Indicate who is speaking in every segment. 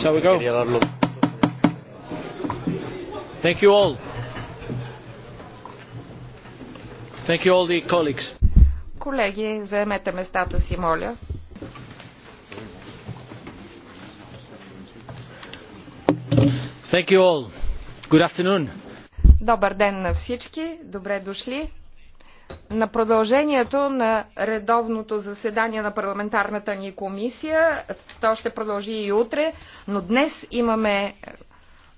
Speaker 1: Shall we go? Thank you all. Thank you all the colleagues.
Speaker 2: Колеги, заемете местата си, моля.
Speaker 1: Thank you all. Good afternoon.
Speaker 2: Добър ден на всички. Добре дошли на продължението на редовното заседание на парламентарната ни комисия. То ще продължи и утре, но днес имаме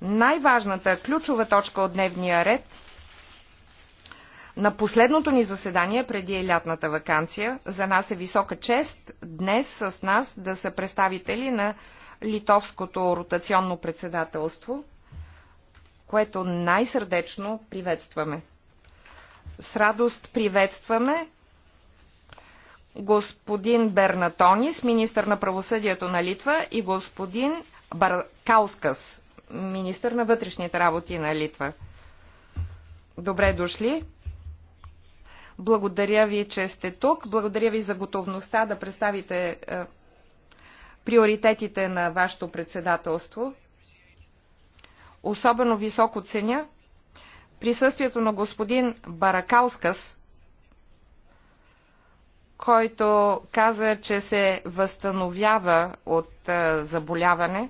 Speaker 2: най-важната, ключова точка от дневния ред на последното ни заседание преди е лятната вакансия. За нас е висока чест днес с нас да са представители на литовското ротационно председателство, което най-сърдечно приветстваме. С радост приветстваме господин Бернатонис, министър на правосъдието на Литва, и господин Баркаускас, министър на вътрешните работи на Литва. Добре дошли! Благодаря ви, че сте тук. Благодаря ви за готовността да представите е, приоритетите на вашето председателство. Особено високо ценя присъствието на господин Баракалскас, който каза, че се възстановява от е, заболяване,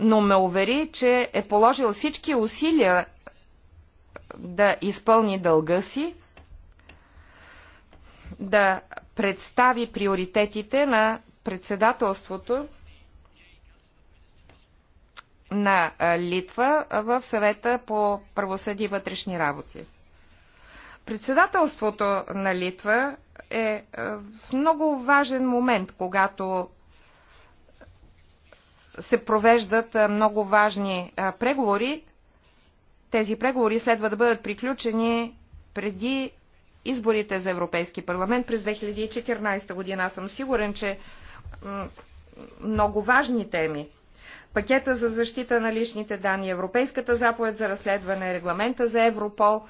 Speaker 2: но ме увери, че е положил всички усилия е, да изпълни дълга си, да представи приоритетите на председателството на Литва в съвета по правосъди и вътрешни работи. Председателството на Литва е в много важен момент, когато се провеждат много важни преговори. Тези преговори следва да бъдат приключени преди изборите за Европейски парламент през 2014 година. Аз съм сигурен, че много важни теми пакета за защита на личните данни, Европейската заповед за разследване, регламента за Европол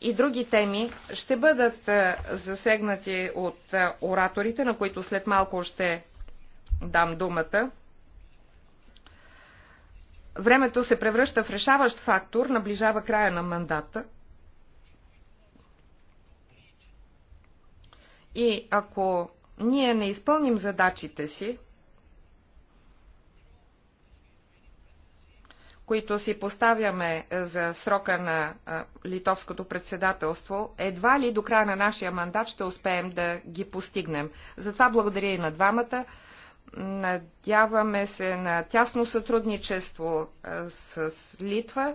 Speaker 2: и други теми ще бъдат е, засегнати от е, ораторите, на които след малко ще дам думата. Времето се превръща в решаващ фактор, наближава края на мандата. И ако ние не изпълним задачите си, които си поставяме е, за срока на е, литовското председателство, едва ли до края на нашия мандат ще успеем да ги постигнем. Затова благодаря и на двамата. Надяваме се на тясно сътрудничество е, с Литва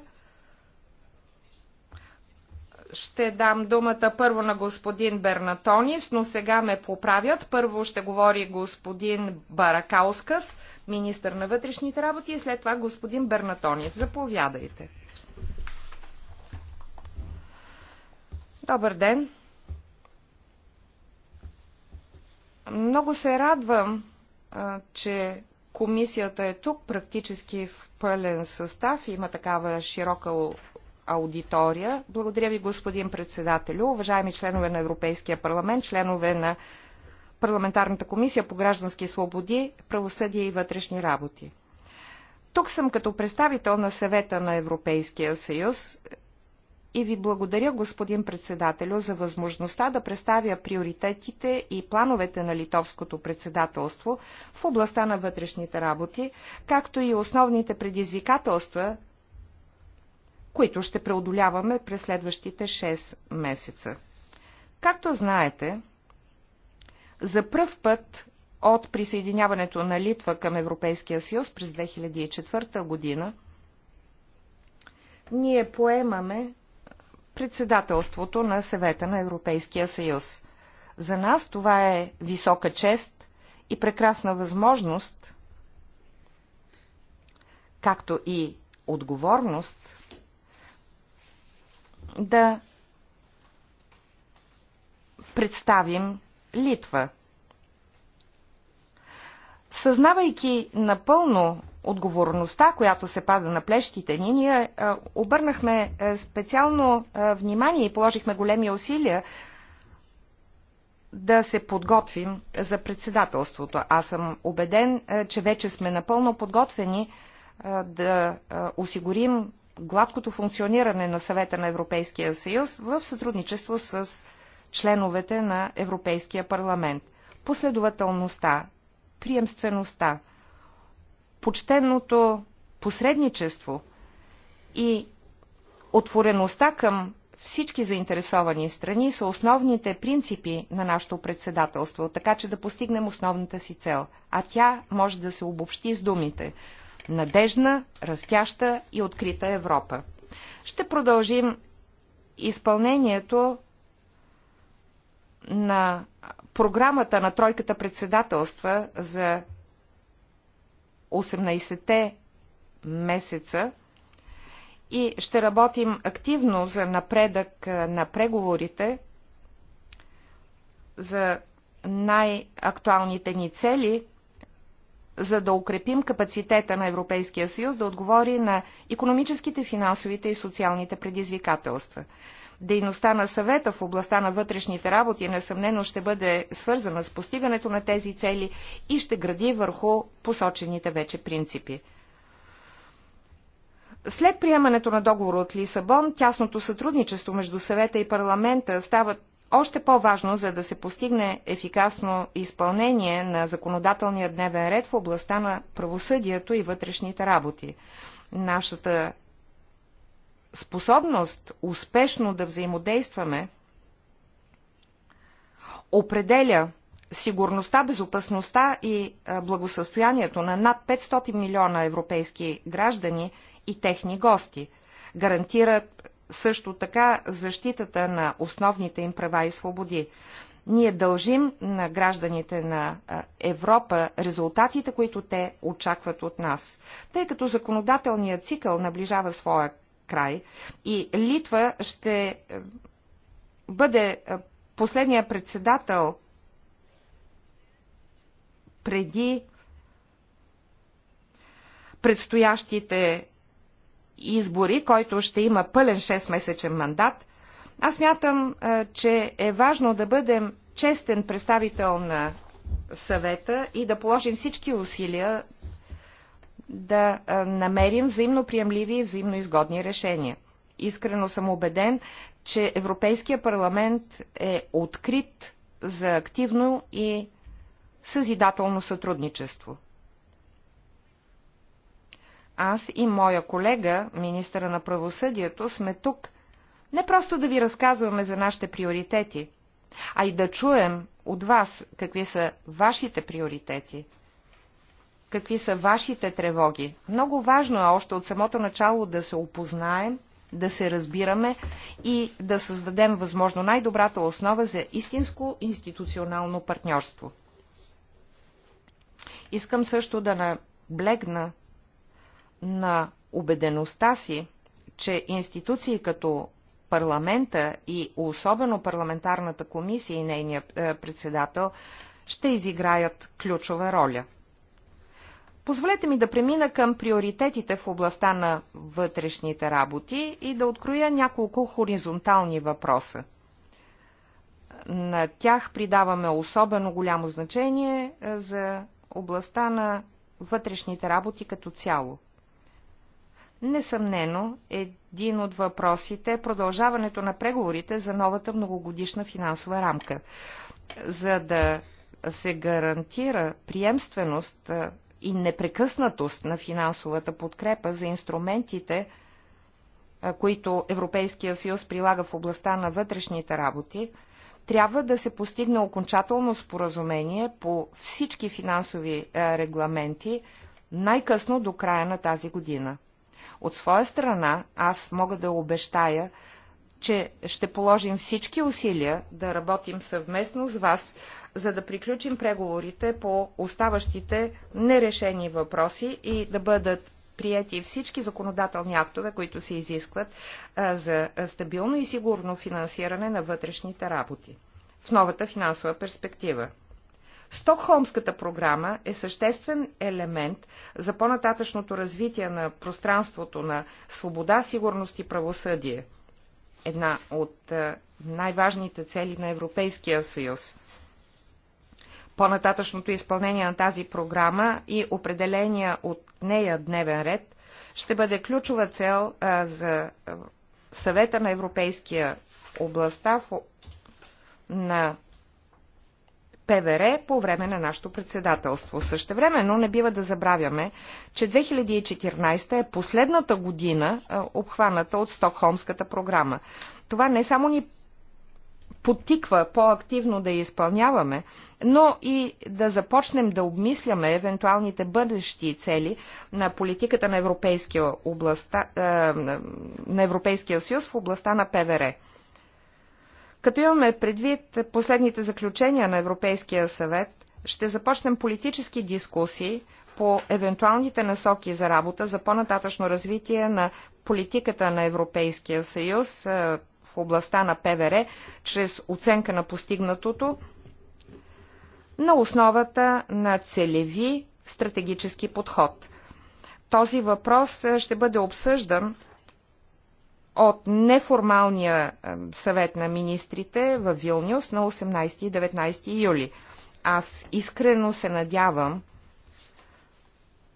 Speaker 2: ще дам думата първо на господин Бернатонис, но сега ме поправят. Първо ще говори господин Баракаускас, министър на вътрешните работи, и след това господин Бернатонис. Заповядайте. Добър ден. Много се радвам, че комисията е тук практически в пълен състав. Има такава широка аудитория. Благодаря ви, господин председателю, уважаеми членове на Европейския парламент, членове на Парламентарната комисия по граждански свободи, правосъдие и вътрешни работи. Тук съм като представител на съвета на Европейския съюз и ви благодаря, господин председателю, за възможността да представя приоритетите и плановете на литовското председателство в областта на вътрешните работи, както и основните предизвикателства които ще преодоляваме през следващите 6 месеца. Както знаете, за пръв път от присъединяването на Литва към Европейския съюз през 2004 година, ние поемаме председателството на съвета на Европейския съюз. За нас това е висока чест и прекрасна възможност, както и отговорност, да представим Литва. Съзнавайки напълно отговорността, която се пада на плещите ни, ние е, обърнахме е, специално е, внимание и положихме големи усилия да се подготвим за председателството. Аз съм убеден, че вече сме напълно подготвени да осигурим гладкото функциониране на съвета на Европейския съюз в сътрудничество с членовете на Европейския парламент. Последователността, приемствеността, почтеното посредничество и отвореността към всички заинтересовани страни са основните принципи на нашето председателство, така че да постигнем основната си цел, а тя може да се обобщи с думите – надежна, растяща и открита Европа. Ще продължим изпълнението на програмата на тройката председателства за 18-те месеца и ще работим активно за напредък на преговорите за най-актуалните ни цели – за да укрепим капацитета на Европейския съюз да отговори на економическите, финансовите и социалните предизвикателства. Дейността на съвета в областта на вътрешните работи несъмнено ще бъде свързана с постигането на тези цели и ще гради върху посочените вече принципи. След приемането на договора от Лисабон, тясното сътрудничество между съвета и парламента стават още по-важно, за да се постигне ефикасно изпълнение на законодателния дневен ред в областта на правосъдието и вътрешните работи. Нашата способност успешно да взаимодействаме определя сигурността, безопасността и благосъстоянието на над 500 милиона европейски граждани и техни гости, гарантират също така защитата на основните им права и свободи. Ние дължим на гражданите на Европа резултатите, които те очакват от нас. Тъй като законодателният цикъл наближава своя край и Литва ще е, бъде е, последния председател преди предстоящите избори, който ще има пълен 6-месечен мандат, аз мятам, че е важно да бъдем честен представител на съвета и да положим всички усилия да намерим взаимно приемливи и взаимно изгодни решения. Искрено съм убеден, че Европейския парламент е открит за активно и съзидателно сътрудничество. Аз и моя колега, министъра на правосъдието, сме тук не просто да ви разказваме за нашите приоритети, а и да чуем от вас какви са вашите приоритети, какви са вашите тревоги. Много важно е още от самото начало да се опознаем, да се разбираме и да създадем възможно най-добрата основа за истинско институционално партньорство. Искам също да наблегна на убедеността си, че институции като парламента и особено парламентарната комисия и нейният е, председател ще изиграят ключова роля. Позволете ми да премина към приоритетите в областта на вътрешните работи и да откроя няколко хоризонтални въпроса. На тях придаваме особено голямо значение е, за областта на вътрешните работи като цяло. Несъмнено, един от въпросите е продължаването на преговорите за новата многогодишна финансова рамка. За да се гарантира приемственост и непрекъснатост на финансовата подкрепа за инструментите, които Европейския съюз прилага в областта на вътрешните работи, трябва да се постигне окончателно споразумение по всички финансови регламенти най-късно до края на тази година. От своя страна, аз мога да обещая, че ще положим всички усилия да работим съвместно с вас, за да приключим преговорите по оставащите нерешени въпроси и да бъдат приети всички законодателни актове, които се изискват за стабилно и сигурно финансиране на вътрешните работи в новата финансова перспектива. Стокхолмската програма е съществен елемент за по-нататъчното развитие на пространството на свобода, сигурност и правосъдие. Една от е, най-важните цели на Европейския съюз. По-нататъчното изпълнение на тази програма и определения от нея дневен ред ще бъде ключова цел а, е, за е, съвета на Европейския областта на ПВР по време на нашето председателство. но не бива да забравяме, че 2014 е последната година обхваната от Стокхолмската програма. Това не само ни потиква по-активно да я изпълняваме, но и да започнем да обмисляме евентуалните бъдещи цели на политиката на Европейския, областта, на Европейския съюз в областта на ПВР. Като имаме предвид последните заключения на Европейския съвет, ще започнем политически дискусии по евентуалните насоки за работа за по-нататъчно развитие на политиката на Европейския съюз е, в областта на ПВР чрез оценка на постигнатото на основата на целеви стратегически подход. Този въпрос е, ще бъде обсъждан от неформалния е, съвет на министрите в Вилнюс на 18 и 19 юли. Аз искрено се надявам,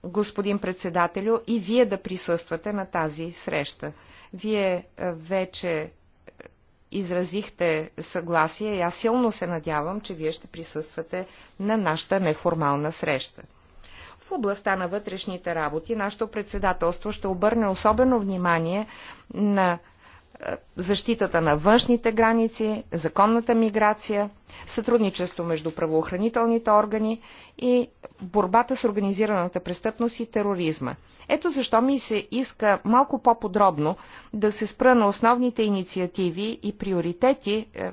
Speaker 2: господин председателю, и вие да присъствате на тази среща. Вие е, вече е, изразихте съгласие и аз силно се надявам, че вие ще присъствате на нашата неформална среща. В областта на вътрешните работи нашето председателство ще обърне особено внимание на е, защитата на външните граници, законната миграция, сътрудничество между правоохранителните органи и борбата с организираната престъпност и тероризма. Ето защо ми се иска малко по-подробно да се спра на основните инициативи и приоритети, е,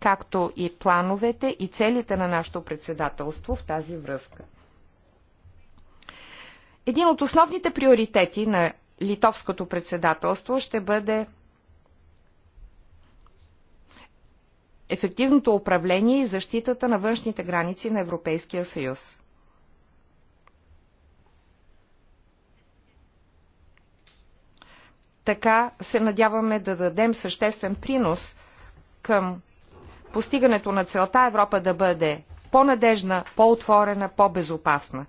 Speaker 2: както и плановете и целите на нашето председателство в тази връзка. Един от основните приоритети на литовското председателство ще бъде ефективното управление и защитата на външните граници на Европейския съюз. Така се надяваме да дадем съществен принос към постигането на целта Европа да бъде по-надежна, по-отворена, по-безопасна.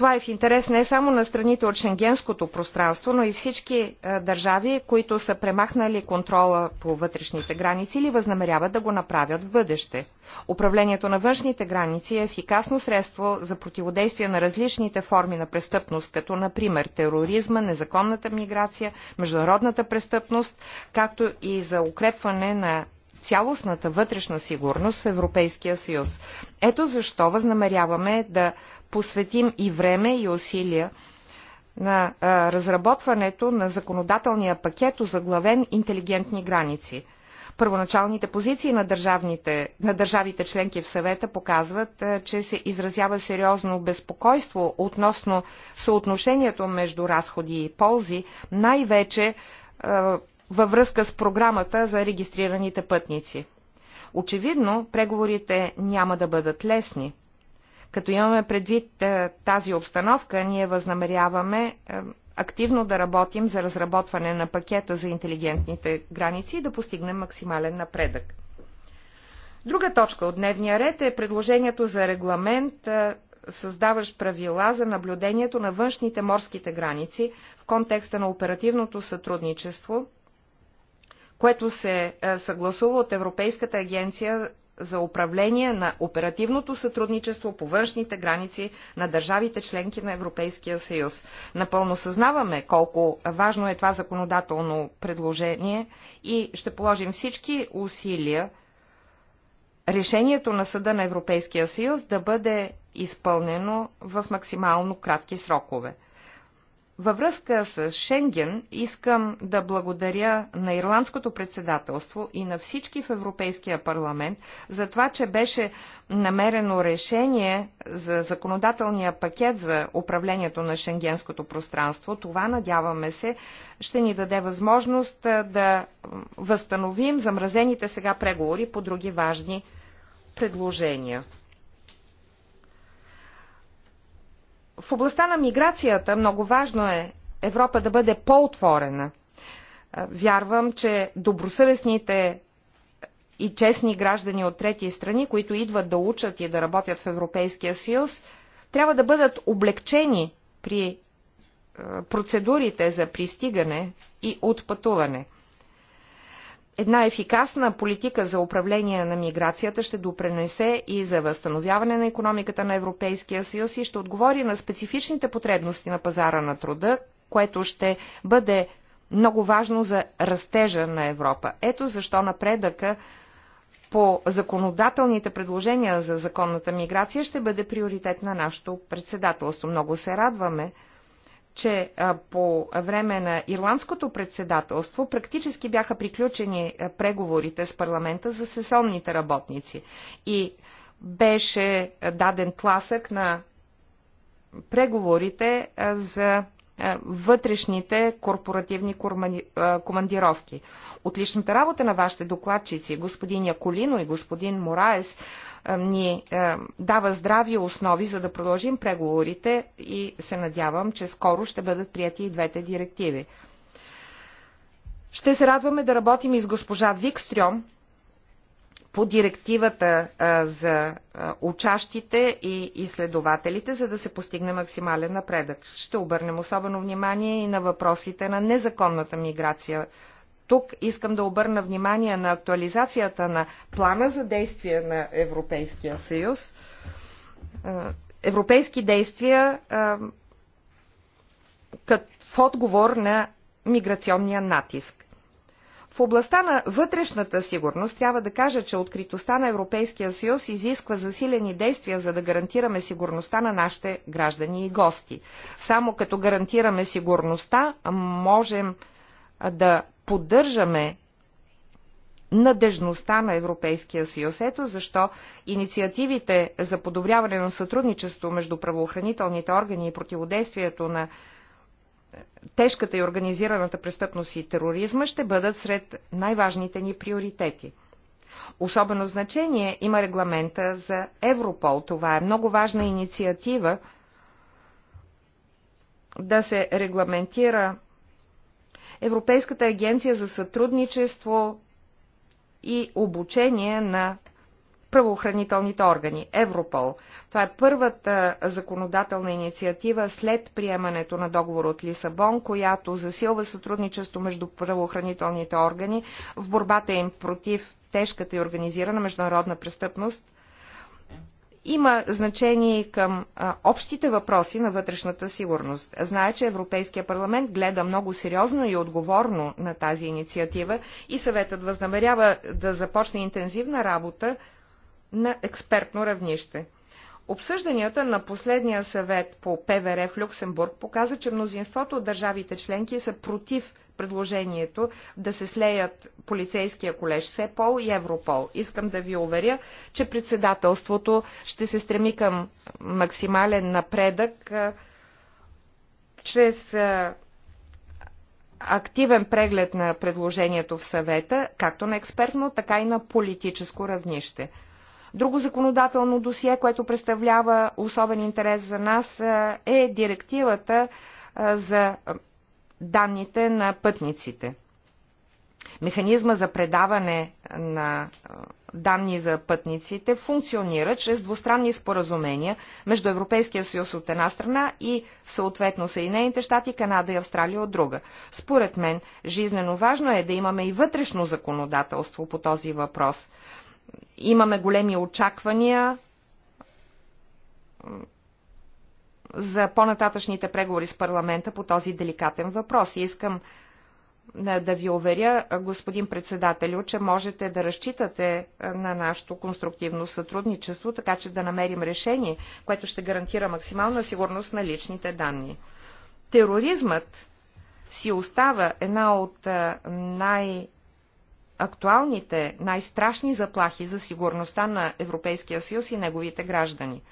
Speaker 2: Това е в интерес не само на страните от шенгенското пространство, но и всички е, държави, които са премахнали контрола по вътрешните граници или възнамеряват да го направят в бъдеще. Управлението на външните граници е ефикасно средство за противодействие на различните форми на престъпност, като например тероризма, незаконната миграция, международната престъпност, както и за укрепване на цялостната вътрешна сигурност в Европейския съюз. Ето защо възнамеряваме да посветим и време и усилия на а, разработването на законодателния пакет, озаглавен интелигентни граници. Първоначалните позиции на, държавните, на държавите членки в съвета показват, а, че се изразява сериозно безпокойство относно съотношението между разходи и ползи, най-вече във връзка с програмата за регистрираните пътници. Очевидно, преговорите няма да бъдат лесни. Като имаме предвид е, тази обстановка, ние възнамеряваме е, активно да работим за разработване на пакета за интелигентните граници и да постигнем максимален напредък. Друга точка от дневния ред е предложението за регламент, е, създаващ правила за наблюдението на външните морските граници в контекста на оперативното сътрудничество – което се е, съгласува от Европейската агенция за управление на оперативното сътрудничество по външните граници на държавите членки на Европейския съюз. Напълно съзнаваме колко важно е това законодателно предложение и ще положим всички усилия решението на Съда на Европейския съюз да бъде изпълнено в максимално кратки срокове. Във връзка с Шенген искам да благодаря на Ирландското председателство и на всички в Европейския парламент за това, че беше намерено решение за законодателния пакет за управлението на шенгенското пространство. Това, надяваме се, ще ни даде възможност да възстановим замразените сега преговори по други важни предложения. В областта на миграцията много важно е Европа да бъде по-отворена. Е, вярвам, че добросъвестните и честни граждани от трети страни, които идват да учат и да работят в Европейския съюз, трябва да бъдат облегчени при е, процедурите за пристигане и отпътуване. Една ефикасна политика за управление на миграцията ще допренесе и за възстановяване на економиката на Европейския съюз и ще отговори на специфичните потребности на пазара на труда, което ще бъде много важно за растежа на Европа. Ето защо напредъка по законодателните предложения за законната миграция ще бъде приоритет на нашето председателство. Много се радваме, че по време на ирландското председателство практически бяха приключени преговорите с парламента за сесонните работници и беше даден тласък на преговорите за е, вътрешните корпоративни е, командировки. Отличната работа на вашите докладчици, господин Яколино и господин Мораес, е, ни дава здрави основи, за да продължим преговорите и се надявам, че скоро ще бъдат прияти и двете директиви. Ще се радваме да работим и с госпожа Викстрюм, по директивата за учащите и изследователите, за да се постигне максимален напредък. Ще обърнем особено внимание и на въпросите на незаконната миграция. Тук искам да обърна внимание на актуализацията на плана за действие на Европейския съюз. Европейски действия в отговор на миграционния натиск. В областта на вътрешната сигурност трябва да кажа, че откритостта на Европейския съюз изисква засилени действия, за да гарантираме сигурността на нашите граждани и гости. Само като гарантираме сигурността, можем да поддържаме надежността на Европейския съюз. Ето защо инициативите за подобряване на сътрудничество между правоохранителните органи и противодействието на тежката и организираната престъпност и тероризма ще бъдат сред най-важните ни приоритети. Особено значение има регламента за Европол. Това е много важна инициатива да се регламентира Европейската агенция за сътрудничество и обучение на правоохранителните органи. Европол. Това е първата законодателна инициатива след приемането на договор от Лисабон, която засилва сътрудничество между правоохранителните органи в борбата им против тежката и организирана международна престъпност има значение към а, общите въпроси на вътрешната сигурност. Знае, че Европейския парламент гледа много сериозно и отговорно на тази инициатива и съветът възнамерява да започне интензивна работа на експертно равнище. Обсъжданията на последния съвет по ПВР в Люксембург показа, че мнозинството от държавите членки са против предложението да се слеят полицейския колеж СЕПОЛ и Европол. Искам да ви уверя, че председателството ще се стреми към максимален напредък чрез активен преглед на предложението в съвета, както на експертно, така и на политическо равнище. Друго законодателно досие, което представлява особен интерес за нас е, е директивата е, за данните на пътниците. Механизма за предаване на е, данни за пътниците функционира чрез двустранни споразумения между Европейския съюз от една страна и съответно Съединените щати, Канада и Австралия от друга. Според мен, жизнено важно е да имаме и вътрешно законодателство по този въпрос имаме големи очаквания за по-нататъчните преговори с парламента по този деликатен въпрос. И искам е, да ви уверя, е, господин председателю, че можете да разчитате е, на нашето конструктивно сътрудничество, така че да намерим решение, което ще гарантира максимална сигурност на личните данни. Тероризмът си остава една от най- актуалните, най-страшни заплахи за сигурността на Европейския съюз и неговите граждани.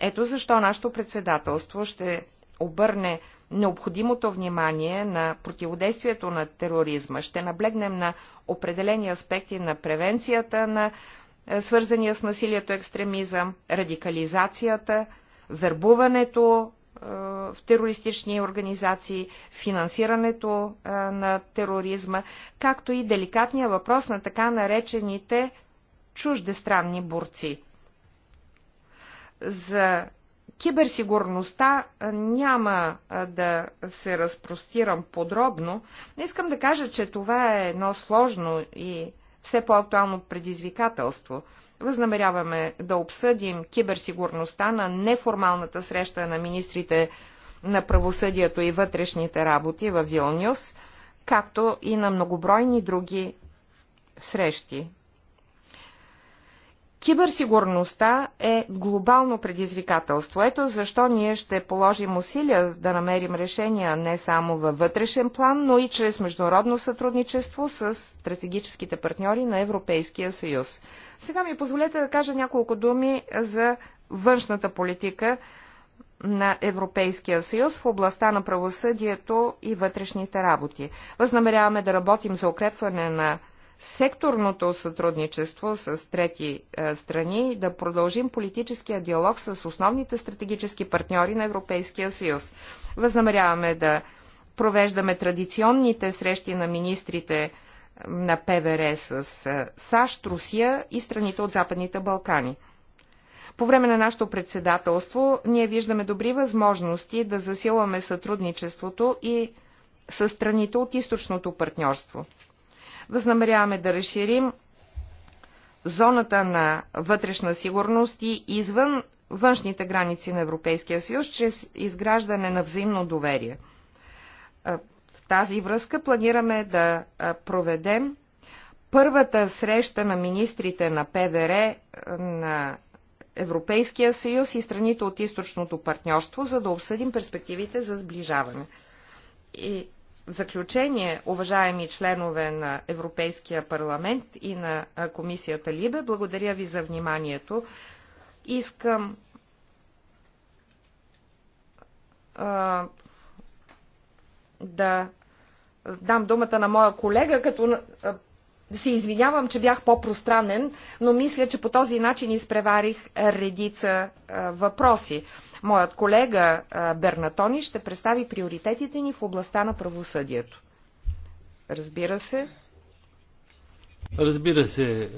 Speaker 2: Ето защо нашето председателство ще обърне необходимото внимание на противодействието на тероризма. Ще наблегнем на определени аспекти на превенцията на е, свързания с насилието екстремизъм, радикализацията, вербуването, е, в терористични организации, финансирането е, на тероризма, както и деликатния въпрос на така наречените чуждестранни борци. За киберсигурността е, няма да се разпростирам подробно, но искам да кажа, че това е едно сложно и все по-актуално предизвикателство – Възнамеряваме да обсъдим киберсигурността на неформалната среща на министрите на правосъдието и вътрешните работи в Вилнюс, както и на многобройни други срещи. Киберсигурността е глобално предизвикателство. Ето защо ние ще положим усилия да намерим решения не само във вътрешен план, но и чрез международно сътрудничество с стратегическите партньори на Европейския съюз. Сега ми позволете да кажа няколко думи за външната политика на Европейския съюз в областта на правосъдието и вътрешните работи. Възнамеряваме да работим за укрепване на секторното сътрудничество с трети е, страни и да продължим политическия диалог с основните стратегически партньори на Европейския съюз. Възнамеряваме да провеждаме традиционните срещи на министрите на ПВР с е, САЩ, Русия и страните от Западните Балкани. По време на нашето председателство ние виждаме добри възможности да засилваме сътрудничеството и с страните от източното партньорство. Възнамеряваме да разширим зоната на вътрешна сигурност и извън външните граници на Европейския съюз, чрез изграждане на взаимно доверие. В тази връзка планираме да проведем първата среща на министрите на ПВР на Европейския съюз и страните от източното партньорство, за да обсъдим перспективите за сближаване. И в заключение, уважаеми членове на Европейския парламент и на комисията Либе, благодаря ви за вниманието. Искам а, да дам думата на моя колега, като а, се извинявам, че бях по-пространен, но мисля, че по този начин изпреварих редица а, въпроси. Моят колега Бернатони ще представи приоритетите ни в областта на правосъдието. Разбира се.
Speaker 3: Разбира се,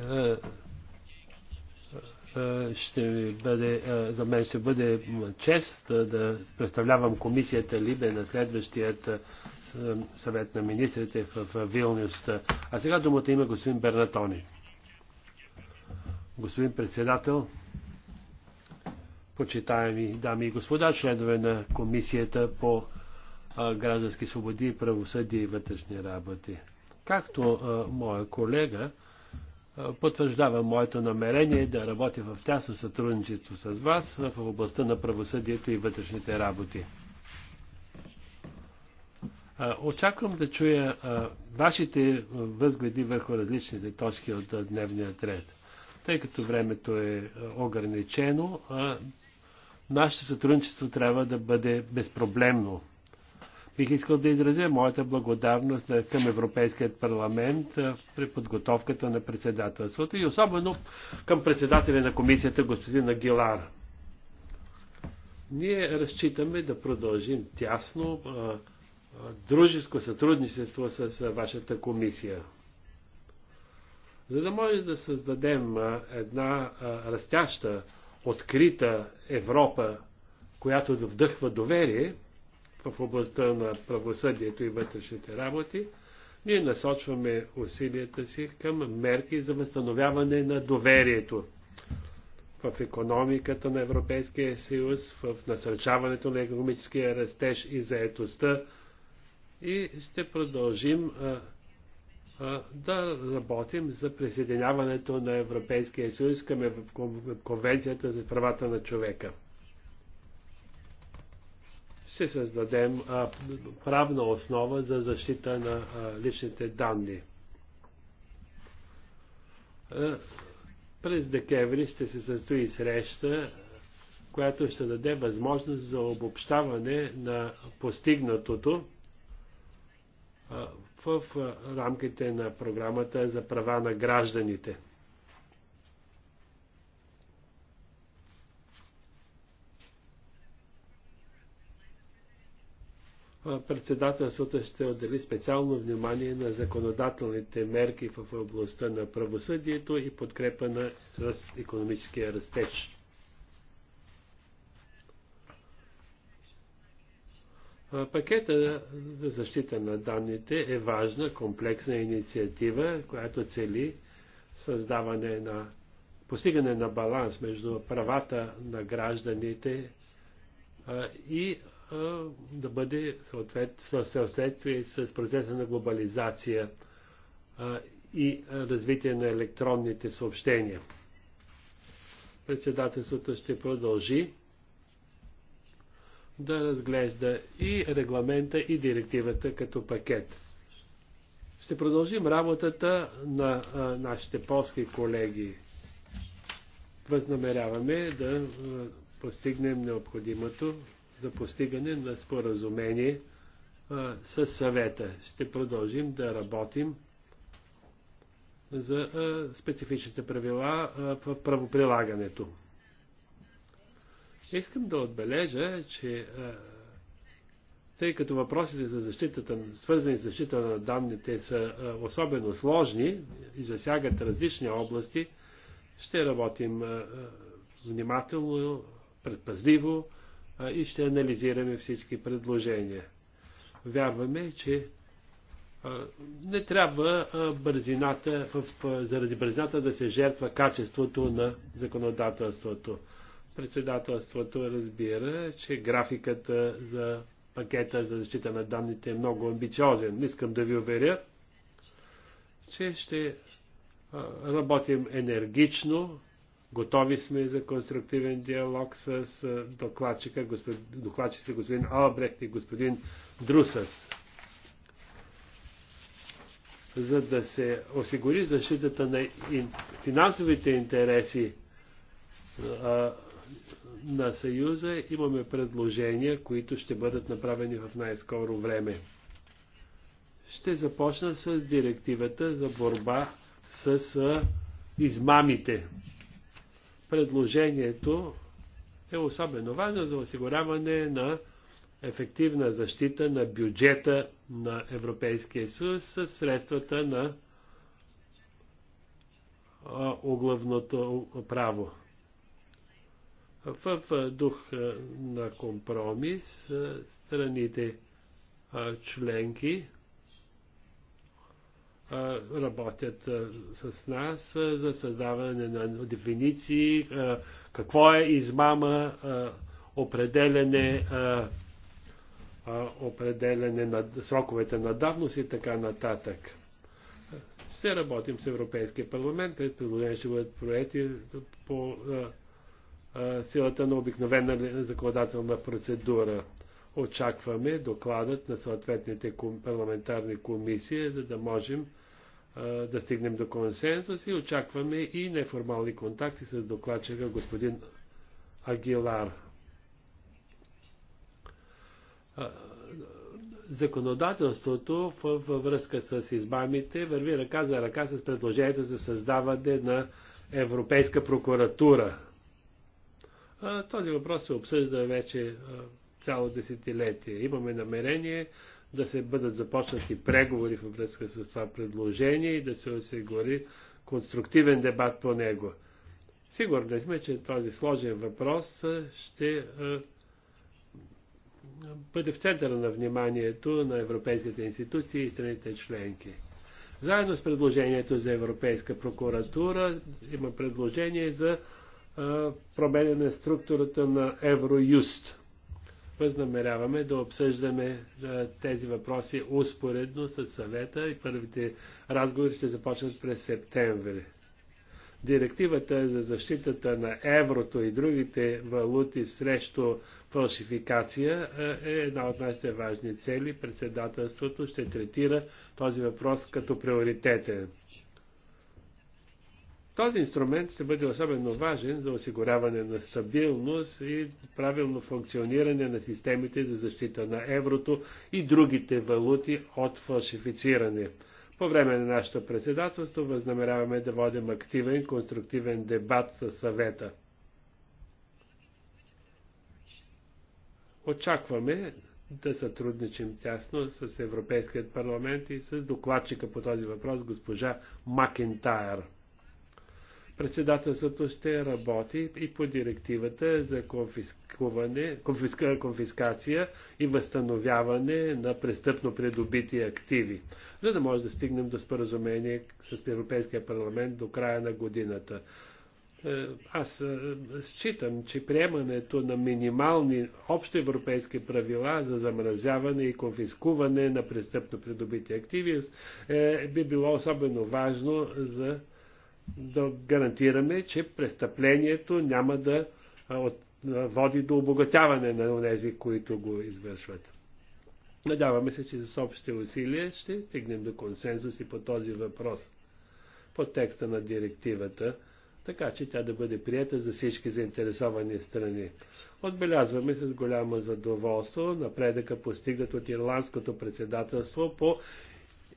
Speaker 3: ще бъде, за мен ще бъде чест да представлявам комисията Либе на следващият съвет на министрите в Вилнюс. А сега думата има господин Бернатони. Господин председател, почитаеми дами и господа, членове на Комисията по граждански свободи, правосъдие и вътрешни работи. Както моя колега, потвърждава моето намерение да работя в тясно сътрудничество с вас в областта на правосъдието и вътрешните работи. Очаквам да чуя вашите възгледи върху различните точки от дневния ред. Тъй като времето е ограничено, Нашето сътрудничество трябва да бъде безпроблемно. Бих искал да изразя моята благодарност към Европейският парламент при подготовката на председателството и особено към председателя на комисията господин Агилар. Ние разчитаме да продължим тясно дружеско сътрудничество с вашата комисия. За да може да създадем една растяща открита Европа, която да вдъхва доверие в областта на правосъдието и вътрешните работи, ние насочваме усилията си към мерки за възстановяване на доверието в економиката на Европейския съюз, в насърчаването на економическия растеж и заетостта и ще продължим да работим за присъединяването на Европейския съюз към Конвенцията за правата на човека. Ще създадем правна основа за защита на личните данни. През декември ще се състои среща, която ще даде възможност за обобщаване на постигнатото в рамките на програмата за права на гражданите. Председателството ще отдели специално внимание на законодателните мерки в областта на правосъдието и подкрепа на економическия растеж. Пакета за защита на данните е важна, комплексна инициатива, която цели създаване на постигане на баланс между правата на гражданите и да бъде съответствие с процеса на глобализация и развитие на електронните съобщения. Председателството ще продължи да разглежда и регламента, и директивата като пакет. Ще продължим работата на а, нашите полски колеги. Възнамеряваме да а, постигнем необходимото за постигане на споразумение а, с съвета. Ще продължим да работим за а, специфичните правила а, в правоприлагането. Искам да отбележа, че тъй като въпросите за защитата, свързани с защита на данните са особено сложни и засягат различни области, ще работим внимателно, предпазливо и ще анализираме всички предложения. Вярваме, че не трябва бързината, заради бързината да се жертва качеството на законодателството. Председателството разбира, че графиката за пакета за защита на данните е много амбициозен. Искам да ви уверя, че ще работим енергично, готови сме за конструктивен диалог с докладчика, господин, докладчиците господин Албрехт и господин Друсас, за да се осигури защитата на финансовите интереси на Съюза имаме предложения, които ще бъдат направени в най-скоро време. Ще започна с директивата за борба с измамите. Предложението е особено важно за осигуряване на ефективна защита на бюджета на Европейския съюз с средствата на оглавното право. В дух е, на компромис е, страните е, членки работят с нас за създаване на дефиниции, какво е измама, определене, определене на сроковете на давност и така нататък. Все работим с Европейския парламент, предположение ще бъдат проекти по силата на обикновена законодателна процедура. Очакваме докладът на съответните парламентарни комисии, за да можем да стигнем до консенсус и очакваме и неформални контакти с докладчика господин Агилар. Законодателството във връзка с избамите върви ръка за ръка с предложението за създаване на Европейска прокуратура този въпрос се обсъжда вече цяло десетилетие. Имаме намерение да се бъдат започнати преговори във връзка с това предложение и да се осигури конструктивен дебат по него. Сигурни сме, че този сложен въпрос ще бъде в центъра на вниманието на европейските институции и страните членки. Заедно с предложението за Европейска прокуратура има предложение за променяне структурата на Евроюст. Възнамеряваме да обсъждаме тези въпроси успоредно с съвета и първите разговори ще започнат през септември. Директивата за защитата на еврото и другите валути срещу фалшификация е една от нашите важни цели. Председателството ще третира този въпрос като приоритетен. Този инструмент ще бъде особено важен за осигуряване на стабилност и правилно функциониране на системите за защита на еврото и другите валути от фалшифициране. По време на нашето председателство възнамеряваме да водим активен, конструктивен дебат със съвета. Очакваме да сътрудничим тясно с Европейският парламент и с докладчика по този въпрос госпожа Макентайр. Председателството ще работи и по директивата за конфискуване, конфиска, конфискация и възстановяване на престъпно придобити активи, за да може да стигнем до споразумение с Европейския парламент до края на годината. Е, аз е, считам, че приемането на минимални общи европейски правила за замразяване и конфискуване на престъпно придобити активи е, би било особено важно за да гарантираме, че престъплението няма да води до обогатяване на тези, които го извършват. Надяваме се, че с общите усилия ще стигнем до консенсус и по този въпрос, по текста на директивата, така че тя да бъде прията за всички заинтересовани страни. Отбелязваме с голямо задоволство напредъка постигнат от ирландското председателство по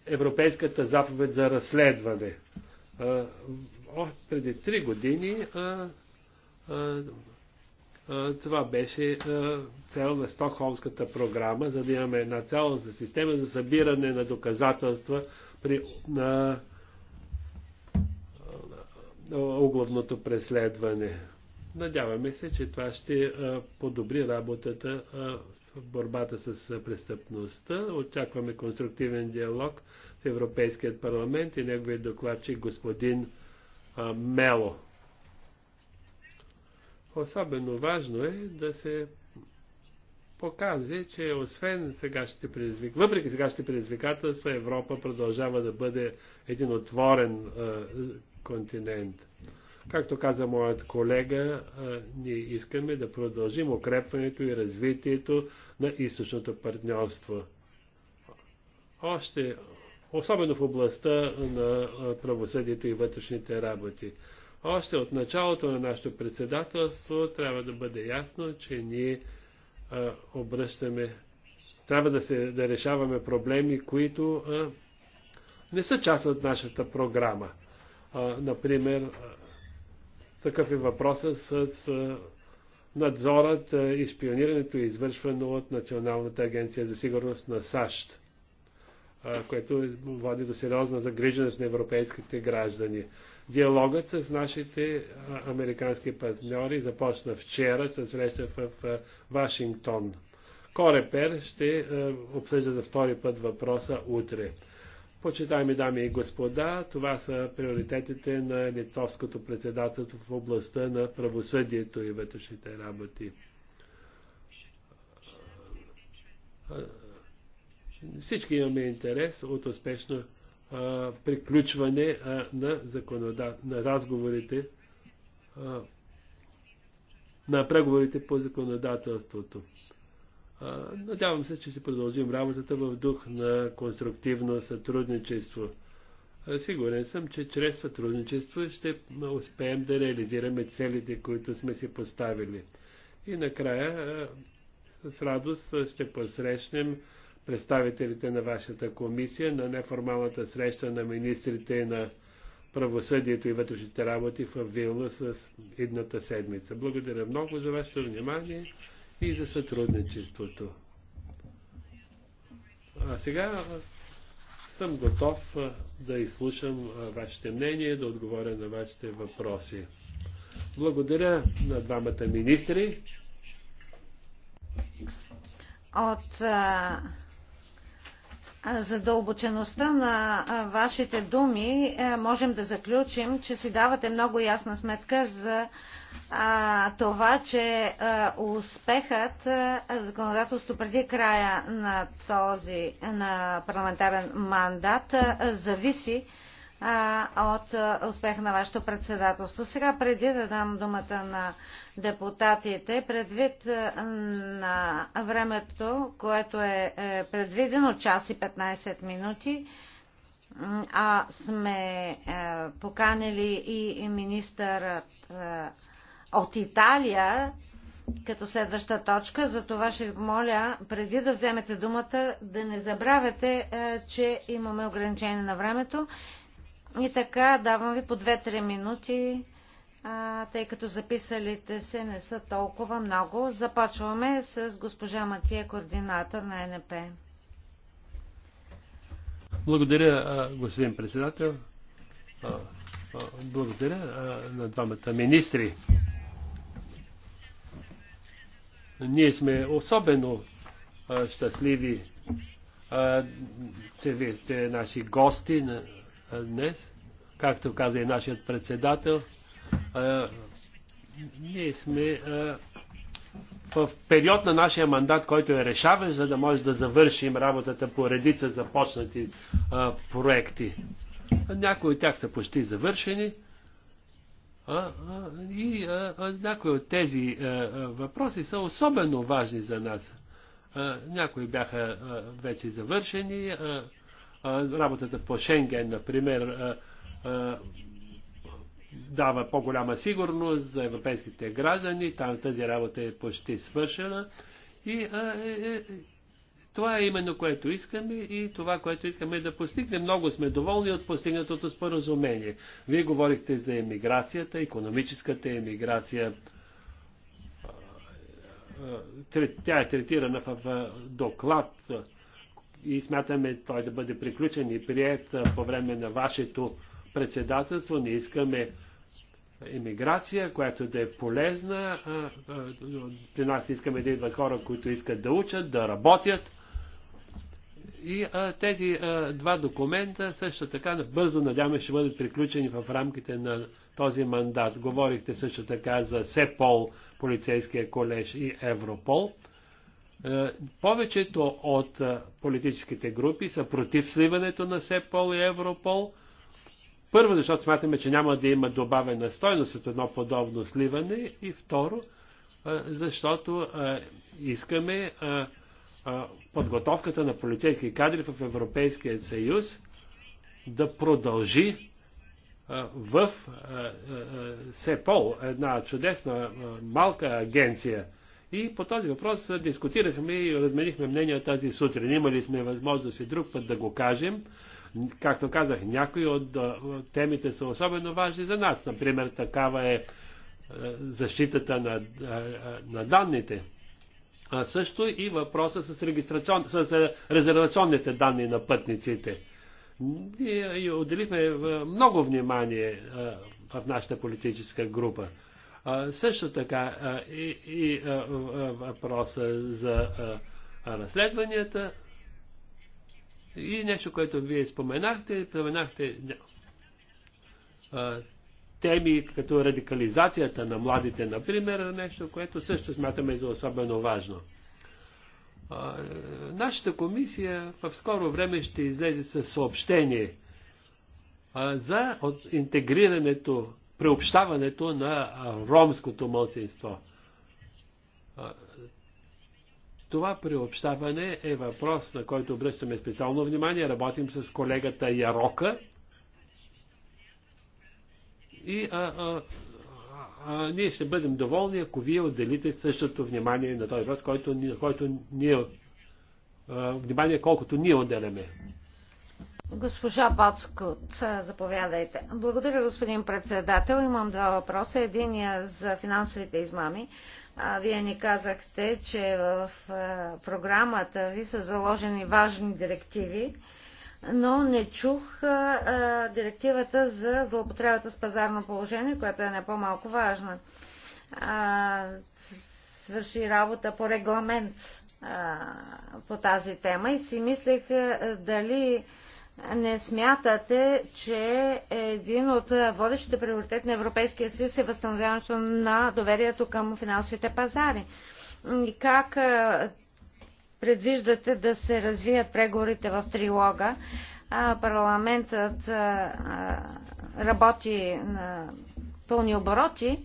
Speaker 3: Европейската заповед за разследване преди три години това беше цел на Стокхолмската програма, за да имаме една цялостна система за събиране на доказателства при на, на, на, на оглавното преследване. Надяваме се, че това ще подобри работата в борбата с престъпността. Очакваме конструктивен диалог с Европейският парламент и неговия докладчик господин Мело. Особено важно е да се показва, че освен сегашните предизвик... въпреки сегашните предизвикателства, Европа продължава да бъде един отворен континент. Както каза моят колега, ние искаме да продължим укрепването и развитието на източното партньорство. Още, особено в областта на правосъдието и вътрешните работи. Още от началото на нашето председателство трябва да бъде ясно, че ние обръщаме, трябва да, се, да решаваме проблеми, които не са част от нашата програма. например, такъв е въпросът с надзорът е, и шпионирането, извършвано от Националната агенция за сигурност на САЩ, е, което води до сериозна загриженост на европейските граждани. Диалогът с нашите е, американски партньори започна вчера с среща в Вашингтон. Корепер ще обсъжда за втори път въпроса утре. Почитаеми дами и господа, това са приоритетите на литовското председателство в областта на правосъдието и вътрешните работи. Всички имаме интерес от успешно приключване на, законода... на разговорите, на преговорите по законодателството. Надявам се, че ще продължим работата в дух на конструктивно сътрудничество. Сигурен съм, че чрез сътрудничество ще успеем да реализираме целите, които сме си поставили. И накрая с радост ще посрещнем представителите на вашата комисия на неформалната среща на министрите на правосъдието и вътрешните работи в Вилна с едната седмица. Благодаря много за вашето внимание и за сътрудничеството. А сега съм готов да изслушам вашите мнения, да отговоря на вашите въпроси. Благодаря на двамата министри.
Speaker 4: От за дълбочеността на вашите думи е, можем да заключим, че си давате много ясна сметка за това, че успехът в е законодателство преди края на този на парламентарен мандат зависи от успеха на вашето председателство. Сега, преди да дам думата на депутатите, предвид на времето, което е, е предвидено, час и 15 минути, а сме поканили и министърът от Италия, като следваща точка. За това ще ви моля, преди да вземете думата, да не забравяте, че имаме ограничение на времето и така, давам ви по 2-3 минути, а, тъй като записалите се не са толкова много. Започваме с госпожа Матия, координатор на НП.
Speaker 3: Благодаря, господин председател. Благодаря на двамата министри. Ние сме особено щастливи, че вие сте наши гости днес. Както каза и нашият председател, ние сме в период на нашия мандат, който е решаващ, за да може да завършим работата по редица започнати а, проекти. Някои от тях са почти завършени. А, а, и а, а, някои от тези а, а, въпроси са особено важни за нас. А, някои бяха а, вече завършени, а, работата по Шенген, например, дава по-голяма сигурност за европейските граждани, там тази работа е почти свършена и а, е, е, това е именно което искаме и това, което искаме да постигнем. Много сме доволни от постигнатото споразумение. Вие говорихте за емиграцията, економическата емиграция. Е, тя е третирана в доклад и смятаме той да бъде приключен и прият по време на вашето председателство. Не искаме емиграция, която да е полезна. При нас искаме да идват хора, които искат да учат, да работят. И а, тези а, два документа също така бързо, надяваме, ще бъдат приключени в рамките на този мандат. Говорихте също така за СЕПОЛ, полицейския колеж и Европол. Е, повечето от е, политическите групи са против сливането на СЕПОЛ и Европол. Първо, защото смятаме, че няма да има добавена стойност от едно подобно сливане. И второ, е, защото искаме подготовката на полицейски кадри в Европейския съюз да продължи в СЕПОЛ, една чудесна малка агенция – и по този въпрос дискутирахме и разменихме мнения тази сутрин. Имали сме възможност и друг път да го кажем. Както казах, някои от темите са особено важни за нас. Например, такава е защитата на, на данните. А също и въпроса с, регистрацион... с резервационните данни на пътниците. Ние отделихме много внимание в нашата политическа група. Също така и, и въпроса за разследванията и нещо, което вие споменахте, споменахте теми като радикализацията на младите, например, нещо, което също смятаме за особено важно. А, нашата комисия в скоро време ще излезе със съобщение а, за интегрирането приобщаването на ромското мълцинство. Това приобщаване е въпрос, на който обръщаме специално внимание. Работим с колегата Ярока. И а, а, а, ние ще бъдем доволни, ако вие отделите същото внимание на този въпрос, който, който ние, а, внимание колкото ние отделяме.
Speaker 4: Госпожа Боцкот, заповядайте. Благодаря, господин председател. Имам два въпроса. Единия за финансовите измами. вие ни казахте, че в програмата ви са заложени важни директиви, но не чух директивата за злоупотребата с пазарно положение, която е не по-малко важна. свърши работа по регламент по тази тема и си мислех дали не смятате, че един от водещите приоритет на Европейския съюз е възстановяването на доверието към финансовите пазари? И как предвиждате да се развият преговорите в трилога? Парламентът работи на пълни обороти,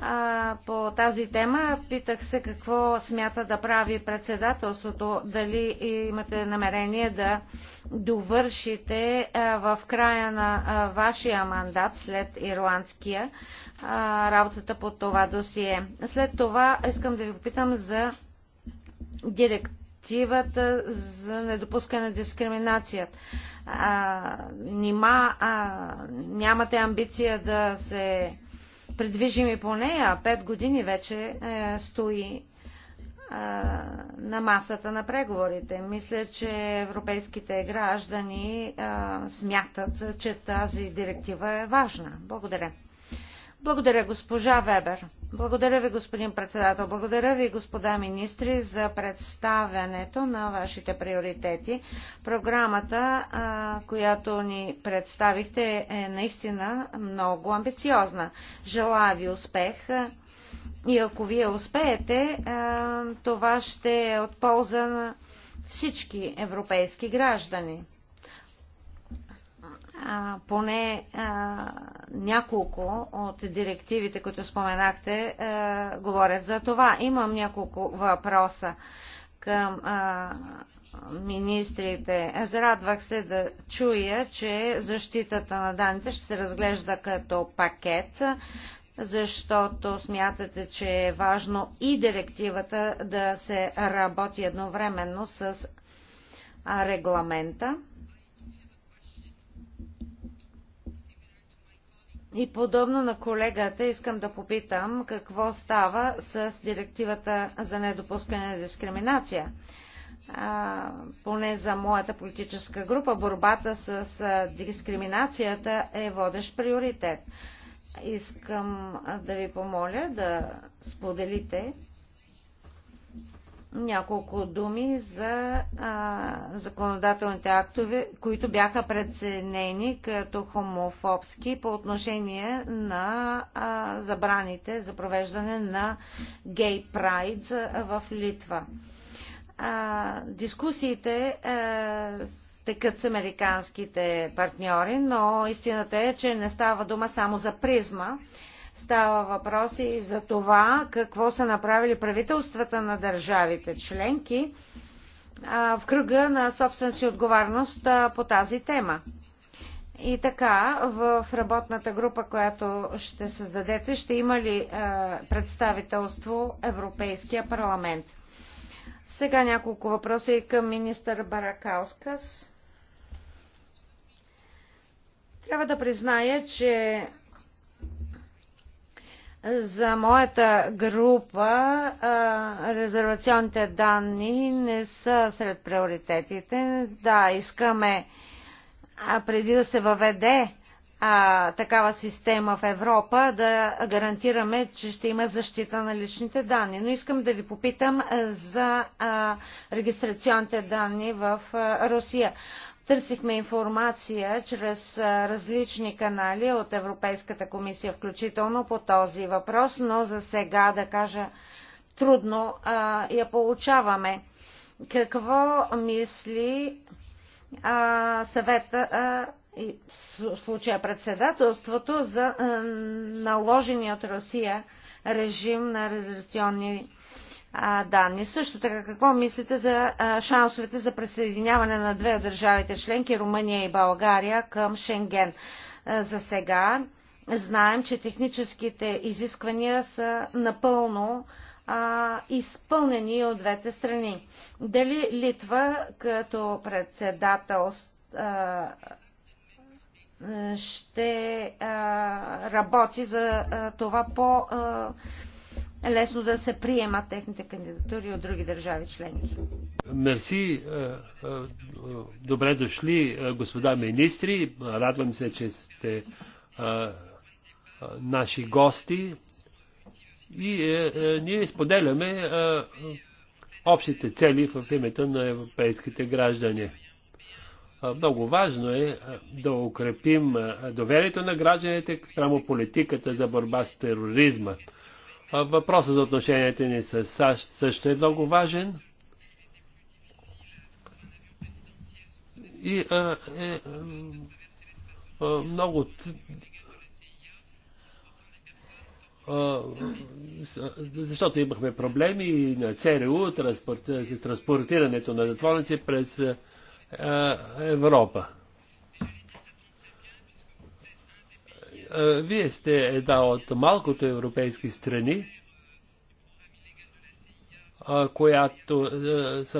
Speaker 4: а, по тази тема. Питах се какво смята да прави председателството, дали имате намерение да довършите а, в края на а, вашия мандат след ирландския а, работата по това досие. След това искам да ви попитам за директивата за недопускане на дискриминацията а, нима а, нямате амбиция да се Предвижими по нея. Пет години вече е, стои е, на масата на преговорите. Мисля, че европейските граждани е, смятат, че тази директива е важна. Благодаря. Благодаря, госпожа Вебер. Благодаря ви, господин председател. Благодаря ви, господа министри, за представянето на вашите приоритети. Програмата, която ни представихте, е наистина много амбициозна. Желая ви успех. И ако вие успеете, това ще е от полза на всички европейски граждани а, поне а, няколко от директивите, които споменахте, а, говорят за това. Имам няколко въпроса към а, министрите. Зарадвах се да чуя, че защитата на данните ще се разглежда като пакет, защото смятате, че е важно и директивата да се работи едновременно с регламента. И подобно на колегата, искам да попитам какво става с директивата за недопускане на дискриминация. А, поне за моята политическа група, борбата с дискриминацията е водещ приоритет. Искам да ви помоля да споделите няколко думи за а, законодателните актове, които бяха преценени като хомофобски по отношение на а, забраните за провеждане на гей прайд в Литва. А, дискусиите а, е, текат с американските партньори, но истината е, че не става дума само за призма, Става въпрос и за това какво са направили правителствата на държавите членки в кръга на собствената си отговорност по тази тема. И така, в работната група, която ще създадете, ще има ли представителство Европейския парламент? Сега няколко въпроса и към министър Баракаускас. Трябва да призная, че за моята група резервационните данни не са сред приоритетите. Да, искаме а преди да се въведе а, такава система в Европа, да гарантираме, че ще има защита на личните данни. Но искам да ви попитам за а, регистрационните данни в а, Русия. Търсихме информация чрез различни канали от Европейската комисия, включително по този въпрос, но за сега, да кажа, трудно а, я получаваме. Какво мисли а, съвета а, и в случая председателството за наложения от Русия режим на резервационни данни. Също така, какво мислите за шансовете за присъединяване на две от държавите членки, Румъния и България, към Шенген? за сега знаем, че техническите изисквания са напълно изпълнени от двете страни. Дали Литва като председател ще работи за това по. Е лесно да се приемат техните кандидатури от други държави членки.
Speaker 3: Мерси, е, е, добре дошли, господа министри. Радвам се, че сте наши гости и ние споделяме общите цели в името на европейските граждани. Много важно е да укрепим доверието на гражданите спрямо политиката за борба с тероризма. Въпросът за отношенията ни с САЩ също е много важен. И а, е, а, много защото имахме проблеми и на ЦРУ, транспорти, транспортирането на затворници през Европа. вие сте една от малкото европейски страни, която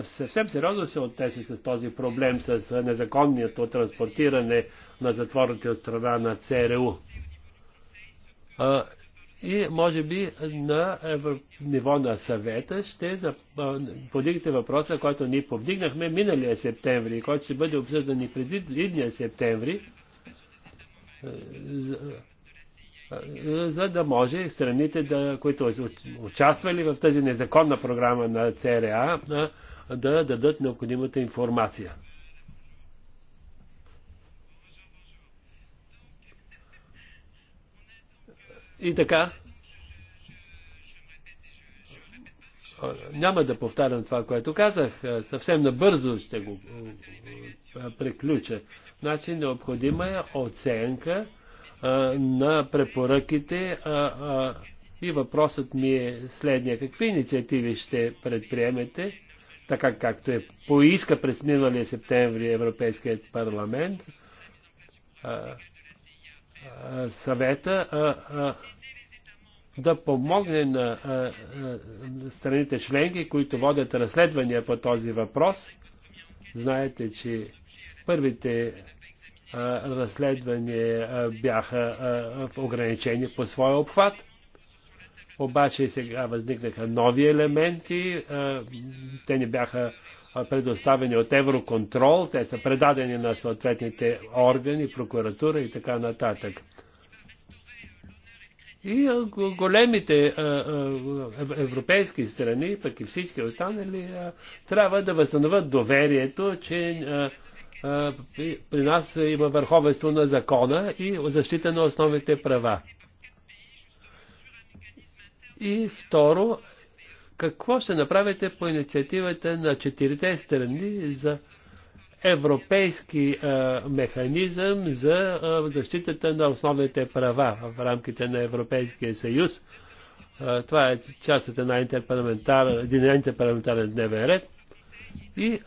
Speaker 3: съвсем сериозно се отнесе с този проблем с незаконното транспортиране на затворните от страна на ЦРУ. И може би на ниво на съвета ще подигнете въпроса, който ни повдигнахме миналия септември, който ще бъде обсъждан и преди идния септември за, за да може страните, да, които участвали в тази незаконна програма на ЦРА, да дадат необходимата информация. И така, няма да повтарям това, което казах, е, съвсем набързо ще го приключа. Значи необходима е оценка на препоръките и въпросът ми е следния. Какви инициативи ще предприемете, така както е поиска през миналия септември Европейският парламент, съвета, да помогне на а, а, страните членки, които водят разследвания по този въпрос. Знаете, че първите а, разследвания а, бяха а, ограничени по своя обхват. Обаче сега възникнаха нови елементи. А, те не бяха предоставени от Евроконтрол, те са предадени на съответните органи, прокуратура и така нататък. И големите европейски страни, пък и всички останали, трябва да възстановят доверието, че при нас има върховенство на закона и защита на основните права. И второ, какво ще направите по инициативата на четирите страни за европейски а, механизъм за а, защитата на основните права в рамките на Европейския съюз. А, това е част от една един интерпарламентарен дневен ред. И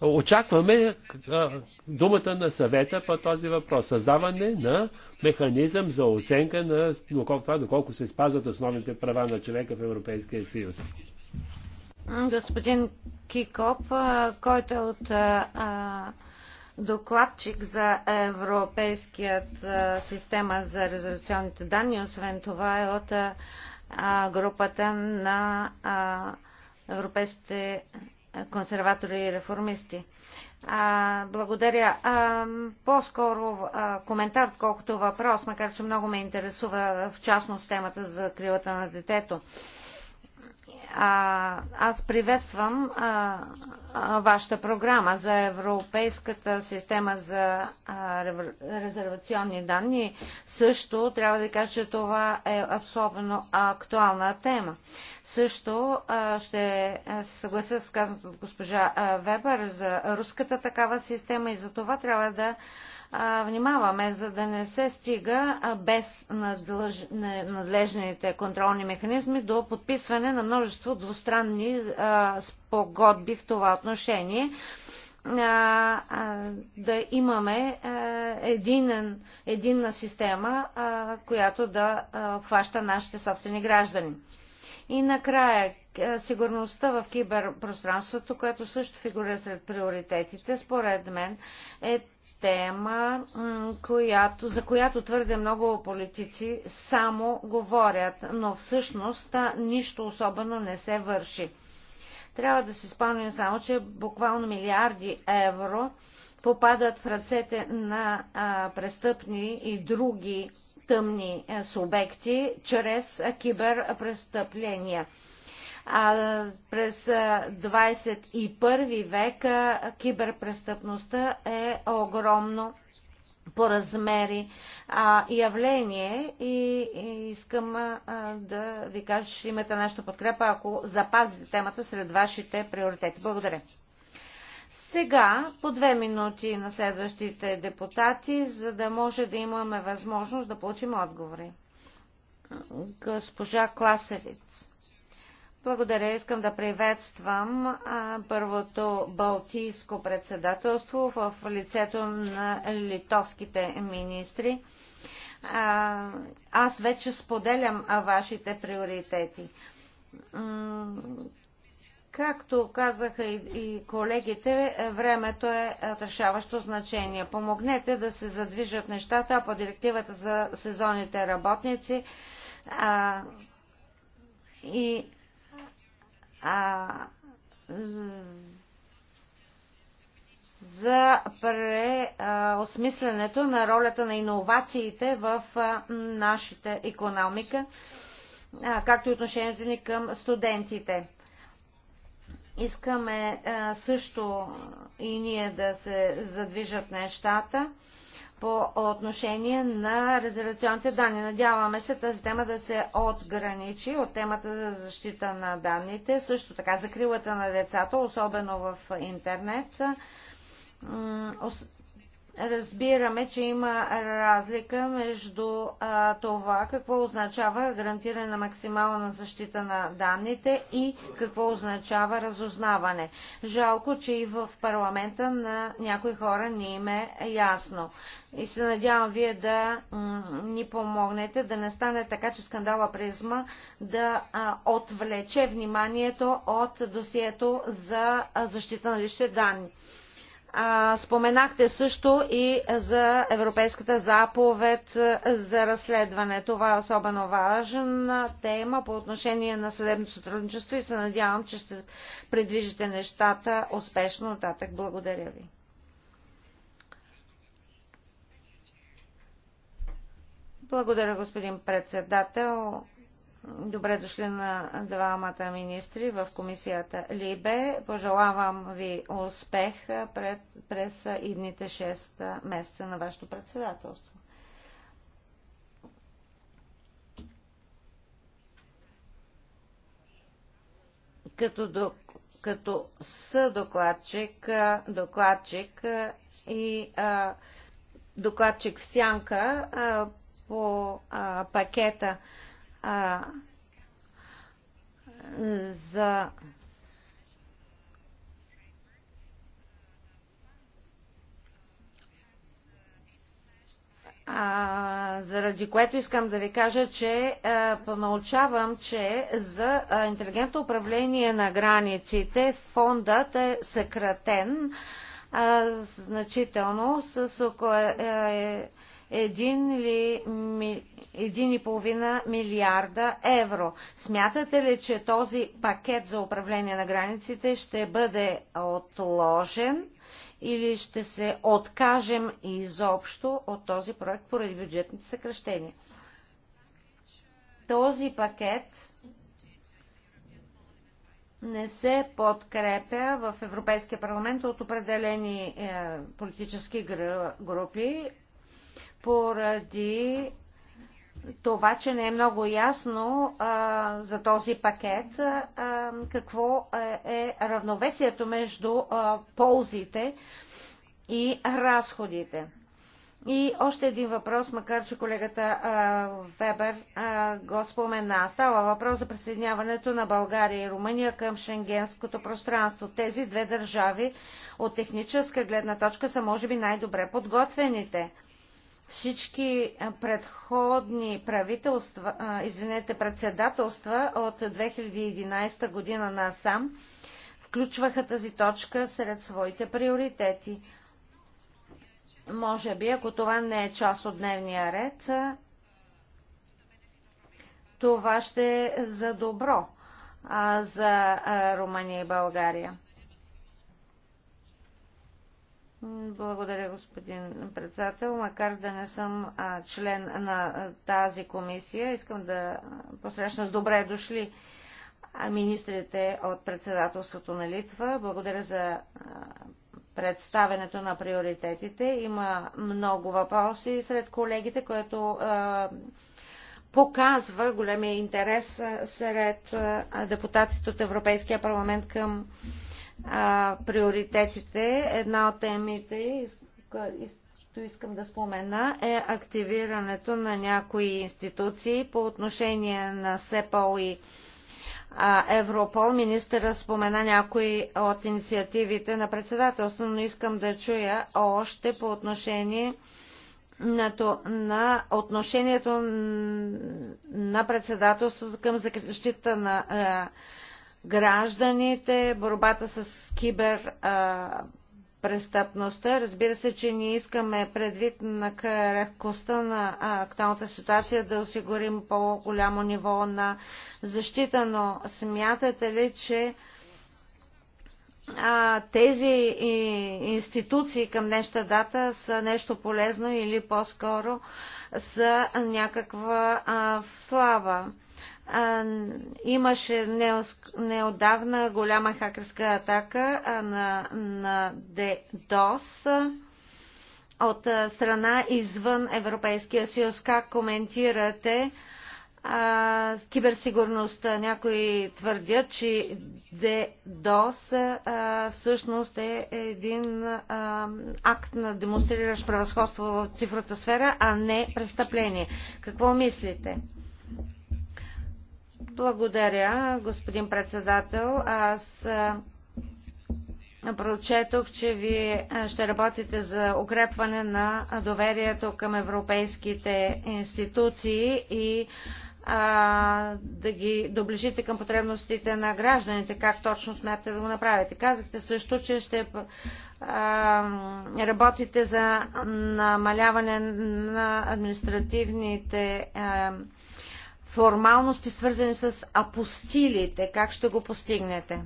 Speaker 3: а, очакваме а, думата на съвета по този въпрос. Създаване на механизъм за оценка на това, доколко се спазват основните права на човека в Европейския съюз
Speaker 4: господин Кикоп, който е от докладчик за Европейският система за резервационните данни. Освен това е от групата на европейските консерватори и реформисти. А, благодаря. А, по-скоро коментар, отколкото въпрос, макар че много ме интересува в частност темата за крилата на детето. А, а, аз приветствам вашата програма за Европейската система за резервационни данни. Също трябва да кажа, че това е особено актуална тема. Също ще се съглася с казаното от госпожа Вебер за руската такава система и за това трябва да внимаваме, за да не се стига без надлежните контролни механизми до подписване на множество двустранни спогодби в това отношение да имаме единен, единна система, която да обхваща нашите собствени граждани. И накрая, сигурността в киберпространството, което също фигурира сред приоритетите, според мен е тема, която, за която твърде много политици само говорят, но всъщност нищо особено не се върши. Трябва да си спомним само, че буквално милиарди евро попадат в ръцете на а, престъпни и други тъмни а, субекти чрез а, киберпрестъпления. А, през 21 век киберпрестъпността е огромно по размери а, явление и, и искам а, да ви кажа, че имате нашата подкрепа, ако запазите темата сред вашите приоритети. Благодаря. Сега по две минути на следващите депутати, за да може да имаме възможност да получим отговори. Госпожа Класевиц. Благодаря. Искам да приветствам първото Балтийско председателство в лицето на литовските министри. Аз вече споделям вашите приоритети. Както казаха и колегите, времето е решаващо значение. Помогнете да се задвижат нещата по директивата за сезонните работници и а, за преосмисленето на ролята на иновациите в нашата економика, както и отношението ни към студентите. Искаме също и ние да се задвижат нещата по отношение на резервационните данни. Надяваме се тази тема да се отграничи от темата за защита на данните, също така закрилата на децата, особено в интернет разбираме, че има разлика между а, това какво означава гарантиране на максимална защита на данните и какво означава разузнаване. Жалко, че и в парламента на някои хора не им е ясно. И се надявам вие да ни помогнете да не стане така, че скандала призма да а, отвлече вниманието от досието за защита на личните данни споменахте също и за Европейската заповед за разследване. Това е особено важна тема по отношение на съдебното сътрудничество и се надявам, че ще предвижите нещата успешно нататък. Благодаря ви. Благодаря, господин председател. Добре дошли на двамата министри в комисията Либе. Пожелавам ви успех пред, през идните 6 месеца на вашето председателство. Като, до, като съдокладчик, докладчик и а, докладчик в сянка а, по а, пакета а, а, за а, заради което искам да ви кажа, че а, понаучавам, че за а, интелигентно управление на границите фондът е съкратен а, значително с около. А, е, 1,5 милиарда евро. Смятате ли, че този пакет за управление на границите ще бъде отложен или ще се откажем изобщо от този проект поради бюджетните съкръщения? Този пакет не се подкрепя в Европейския парламент от определени е, политически групи, поради това, че не е много ясно а, за този пакет а, какво е, е равновесието между а, ползите и разходите. И още един въпрос, макар че колегата а, Вебер а, го спомена. Става въпрос за присъединяването на България и Румъния към шенгенското пространство. Тези две държави от техническа гледна точка са може би най-добре подготвените всички предходни правителства, извинете, председателства от 2011 година на сам включваха тази точка сред своите приоритети. Може би, ако това не е част от дневния ред, това ще е за добро за Румъния и България. Благодаря, господин председател. Макар да не съм член на тази комисия, искам да посрещна с добре дошли министрите от председателството на Литва. Благодаря за представенето на приоритетите. Има много въпроси сред колегите, което показва големия интерес сред депутатите от Европейския парламент към а, приоритетите. Една от темите, които искам да спомена, е активирането на някои институции по отношение на СЕПОЛ и Европол. Министъра спомена някои от инициативите на председателство, но искам да чуя още по отношение на, то, на отношението на председателството към защита на гражданите, борбата с кибер престъпността. Разбира се, че ние искаме предвид на крехкостта на актуалната ситуация да осигурим по-голямо ниво на защита, но смятате ли, че а, тези институции към днешна дата са нещо полезно или по-скоро са някаква а, слава? имаше неодавна голяма хакерска атака на, на DDoS от страна извън Европейския съюз. Как коментирате а, киберсигурността? Някои твърдят, че DDoS а, всъщност е един а, акт на демонстриращ превъзходство в цифрата сфера, а не престъпление. Какво мислите? Благодаря, господин председател. Аз прочетох, че ви ще работите за укрепване на доверието към европейските институции и а, да ги доближите към потребностите на гражданите, как точно смятате да го направите. Казахте също, че ще работите за намаляване на административните а, формалности, свързани с апостилите. Как ще го постигнете?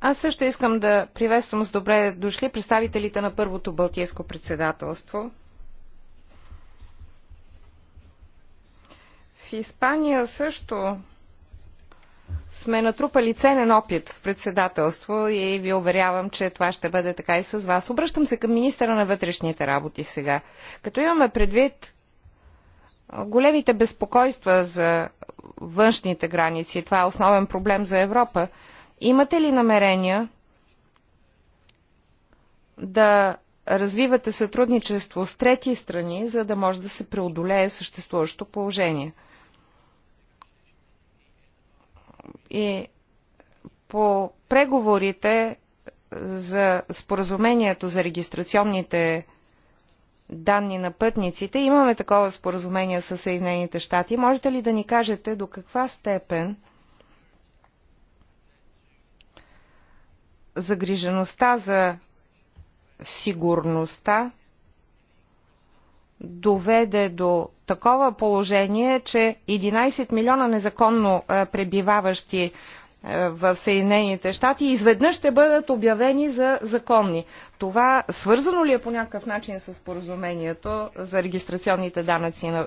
Speaker 2: Аз също искам да приветствам с добре дошли представителите на първото Балтийско председателство. В Испания също сме натрупали ценен опит в председателство и ви уверявам, че това ще бъде така и с вас. Обръщам се към министра на вътрешните работи сега. Като имаме предвид големите безпокойства за външните граници, това е основен проблем за Европа, имате ли намерения да развивате сътрудничество с трети страни, за да може да се преодолее съществуващото положение? И по преговорите за споразумението за регистрационните данни на пътниците, имаме такова споразумение с Съединените щати. Можете ли да ни кажете до каква степен загрижеността за сигурността доведе до такова положение, че 11 милиона незаконно е, пребиваващи е, в Съединените щати изведнъж ще бъдат обявени за законни. Това свързано ли е по някакъв начин с поразумението за регистрационните данъци, е,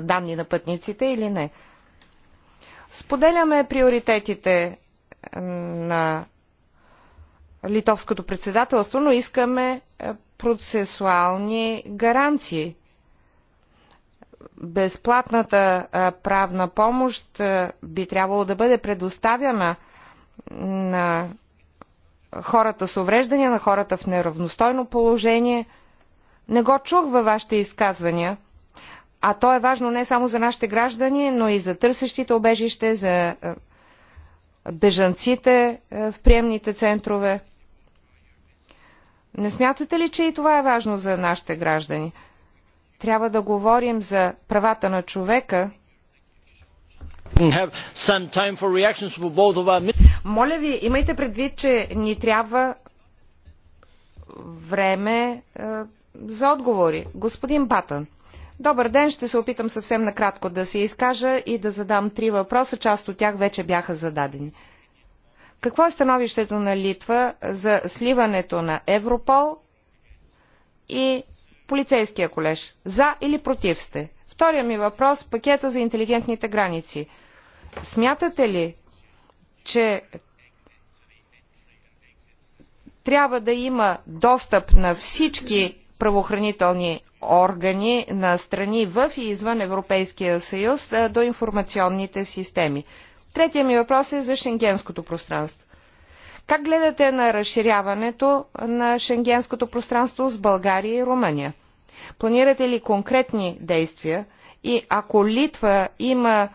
Speaker 2: данни на пътниците или не? Споделяме приоритетите на литовското председателство, но искаме процесуални гаранции безплатната правна помощ би трябвало да бъде предоставяна на хората с увреждания, на хората в неравностойно положение. Не го чух във вашите изказвания, а то е важно не само за нашите граждани, но и за търсещите обежище, за бежанците в приемните центрове. Не смятате ли, че и това е важно за нашите граждани? Трябва да говорим за правата на човека. Моля ви, имайте предвид, че ни трябва време е, за отговори. Господин Батън, добър ден, ще се опитам съвсем накратко да се изкажа и да задам три въпроса, част от тях вече бяха зададени. Какво е становището на Литва за сливането на Европол и полицейския колеж. За или против сте? Втория ми въпрос – пакета за интелигентните граници. Смятате ли, че трябва да има достъп на всички правоохранителни органи на страни в и извън Европейския съюз до информационните системи. Третия ми въпрос е за шенгенското пространство. Как гледате на разширяването на шенгенското пространство с България и Румъния? Планирате ли конкретни действия и ако Литва има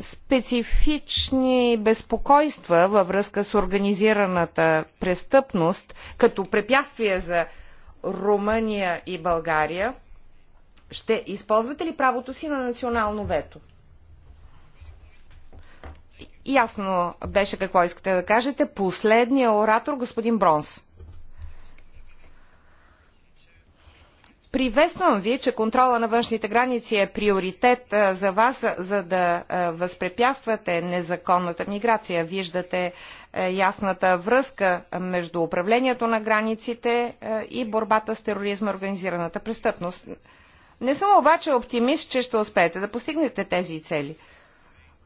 Speaker 2: специфични безпокойства във връзка с организираната престъпност като препятствие за Румъния и България, ще използвате ли правото си на национално вето? Ясно беше какво искате да кажете. Последния оратор, господин Бронс. Приветствам ви, че контрола на външните граници е приоритет за вас, за да възпрепятствате незаконната миграция. Виждате ясната връзка между управлението на границите и борбата с тероризма и организираната престъпност. Не съм обаче оптимист, че ще успеете да постигнете тези цели –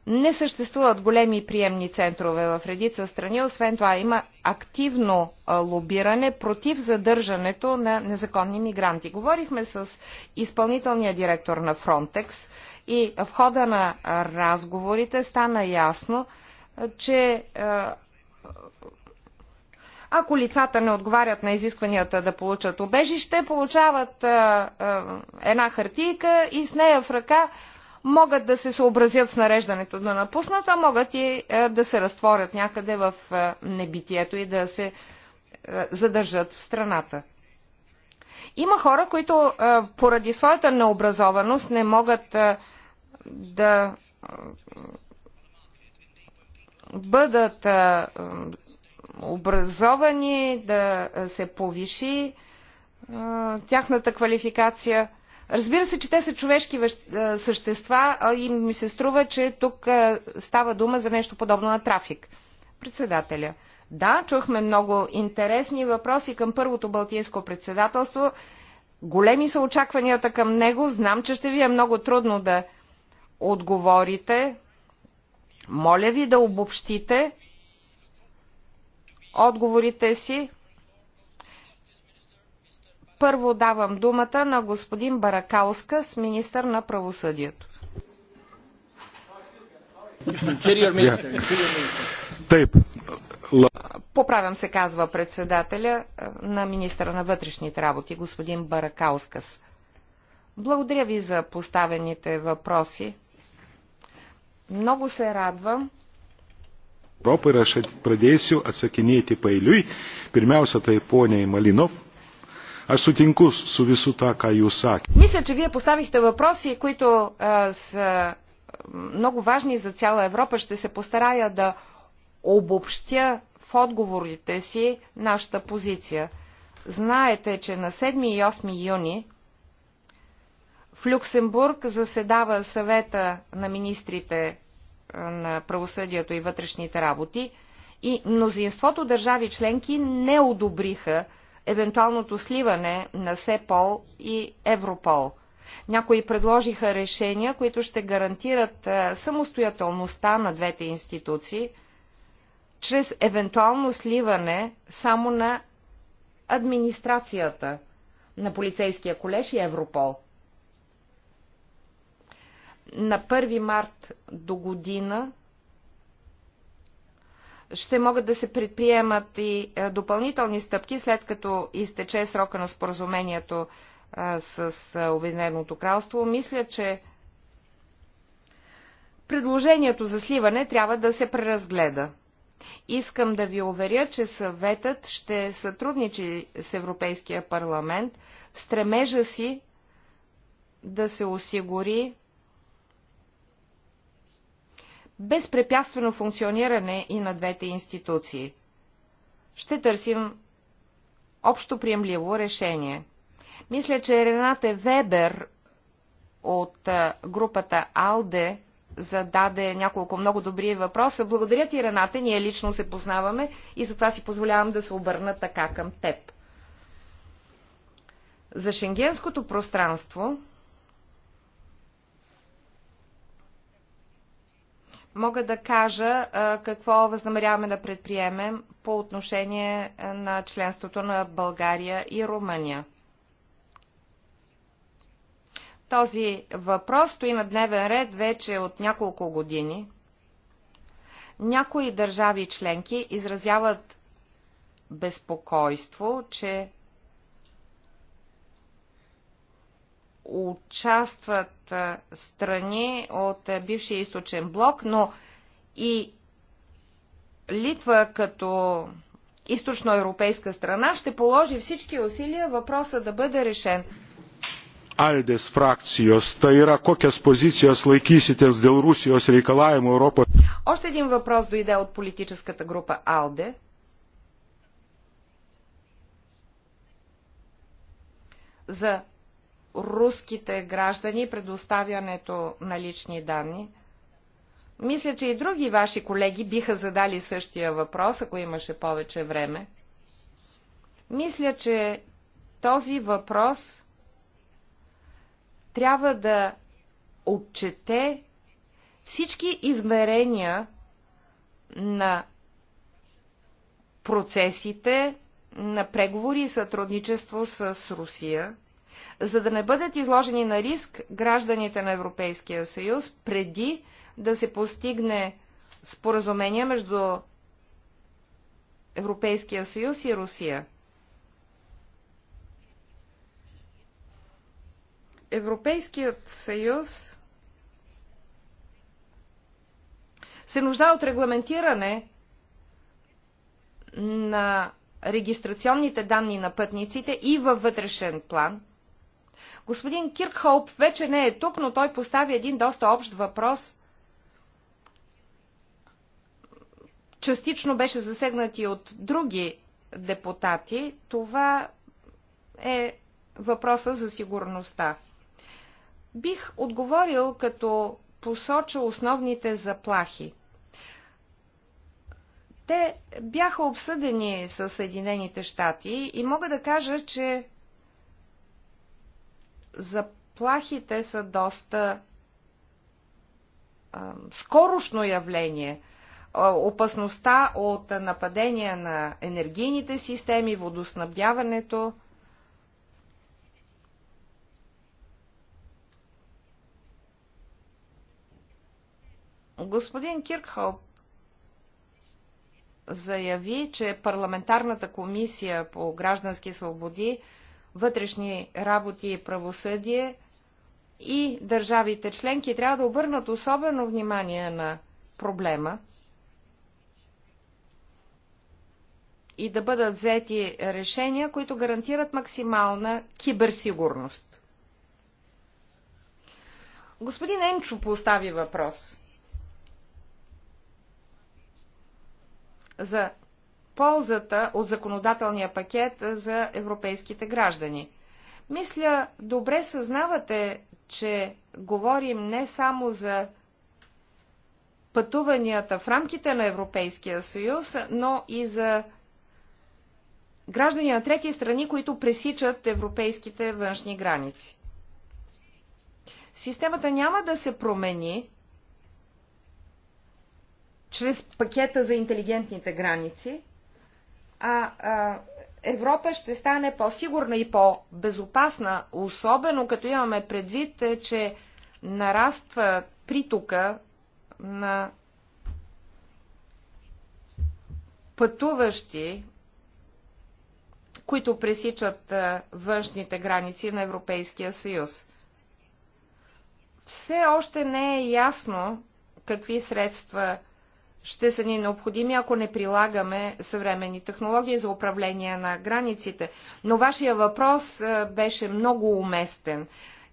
Speaker 2: не съществуват големи приемни центрове в редица страни, освен това има активно лобиране против задържането на незаконни мигранти. Говорихме с изпълнителния директор на Фронтекс и в хода на разговорите стана ясно, че ако лицата не отговарят на изискванията да получат обежище, получават една хартийка и с нея в ръка могат да се съобразят с нареждането да напуснат, а могат и е, да се разтворят някъде в е, небитието и да се е, задържат в страната. Има хора, които поради своята необразованост не могат да бъдат образовани, да се повиши тяхната квалификация – Разбира се, че те са човешки същества и ми се струва, че тук става дума за нещо подобно на трафик. Председателя. Да, чухме много интересни въпроси към първото Балтийско председателство. Големи са очакванията към него. Знам, че ще ви е много трудно да отговорите. Моля ви да обобщите отговорите си. Първо давам думата на господин Баракалска с министър на правосъдието. Поправям се, казва председателя е, на министра на вътрешните работи, господин Баракаускас. Благодаря ви за поставените въпроси. Много се радвам.
Speaker 3: Европа и aš pradėsiu atsakinėti pailiui. Pirmiausia, tai poniai аз сутинку с увесу така и jūs
Speaker 2: Мисля, че вие поставихте въпроси, които а, са много важни за цяла Европа. Ще се постарая да обобщя в отговорите си нашата позиция. Знаете, че на 7 и 8 юни в Люксембург заседава съвета на министрите на правосъдието и вътрешните работи и мнозинството държави членки не одобриха евентуалното сливане на СЕПОЛ и Европол. Някои предложиха решения, които ще гарантират самостоятелността на двете институции чрез евентуално сливане само на администрацията на полицейския колеж и Европол. На 1 март до година ще могат да се предприемат и е, допълнителни стъпки, след като изтече срока на споразумението е, с е, Обединеното кралство. Мисля, че предложението за сливане трябва да се преразгледа. Искам да ви уверя, че съветът ще сътрудничи с Европейския парламент в стремежа си да се осигури безпрепятствено функциониране и на двете институции. Ще търсим общо приемливо решение. Мисля, че Рената Вебер от групата АЛДЕ зададе няколко много добри въпроса. Благодаря ти, Рената, ние лично се познаваме и затова си позволявам да се обърна така към теб. За шенгенското пространство мога да кажа какво възнамеряваме да предприемем по отношение на членството на България и Румъния. Този въпрос стои на дневен ред вече от няколко години. Някои държави членки изразяват безпокойство, че участват страни от бившия източен блок, но и Литва като източноевропейска страна ще положи всички усилия въпроса да бъде решен.
Speaker 3: Aldės frakcijos, tai yra kokias pozicijas laikysitės dėl Rusijos reikalavimo Европа.
Speaker 2: Още един въпрос дойде от политическата група Алде. За руските граждани предоставянето на лични данни? Мисля, че и други ваши колеги биха задали същия въпрос, ако имаше повече време. Мисля, че този въпрос трябва да отчете всички измерения на процесите на преговори и сътрудничество с Русия за да не бъдат изложени на риск гражданите на Европейския съюз преди да се постигне споразумение между Европейския съюз и Русия. Европейският съюз се нуждае от регламентиране на регистрационните данни на пътниците и във вътрешен план – Господин Киркхолп вече не е тук, но той постави един доста общ въпрос. Частично беше засегнат и от други депутати. Това е въпроса за сигурността. Бих отговорил като посоча основните заплахи. Те бяха обсъдени с Съединените щати и мога да кажа, че заплахите са доста а, скорошно явление. Опасността от нападения на енергийните системи, водоснабдяването, Господин Киркхоп заяви, че парламентарната комисия по граждански свободи вътрешни работи и правосъдие и държавите членки трябва да обърнат особено внимание на проблема и да бъдат взети решения, които гарантират максимална киберсигурност. Господин Енчо постави въпрос за ползата от законодателния пакет за европейските граждани. Мисля, добре съзнавате, че говорим не само за пътуванията в рамките на Европейския съюз, но и за граждани на трети страни, които пресичат европейските външни граници. Системата няма да се промени чрез пакета за интелигентните граници, а, а Европа ще стане по-сигурна и по-безопасна, особено като имаме предвид, е, че нараства притока на пътуващи, които пресичат е, външните граници на Европейския съюз. Все още не е ясно какви средства ще са ни необходими, ако не прилагаме съвременни технологии за управление на границите. Но вашия въпрос беше много уместен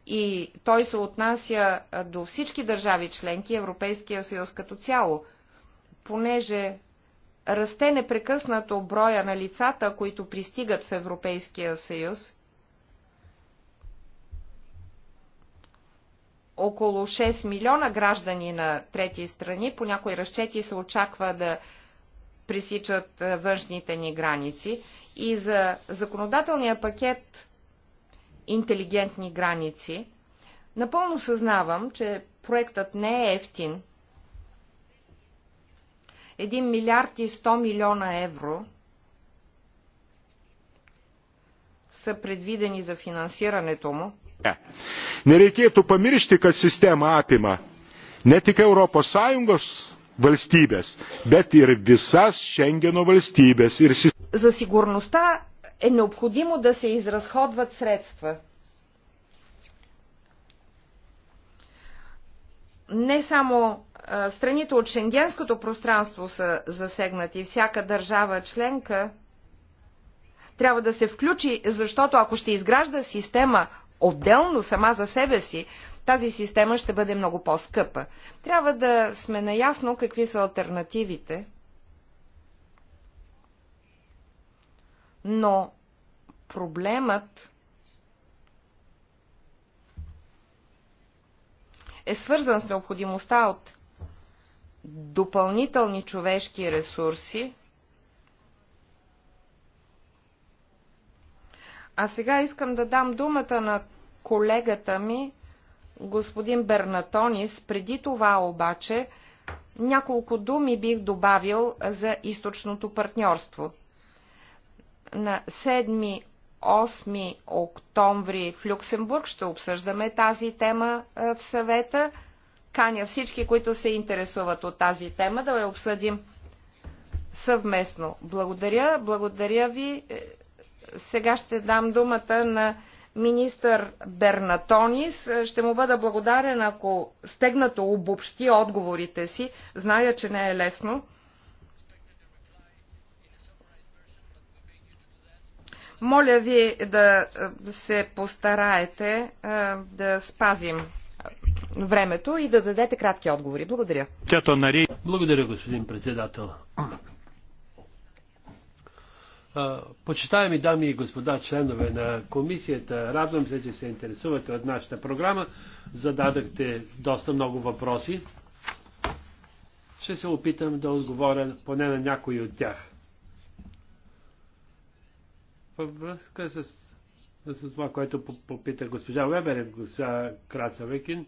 Speaker 2: и той се отнася до всички държави членки, Европейския съюз като цяло, понеже расте непрекъснато броя на лицата, които пристигат в Европейския съюз около 6 милиона граждани на трети страни, по някои разчети се очаква да пресичат е, външните ни граници. И за законодателния пакет интелигентни граници, напълно съзнавам, че проектът не е ефтин. 1 милиард и 100 милиона евро са предвидени за финансирането му.
Speaker 3: E. Nereikėtų pamiršti, kad sistema apima ne tik Europos Sąjungos valstybės, bet ir visas Šengeno valstybės. Ir...
Speaker 2: За сигурността е необходимо да се изразходват средства. Не само страните от шенгенското пространство са засегнати, всяка държава членка трябва да се включи, защото ако ще изгражда система отделно сама за себе си, тази система ще бъде много по-скъпа. Трябва да сме наясно какви са альтернативите, но проблемът е свързан с необходимостта от допълнителни човешки ресурси, а сега искам да дам думата на колегата ми, господин Бернатонис. Преди това обаче няколко думи бих добавил за източното партньорство. На 7-8 октомври в Люксембург ще обсъждаме тази тема в съвета. Каня всички, които се интересуват от тази тема, да я обсъдим съвместно. Благодаря, благодаря ви. Е, сега ще дам думата на министър Бернатонис. Ще му бъда благодарен, ако стегнато обобщи отговорите си. Зная, че не е лесно. Моля ви да се постараете е, да спазим времето и да дадете кратки отговори. Благодаря.
Speaker 3: Благодаря, господин председател. Почитаеми дами и господа, членове на комисията, радвам се, че се интересувате от нашата програма. Зададахте доста много въпроси. Ще се опитам да отговоря поне на някои от тях. Във връзка с, с това, което попита госпожа Вебер и госпожа Крацавекин,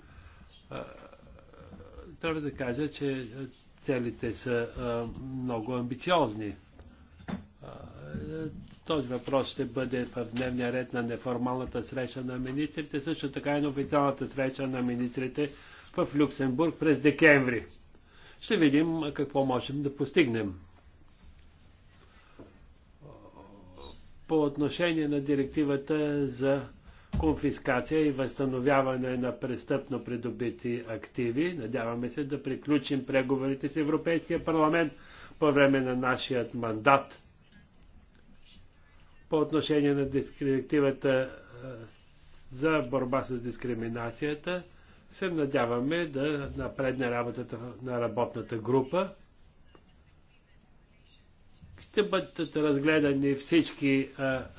Speaker 3: трябва да кажа, че целите са много амбициозни този въпрос ще бъде в дневния ред на неформалната среща на министрите, също така и на официалната среща на министрите в Люксембург през декември. Ще видим какво можем да постигнем. По отношение на директивата за конфискация и възстановяване на престъпно придобити активи. Надяваме се да приключим преговорите с Европейския парламент по време на нашият мандат по отношение на директивата за борба с дискриминацията. Се надяваме да напредне работата на работната група. Ще бъдат разгледани всички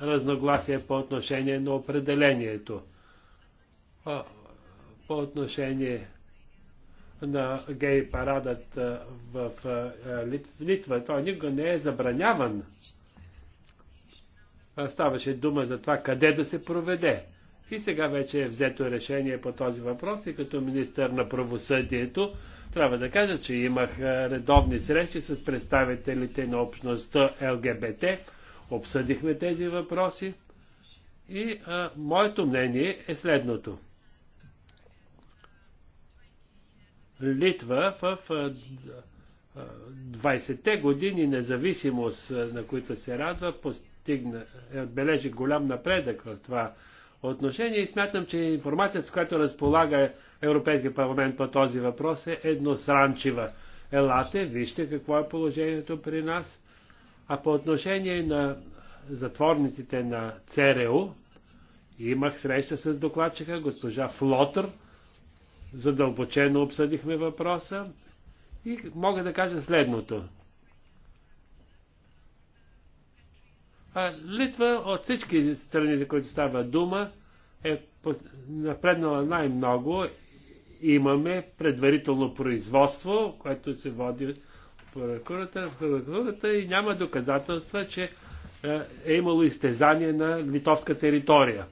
Speaker 3: разногласия по отношение на определението. по отношение на гей парадът в Литва, той никога не е забраняван ставаше дума за това къде да се проведе. И сега вече е взето решение по този въпрос и като министър на правосъдието трябва да кажа, че имах редовни срещи с представителите на общността ЛГБТ, обсъдихме тези въпроси и а, моето мнение е следното. Литва в 20-те години независимост, на които се радва, постигна, е, отбележи голям напредък в това отношение и смятам, че информацията, с която разполага Европейския парламент по този въпрос е едносранчива. Елате, вижте какво е положението при нас. А по отношение на затворниците на ЦРУ, имах среща с докладчика госпожа Флотър, задълбочено обсъдихме въпроса и мога да кажа следното. Литва от всички страни, за които става дума, е напреднала най-много. Имаме предварително производство, което се води от прокуратурата и няма доказателства, че е имало изтезание на литовска територия.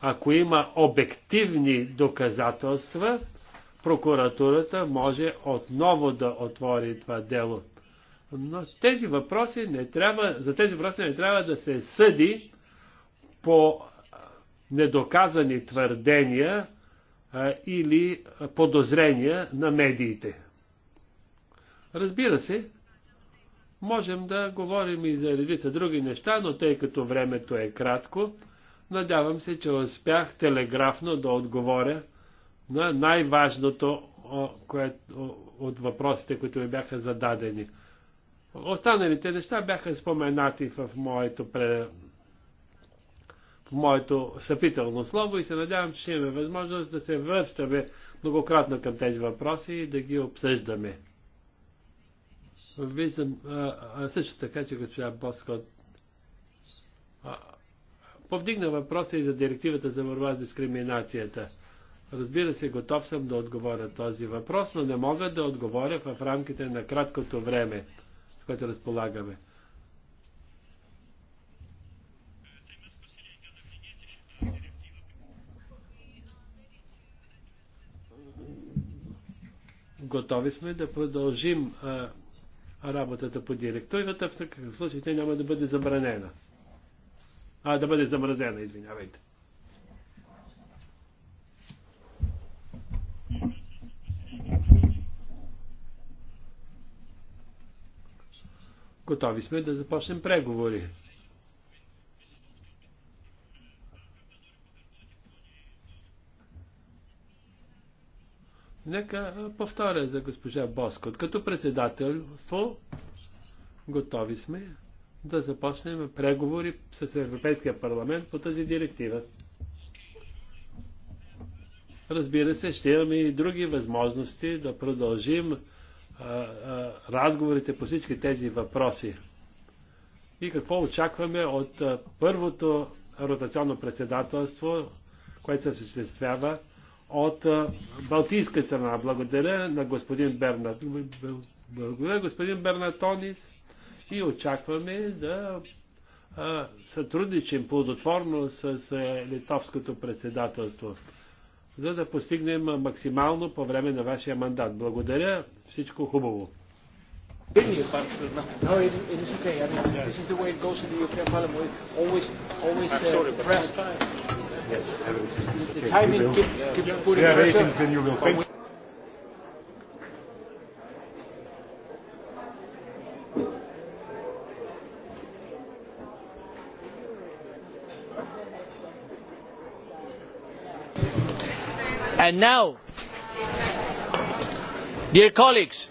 Speaker 3: Ако има обективни доказателства, прокуратурата може отново да отвори това дело. Но тези въпроси не трябва, за тези въпроси не трябва да се съди по недоказани твърдения а, или подозрения на медиите. Разбира се, можем да говорим и за редица други неща, но тъй като времето е кратко, надявам се, че успях телеграфно да отговоря на най-важното от въпросите, които ми бяха зададени. Останалите неща бяха споменати в моето, пре... в моето съпително слово и се надявам, че ще имаме възможност да се връщаме многократно към тези въпроси и да ги обсъждаме. Виждам а, а също така, че госпожа Боско а, повдигна въпроса и за директивата за борба с дискриминацията. Разбира се, готов съм да отговоря този въпрос, но не мога да отговоря в рамките на краткото време което разполагаме. Готови сме да продължим а, работата по директорията, в такъв случай тя няма да бъде забранена. А, да бъде замразена, извинявайте. готови сме да започнем преговори. Нека повторя за госпожа Боскот. Като председателство готови сме да започнем преговори с Европейския парламент по тази директива. Разбира се, ще имаме и други възможности да продължим разговорите по всички тези въпроси. И какво очакваме от първото ротационно председателство, което се осъществява от Балтийска страна. Благодаря на господин Бернат. Благодаря господин Бернатонис и очакваме да сътрудничим плодотворно с литовското председателство за да постигнем максимално по време на вашия мандат. Благодаря, всичко хубаво.
Speaker 1: now dear colleagues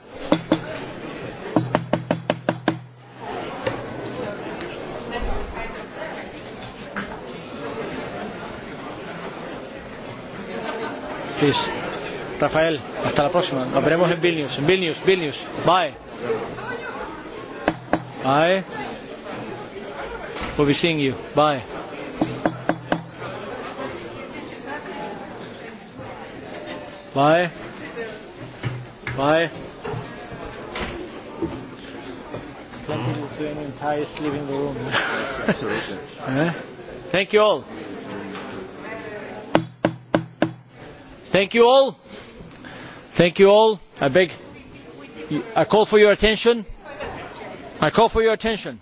Speaker 1: please Rafael hasta la próxima nos veremos en Vilnius en Vilnius Vilnius bye bye we'll be seeing you bye Bye. Bye. That will do an entire living room. Yes, absolutely. Thank you all. Thank you all. Thank you all. I beg. I call for your attention. I call for your attention.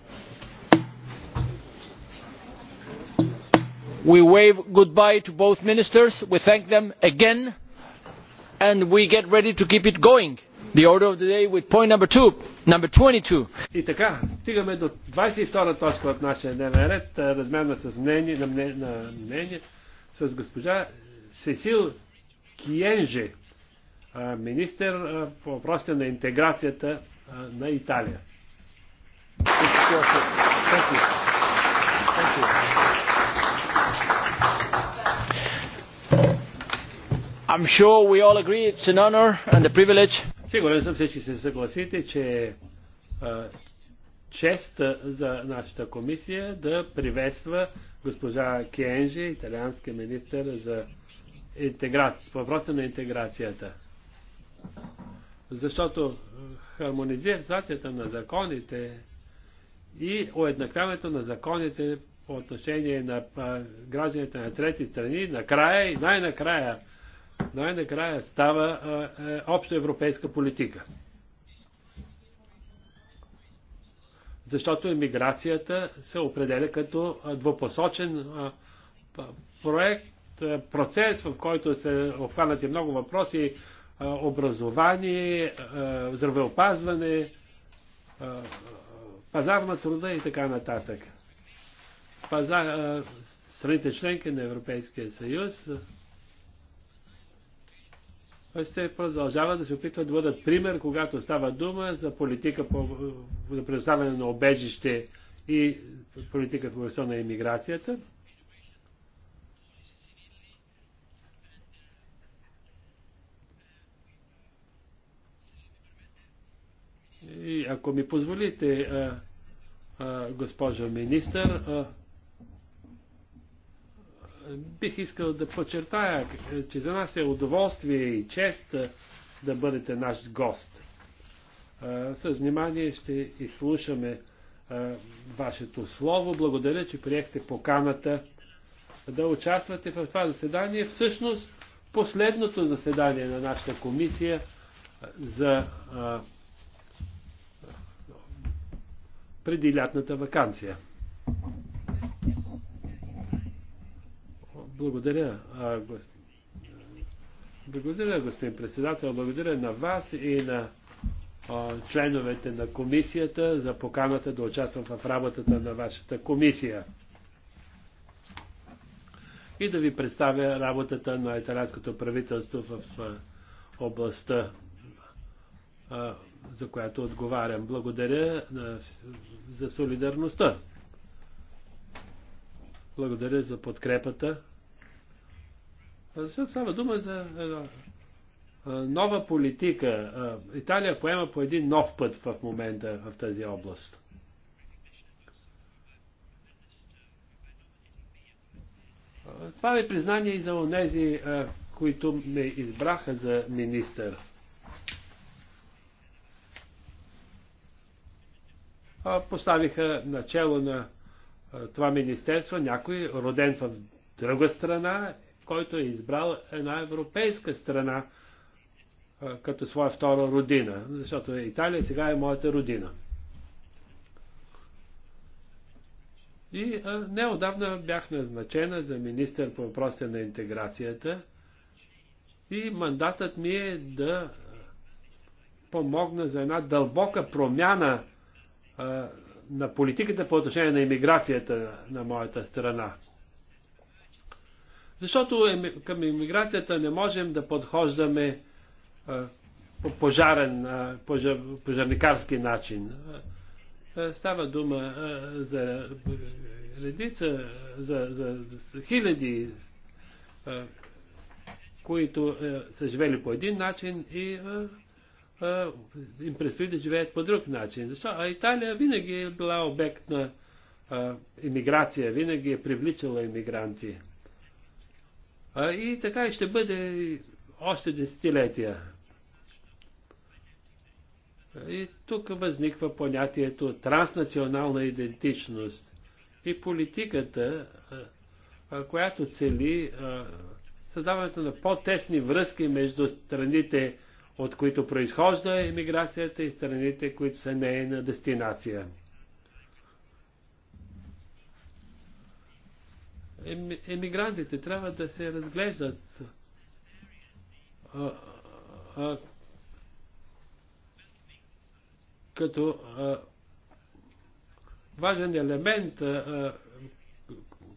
Speaker 1: We wave goodbye to both ministers. We thank them again and we get ready to keep it going. The order of the day with point number two, number 22. И така, стигаме до 22 та точка
Speaker 3: от нашия дневен ред, размяна с мнение, на мнение, на мнение с госпожа Сесил Киенже, министър по въпросите на интеграцията на Италия. Thank you. Thank you.
Speaker 1: I'm sure we all agree it's an honor and a privilege. Сигурен съм всички
Speaker 3: се съгласите, че а, чест за нашата комисия да приветства госпожа Кенжи, италиански министър за интеграция, въпроса на интеграцията. Защото хармонизацията на законите и уеднаквяването на законите по отношение на гражданите на трети страни, накрая и най-накрая най-накрая става е, обща европейска политика. Защото иммиграцията се определя като двупосочен проект, процес, в който се обхванати много въпроси, образование, здравеопазване, пазарна пазар на труда и така нататък. Пазар, страните членки на Европейския съюз се продължава да се опитват да бъдат пример, когато става дума за политика по, за предоставяне на обежище и политика в областта на иммиграцията. И ако ми позволите, госпожо министър, Бих искал да подчертая, че за нас е удоволствие и чест да бъдете наш гост. С внимание ще изслушаме вашето слово. Благодаря, че приехте поканата да участвате в това заседание. Всъщност, последното заседание на нашата комисия за преди лятната вакансия. Благодаря, господин. Благодаря, господин председател. Благодаря на вас и на а, членовете на комисията за поканата да участвам в работата на вашата комисия и да ви представя работата на италянското правителство в а, областта, а, за която отговарям. Благодаря на, за солидарността. Благодаря за подкрепата. Защото става дума за е, е, нова политика. Е, Италия поема по един нов път в момента в тази област. Това е признание и за онези, които ме избраха за министър. Поставиха начало на това министерство някой роден в друга страна който е избрал една европейска страна като своя втора родина, защото Италия сега е моята родина. И неодавна бях назначена за министър по въпросите на интеграцията и мандатът ми е да помогна за една дълбока промяна а, на политиката по отношение на иммиграцията на, на моята страна. Защото към иммиграцията не можем да подхождаме по пожарен, пожарникарски начин. става дума за редица, за, за, за хиляди, които е, са живели по един начин и им предстои да живеят по друг начин. Защо? А Италия винаги е била обект на иммиграция, винаги е привличала иммигранти. И така и ще бъде още десетилетия. И тук възниква понятието транснационална идентичност и политиката, която цели създаването на по-тесни връзки между страните, от които произхожда емиграцията и страните, които са нейна дестинация. емигрантите трябва да се разглеждат а, а, като а, важен елемент, а,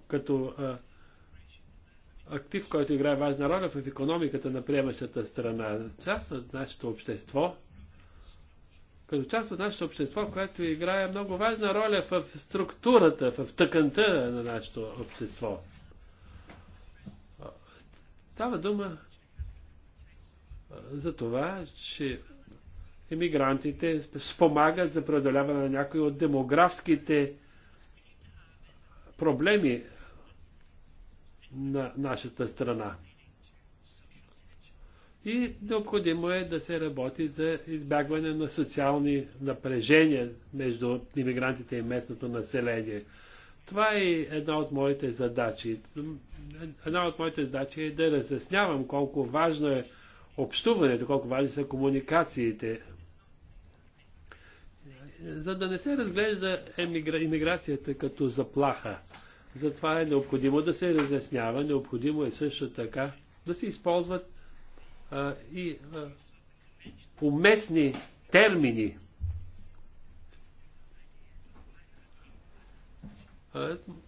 Speaker 3: като а, актив, който играе важна роля в економиката на приемащата страна. Част от нашето общество – като част от нашето общество, което играе много важна роля в структурата, в тъканта на нашето общество. Става дума за това, че емигрантите спомагат за преодоляване на някои от демографските проблеми на нашата страна. И необходимо е да се работи за избягване на социални напрежения между иммигрантите и местното население. Това е една от моите задачи. Една от моите задачи е да разяснявам колко важно е общуването, колко важни са комуникациите. За да не се разглежда иммиграцията като заплаха. Затова е необходимо да се разяснява, необходимо е също така да се използват и поместни термини.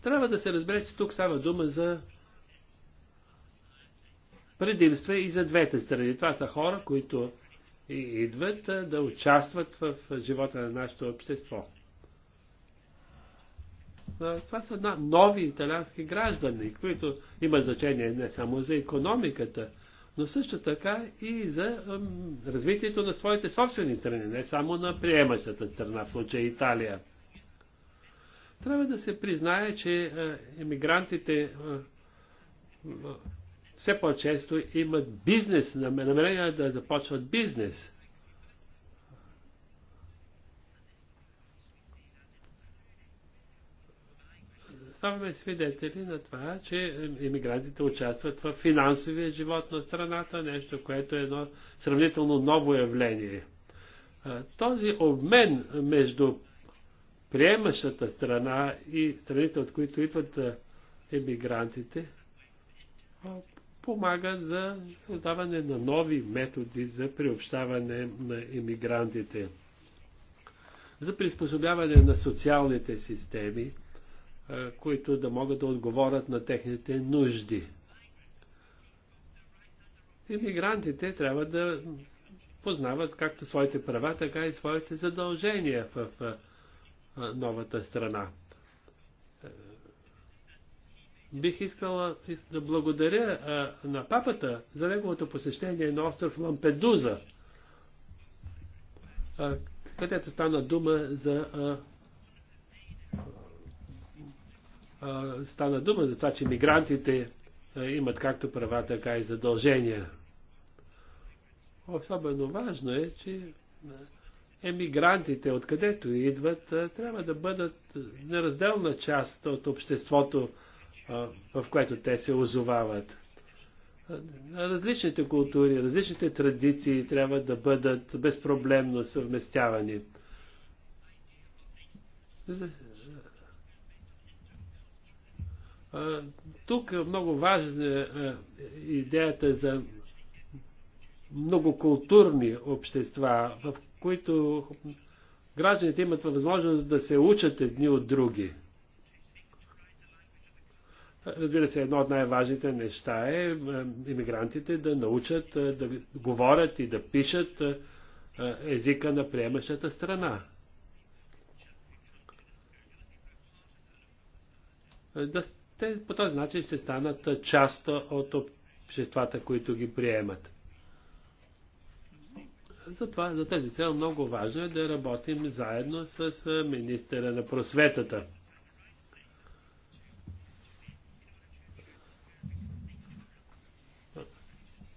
Speaker 3: Трябва да се разбере, че тук става дума за предимства и за двете страни. Това са хора, които идват да участват в живота на нашето общество. Това са нови италиански граждани, които имат значение не само за економиката, но също така и за развитието на своите собствени страни, не само на приемащата страна, в случая Италия. Трябва да се признае, че емигрантите все по-често имат бизнес, намерение да започват бизнес. ставаме свидетели на това, че иммигрантите участват в финансовия живот на страната, нещо, което е едно сравнително ново явление. Този обмен между приемащата страна и страните, от които идват иммигрантите, помага за създаване на нови методи за приобщаване на иммигрантите, за приспособяване на социалните системи, които да могат да отговорят на техните нужди. Имигрантите трябва да познават както своите права, така и своите задължения в новата страна. Бих искала да благодаря на папата за неговото посещение на остров Лампедуза, където стана дума за стана дума за това, че мигрантите имат както права, така и задължения. Особено важно е, че емигрантите, откъдето идват, трябва да бъдат неразделна част от обществото, в което те се озовават. Различните култури, различните традиции трябва да бъдат безпроблемно съвместявани. Тук е много важна е, идеята за многокултурни общества, в които гражданите имат възможност да се учат едни от други. Разбира се, едно от най-важните неща е, е иммигрантите да научат е, да говорят и да пишат езика на приемащата страна. Да те по този начин ще станат част от обществата, които ги приемат. Затова, за тази цел много важно е да работим заедно с министъра на просветата.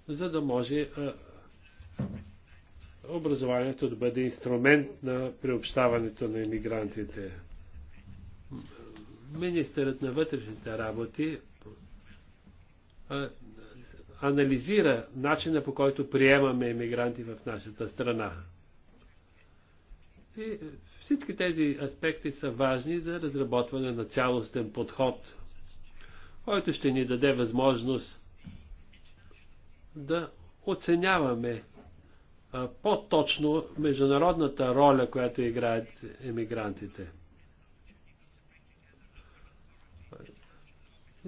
Speaker 3: За да може образованието да бъде инструмент на приобщаването на иммигрантите министърът на вътрешните работи анализира начина по който приемаме емигранти в нашата страна. И всички тези аспекти са важни за разработване на цялостен подход, който ще ни даде възможност да оценяваме по-точно международната роля, която играят емигрантите.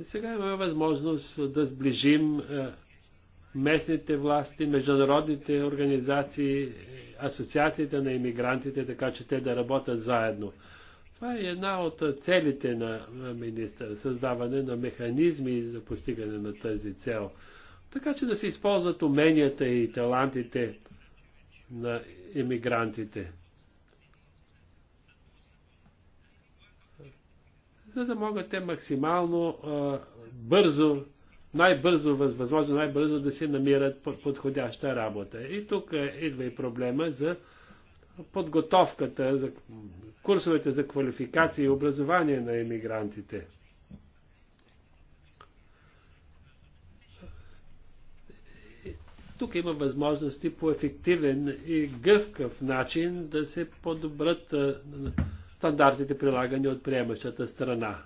Speaker 3: Сега имаме възможност да сближим е, местните власти, международните организации, е, асоциациите на иммигрантите, така че те да работят заедно. Това е една от целите на министър създаване на механизми за постигане на тази цел. Така че да се използват уменията и талантите на иммигрантите. за да могат те максимално а, бързо, най-бързо, възможно най-бързо да си намират подходяща работа. И тук е, идва и проблема за подготовката, за курсовете за квалификация и образование на емигрантите. Тук има възможности по ефективен и гъвкав начин да се подобрат стандартите прилагани от приемащата страна.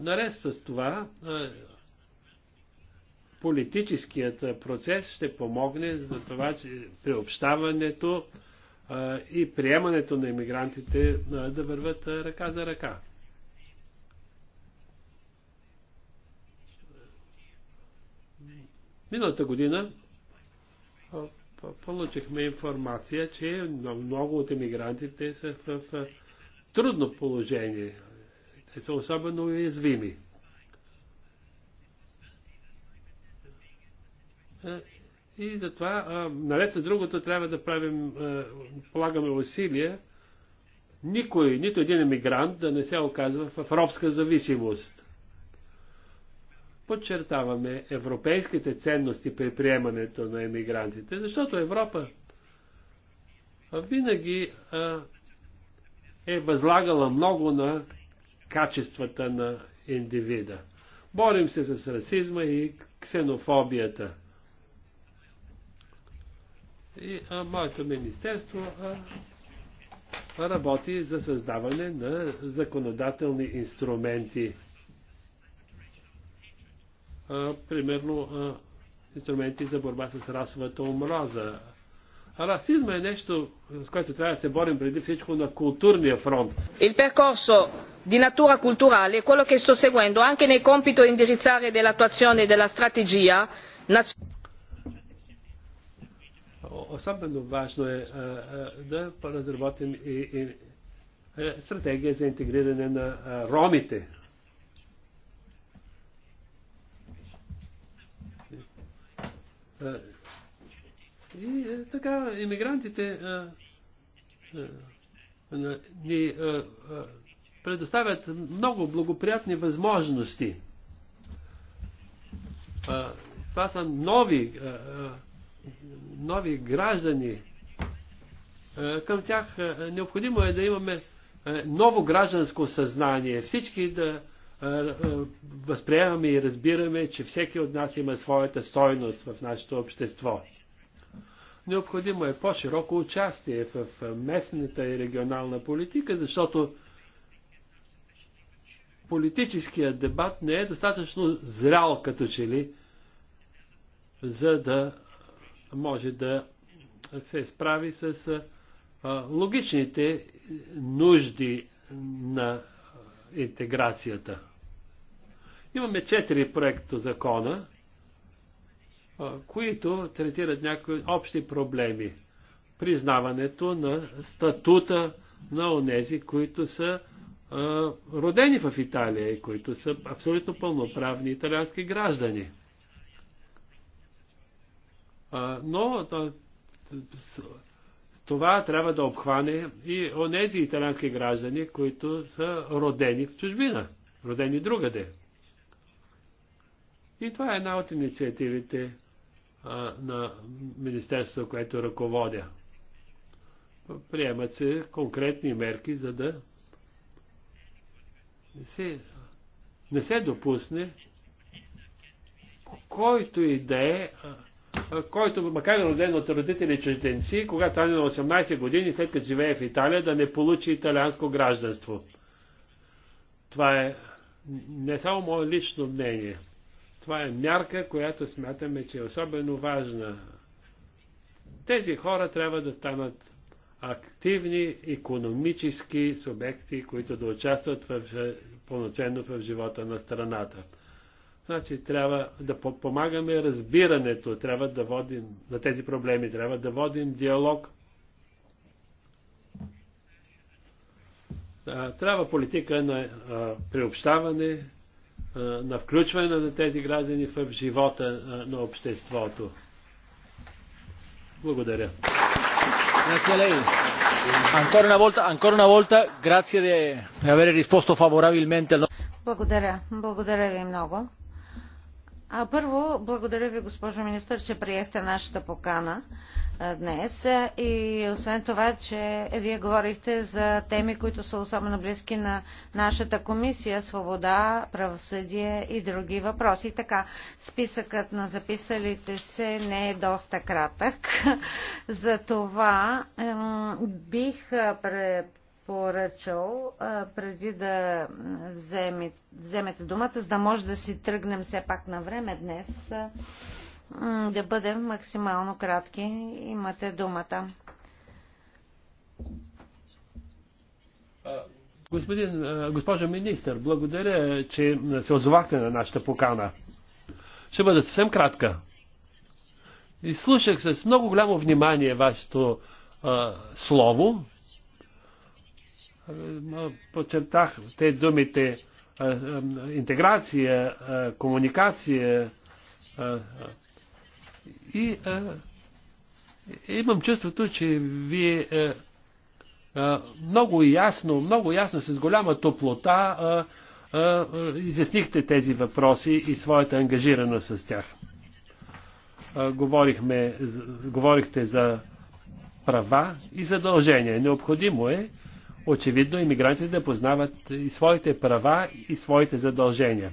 Speaker 3: Наред с това, политическият процес ще помогне за това, че приобщаването и приемането на иммигрантите да върват ръка за ръка. Миналата година получихме информация, че много от емигрантите са в, в трудно положение. Те са особено уязвими. И затова, наред с другото, трябва да правим, полагаме усилия никой, нито един емигрант да не се оказва в робска зависимост подчертаваме европейските ценности при приемането на емигрантите, защото Европа винаги а, е възлагала много на качествата на индивида. Борим се с расизма и ксенофобията. И а, моето министерство а, работи за създаване на законодателни инструменти а, примерно а, инструменти за борба с расовата омраза. А расизма е нещо, с което трябва да се борим преди всичко на културния фронт.
Speaker 2: Il percorso di natura culturale è quello che sto seguendo anche nel compito di indirizzare dell'attuazione della strategia
Speaker 3: Особено важно е а, а, да разработим и, и е, стратегия за интегриране на а, ромите Е, и е, така, иммигрантите е, ни предоставят много благоприятни възможности. Това са нови, нови граждани. Към тях необходимо е да имаме ново гражданско съзнание. Всички да възприемаме и разбираме, че всеки от нас има своята стойност в нашето общество. Необходимо е по-широко участие в местната и регионална политика, защото политическият дебат не е достатъчно зрял като че ли, за да може да се справи с логичните нужди на интеграцията. Имаме четири проекта закона, които третират някои общи проблеми. Признаването на статута на онези, които са родени в Италия и които са абсолютно пълноправни италиански граждани. но това трябва да обхване и онези италиански граждани, които са родени в чужбина, родени другаде. И това е една от инициативите а, на Министерството, което ръководя. Приемат се конкретни мерки, за да не се, не се допусне който и да е който, макар е роден от родители чужденци, когато стане на 18 години, след като живее в Италия, да не получи италианско гражданство. Това е не само мое лично мнение. Това е мярка, която смятаме, че е особено важна. Тези хора трябва да станат активни економически субекти, които да участват в, пълноценно в живота на страната. Значи трябва да подпомагаме разбирането, трябва да водим на тези проблеми, трябва да водим диалог. Трябва политика на приобщаване, на включване на тези граждани в живота
Speaker 1: на обществото. Благодаря. Ancora una volta, ancora una volta grazie di risposto
Speaker 4: Благодаря. Благодаря ви много. А първо, благодаря ви, госпожо министър, че приехте нашата покана днес. И освен това, че вие говорихте за теми, които са особено близки на нашата комисия свобода, правосъдие и други въпроси. Така, списъкът на записалите се не е доста кратък. За това бих пред поръчал, преди да вземи, вземете думата, за да може да си тръгнем все пак на време днес, да бъдем максимално кратки. Имате думата.
Speaker 3: Господин, госпожо министър, благодаря, че се озовахте на нашата покана. Ще бъда съвсем кратка. И слушах с много голямо внимание вашето а, слово, подчертах те думите интеграция, комуникация и имам чувството, че вие много ясно, много ясно, с голяма топлота изяснихте тези въпроси и своята ангажираност с тях. Говорихме, говорихте за права и задължения. Необходимо е очевидно иммигрантите да познават и своите права, и своите задължения.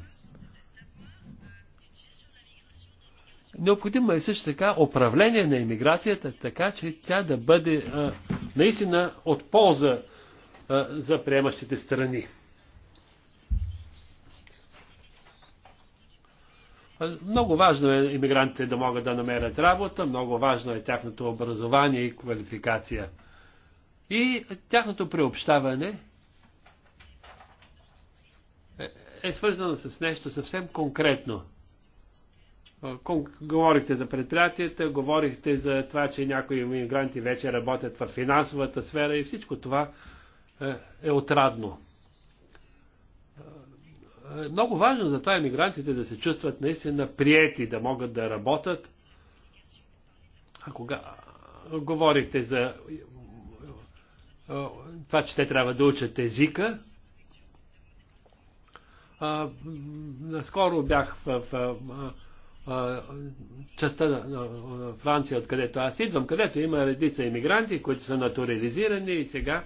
Speaker 3: Необходимо е също така управление на иммиграцията, така че тя да бъде а, наистина от полза а, за приемащите страни. Много важно е иммигрантите да могат да намерят работа, много важно е тяхното образование и квалификация. И тяхното приобщаване е, е свързано с нещо съвсем конкретно. Говорихте за предприятията, говорихте за това, че някои мигранти вече работят в финансовата сфера и всичко това е, е отрадно. Е, много важно за това иммигрантите да се чувстват наистина приети, да могат да работят. А кога говорихте за това, че те трябва да учат езика. Наскоро бях в, в, в частта на Франция, откъдето аз идвам, където има редица иммигранти, които са натурализирани и сега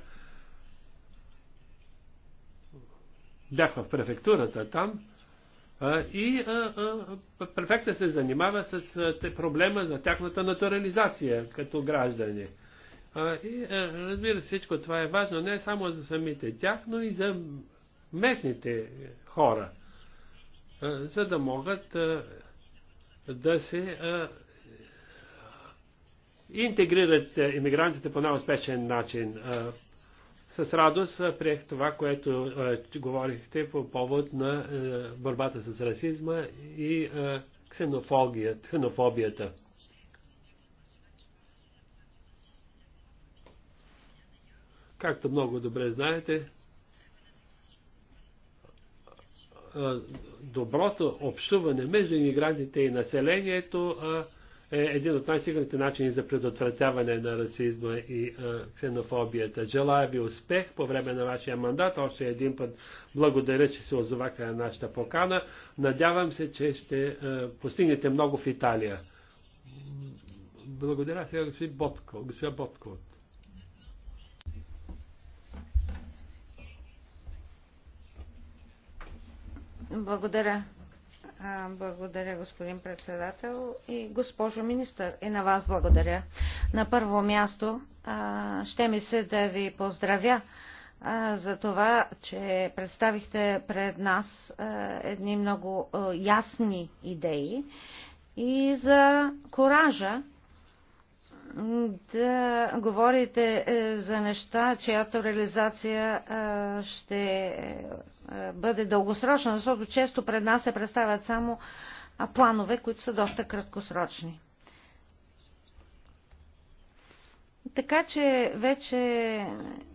Speaker 3: бях в префектурата там и а, а, префекта се занимава с проблема на тяхната натурализация като граждани. И е, разбира се, всичко това е важно не само за самите тях, но и за местните хора, е, за да могат е, да се интегрират иммигрантите по най-успешен начин. С радост приех това, което говорихте по повод на борбата с расизма и ксенофобията. Както много добре знаете, доброто общуване между иммигрантите и населението е един от най-сигурните начини за предотвратяване на расизма и ксенофобията. Желая ви успех по време на вашия мандат. Още един път благодаря, че се озовахте на нашата покана. Надявам се, че ще постигнете много в Италия. Благодаря сега господин Ботко. Господин Ботко.
Speaker 4: Благодаря. Благодаря, господин председател и госпожо министър. И на вас благодаря. На първо място ще ми се да ви поздравя за това, че представихте пред нас едни много ясни идеи и за коража, да говорите е, за неща, чиято реализация е, ще е, бъде дългосрочна, защото често пред нас се представят само планове, които са доста краткосрочни. Така че вече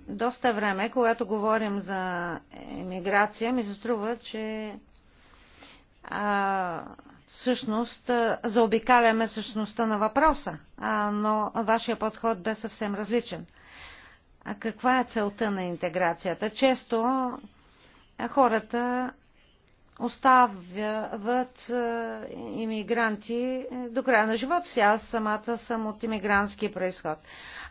Speaker 4: доста време, когато говорим за емиграция, ми се струва, че а, всъщност заобикаляме същността на въпроса, но вашия подход бе съвсем различен. А каква е целта на интеграцията? Често хората оставят иммигранти е, до края на живота си. Аз самата съм от иммигрантски происход.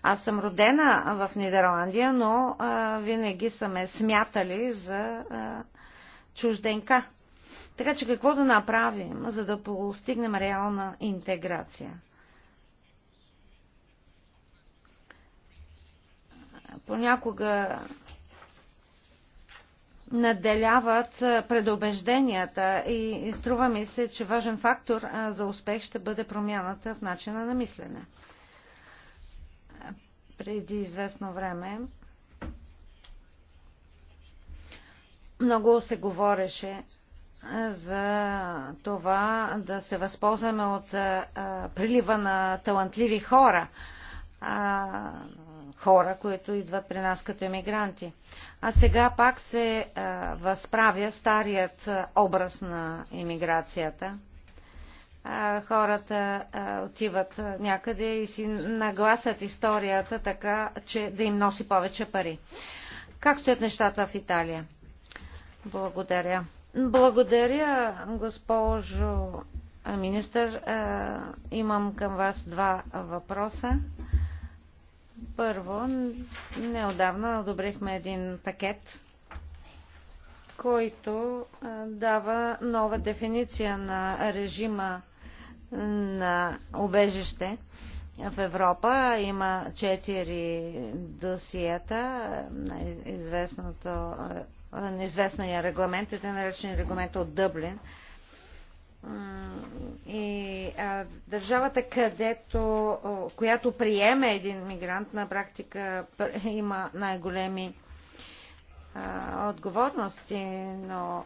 Speaker 4: Аз съм родена в Нидерландия, но винаги са ме смятали за чужденка така че какво да направим, за да постигнем реална интеграция? Понякога наделяват предубежденията и струва ми се, че важен фактор за успех ще бъде промяната в начина на мислене. Преди известно време много се говореше за това да се възползваме от а, прилива на талантливи хора, а, хора, които идват при нас като емигранти. А сега пак се а, възправя старият образ на емиграцията. Хората отиват някъде и си нагласят историята така, че да им носи повече пари. Как стоят нещата в Италия? Благодаря. Благодаря, госпожо министър. Имам към вас два въпроса. Първо, неодавна одобрихме един пакет, който дава нова дефиниция на режима на обежище в Европа. Има четири досиета, известното неизвестния регламент, е наречен регламент от Дъблин. И а, държавата, където, която приеме един мигрант, на практика има най-големи отговорности, но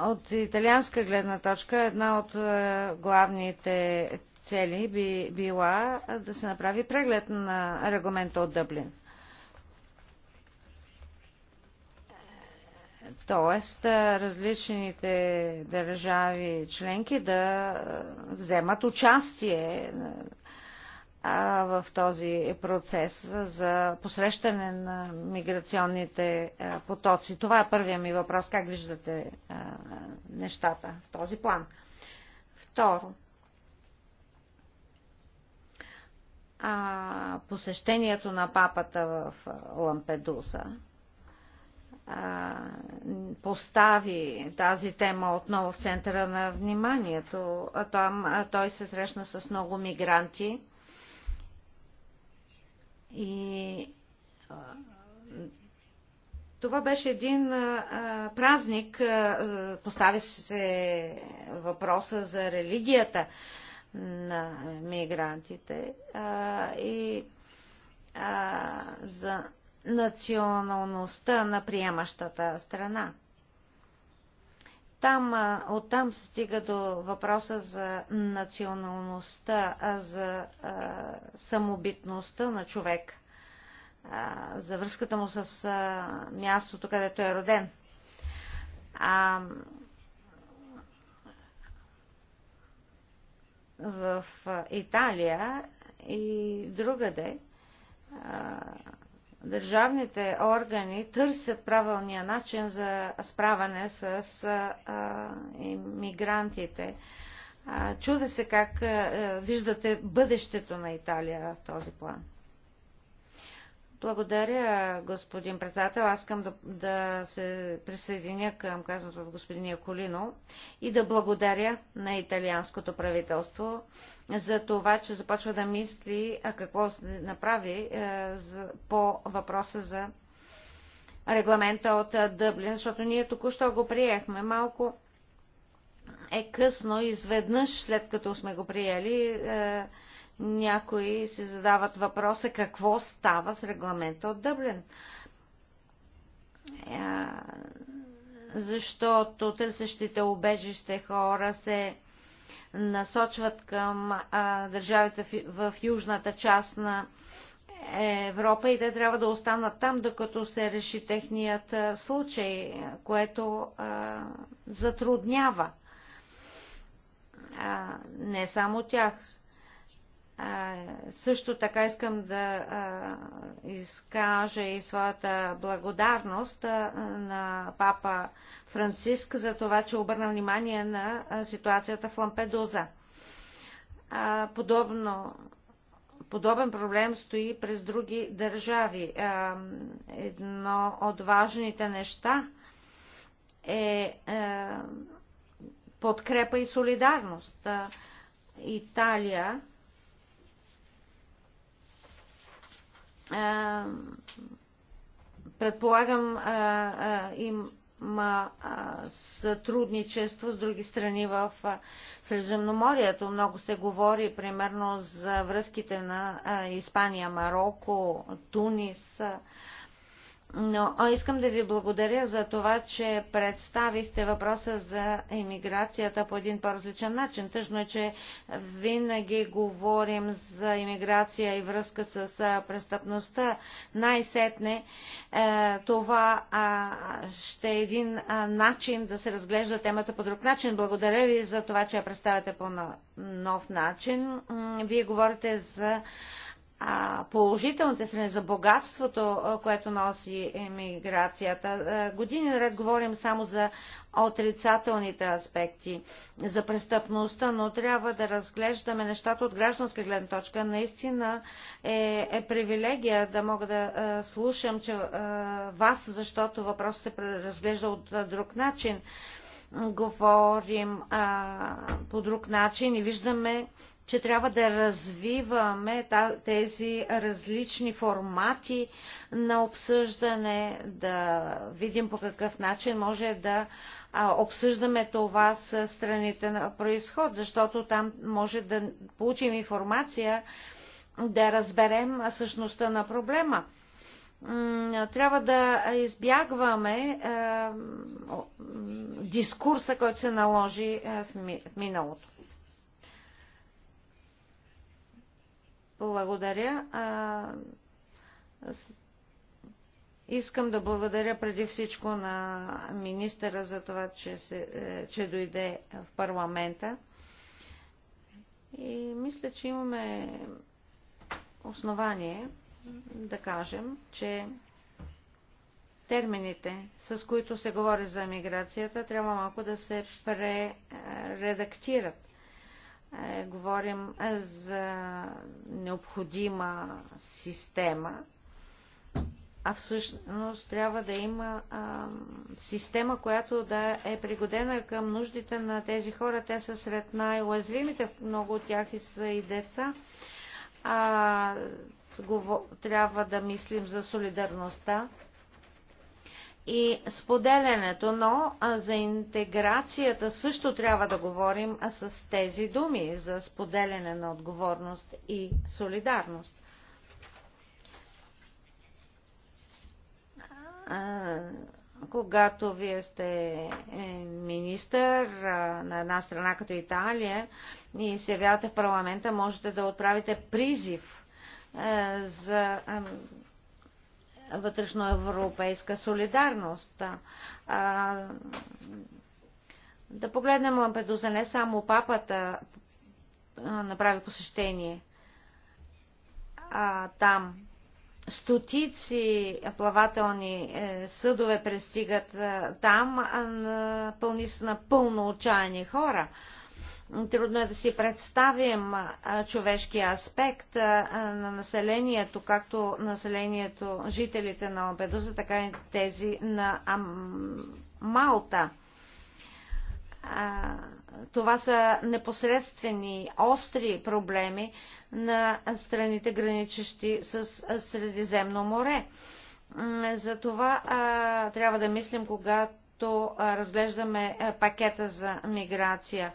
Speaker 4: от италианска гледна точка една от е, главните цели би била да се направи преглед на регламента от Дъблин. Тоест, различните държави членки да вземат участие в този процес за посрещане на миграционните потоци. Това е първият ми въпрос. Как виждате нещата в този план? Второ. а, посещението на папата в Лампедуса постави тази тема отново в центъра на вниманието. Там той се срещна с много мигранти и това беше един празник. постави се въпроса за религията на мигрантите и за националността на приемащата страна. Там, оттам се стига до въпроса за националността, за самобитността на човек, за връзката му с мястото, където е роден. А, в Италия и другаде държавните органи търсят правилния начин за справяне с а, иммигрантите. А, чуда се как а, виждате бъдещето на Италия в този план. Благодаря, господин председател. Аз искам да, да се присъединя към казаното от господин Яколино и да благодаря на италианското правителство за това, че започва да мисли а какво се направи а, е, за, по въпроса за регламента от е, Дъблин, защото ние току-що го приехме. Малко е късно, изведнъж след като сме го приели. Е, някои си задават въпроса какво става с регламента от Дъблин. Е, защото търсещите обежище хора се насочват към а, държавите в, в южната част на Европа и те трябва да останат там, докато се реши техният а, случай, което а, затруднява а, не само тях. А, също така искам да а, изкажа и своята благодарност а, на папа Франциск за това, че обърна внимание на ситуацията в Лампедуза. Подобно, подобен проблем стои през други държави. Едно от важните неща е подкрепа и солидарност. Италия предполагам, има сътрудничество с други страни в Средиземноморието. Много се говори, примерно, за връзките на Испания, Марокко, Тунис. Но искам да ви благодаря за това, че представихте въпроса за иммиграцията по един по-различен начин. Тъжно е, че винаги говорим за иммиграция и връзка с престъпността. Най-сетне е, това ще е един начин да се разглежда темата по друг начин. Благодаря ви за това, че я представяте по нов начин. Вие говорите за а, положителните страни, за богатството, което носи емиграцията. Години наред говорим само за отрицателните аспекти, за престъпността, но трябва да разглеждаме нещата от гражданска гледна точка. Наистина е, е привилегия да мога да е, слушам че, е, вас, защото въпросът се разглежда от е, друг начин. Говорим а, по друг начин и виждаме че трябва да развиваме тези различни формати на обсъждане, да видим по какъв начин може да обсъждаме това с страните на происход, защото там може да получим информация, да разберем същността на проблема. Трябва да избягваме е, дискурса, който се наложи е, в миналото. Благодаря. А, искам да благодаря преди всичко на министъра за това, че, се, е, че дойде в парламента. И мисля, че имаме основание да кажем, че термините, с които се говори за миграцията, трябва малко да се прередактират. Е, говорим е, за необходима система, а всъщност трябва да има а, система, която да е пригодена към нуждите на тези хора. Те са сред най-уязвимите, много от тях и са и деца. А, трябва да мислим за солидарността и споделянето, но за интеграцията също трябва да говорим с тези думи за споделяне на отговорност и солидарност. Когато вие сте е, министър на една страна като Италия и се явявате в парламента, можете да отправите призив е, за вътрешноевропейска солидарност. А, да погледнем Лампедуза, не само папата направи посещение а, там. Стотици плавателни е, съдове пристигат е, там, а, пълни с напълно отчаяни хора. Трудно е да си представим човешкия аспект на населението, както населението, жителите на Лампедуза, така и тези на Малта. Това са непосредствени, остри проблеми на страните граничещи с Средиземно море. За това трябва да мислим, когато разглеждаме пакета за миграция.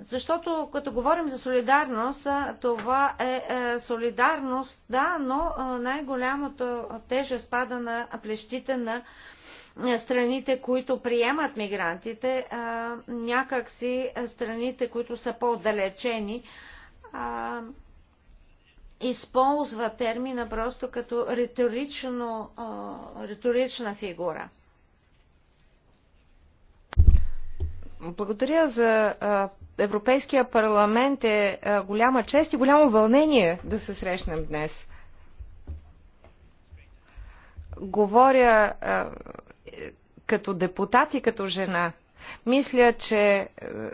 Speaker 4: Защото като говорим за солидарност, това е, е солидарност, да, но най-голямото тежест пада на плещите на е, страните, които приемат мигрантите, някакси е, страните, които са по-отдалечени, използва термина просто като риторично, риторична фигура.
Speaker 2: Благодаря за Европейския парламент. Е голяма чест и голямо вълнение да се срещнем днес. Говоря като депутат и като жена. Мисля, че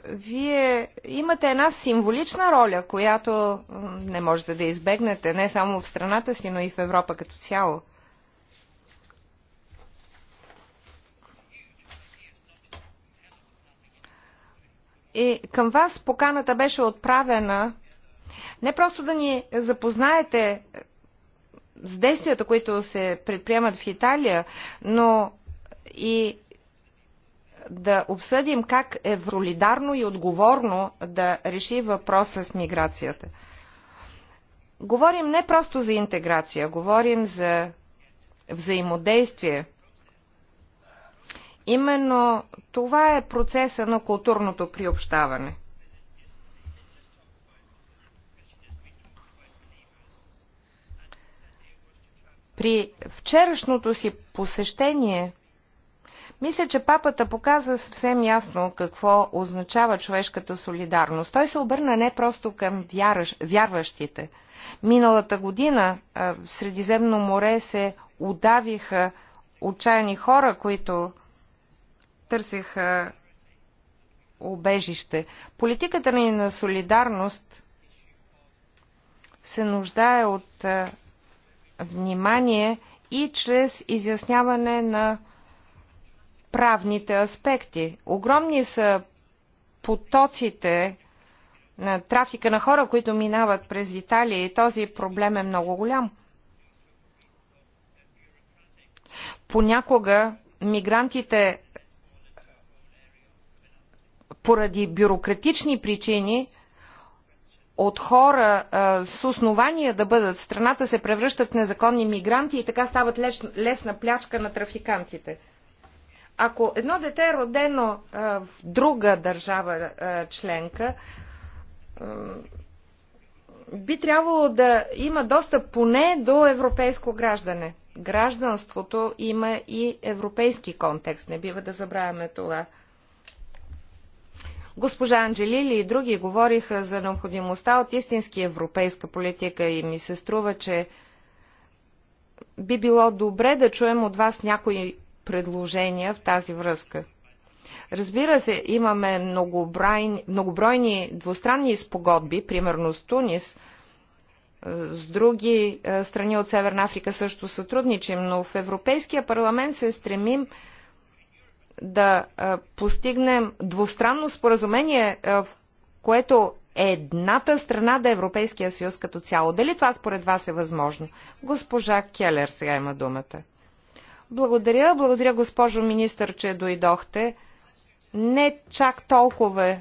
Speaker 2: вие имате една символична роля, която не можете да избегнете не само в страната си, но и в Европа като цяло. И към вас поканата беше отправена не просто да ни запознаете с действията, които се предприемат в Италия, но и да обсъдим как е вролидарно и отговорно да реши въпроса с миграцията. Говорим не просто за интеграция, говорим за взаимодействие. Именно това е процеса на културното приобщаване. При вчерашното си посещение, мисля, че папата показа съвсем ясно какво означава човешката солидарност. Той се обърна не просто към вярващите. Миналата година в Средиземно море се удавиха отчаяни хора, които търсеха убежище. Политиката ни на солидарност се нуждае от внимание и чрез изясняване на правните аспекти. Огромни са потоците на трафика на хора, които минават през Италия и този проблем е много голям. Понякога мигрантите поради бюрократични причини от хора а, с основания да бъдат в страната се превръщат в незаконни мигранти и така стават лес, лесна плячка на трафикантите. Ако едно дете е родено а, в друга държава а, членка, а, би трябвало да има достъп поне до европейско граждане. Гражданството има и европейски контекст, не бива да забравяме това. Госпожа Анджелили и други говориха за необходимостта от истински европейска политика и ми се струва, че би било добре да чуем от вас някои предложения в тази връзка. Разбира се, имаме многобройни, многобройни двустранни спогодби, примерно с Тунис, с други е, страни от Северна Африка също сътрудничим, но в Европейския парламент се стремим да постигнем двустранно споразумение, в което едната страна да е Европейския съюз като цяло. Дали това според вас е възможно? Госпожа Келер сега има думата. Благодаря, благодаря госпожо министър, че дойдохте. Не чак толкова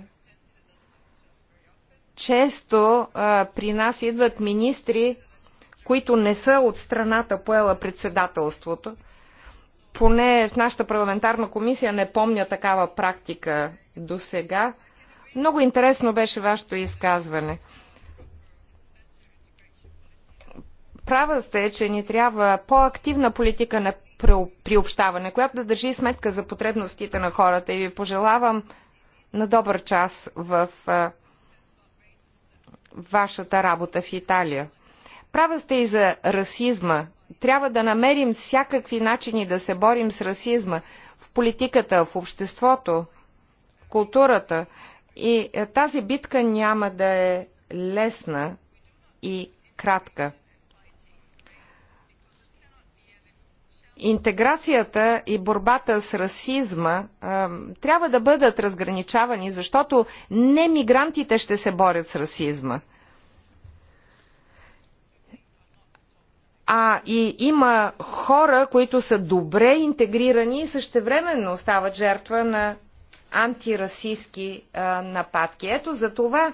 Speaker 2: често а, при нас идват министри, които не са от страната поела председателството. Поне в нашата парламентарна комисия не помня такава практика до сега. Много интересно беше вашето изказване. Права сте, че ни трябва по-активна политика на приобщаване, която да държи сметка за потребностите на хората и ви пожелавам на добър час в вашата работа в Италия. Права сте и за расизма, трябва да намерим всякакви начини да се борим с расизма в политиката, в обществото, в културата. И е, тази битка няма да е лесна и кратка. интеграцията и борбата с расизма а, е, трябва да бъдат разграничавани, защото не мигрантите ще се борят с расизма. а и има хора, които са добре интегрирани и същевременно стават жертва на антирасистски нападки. Ето за това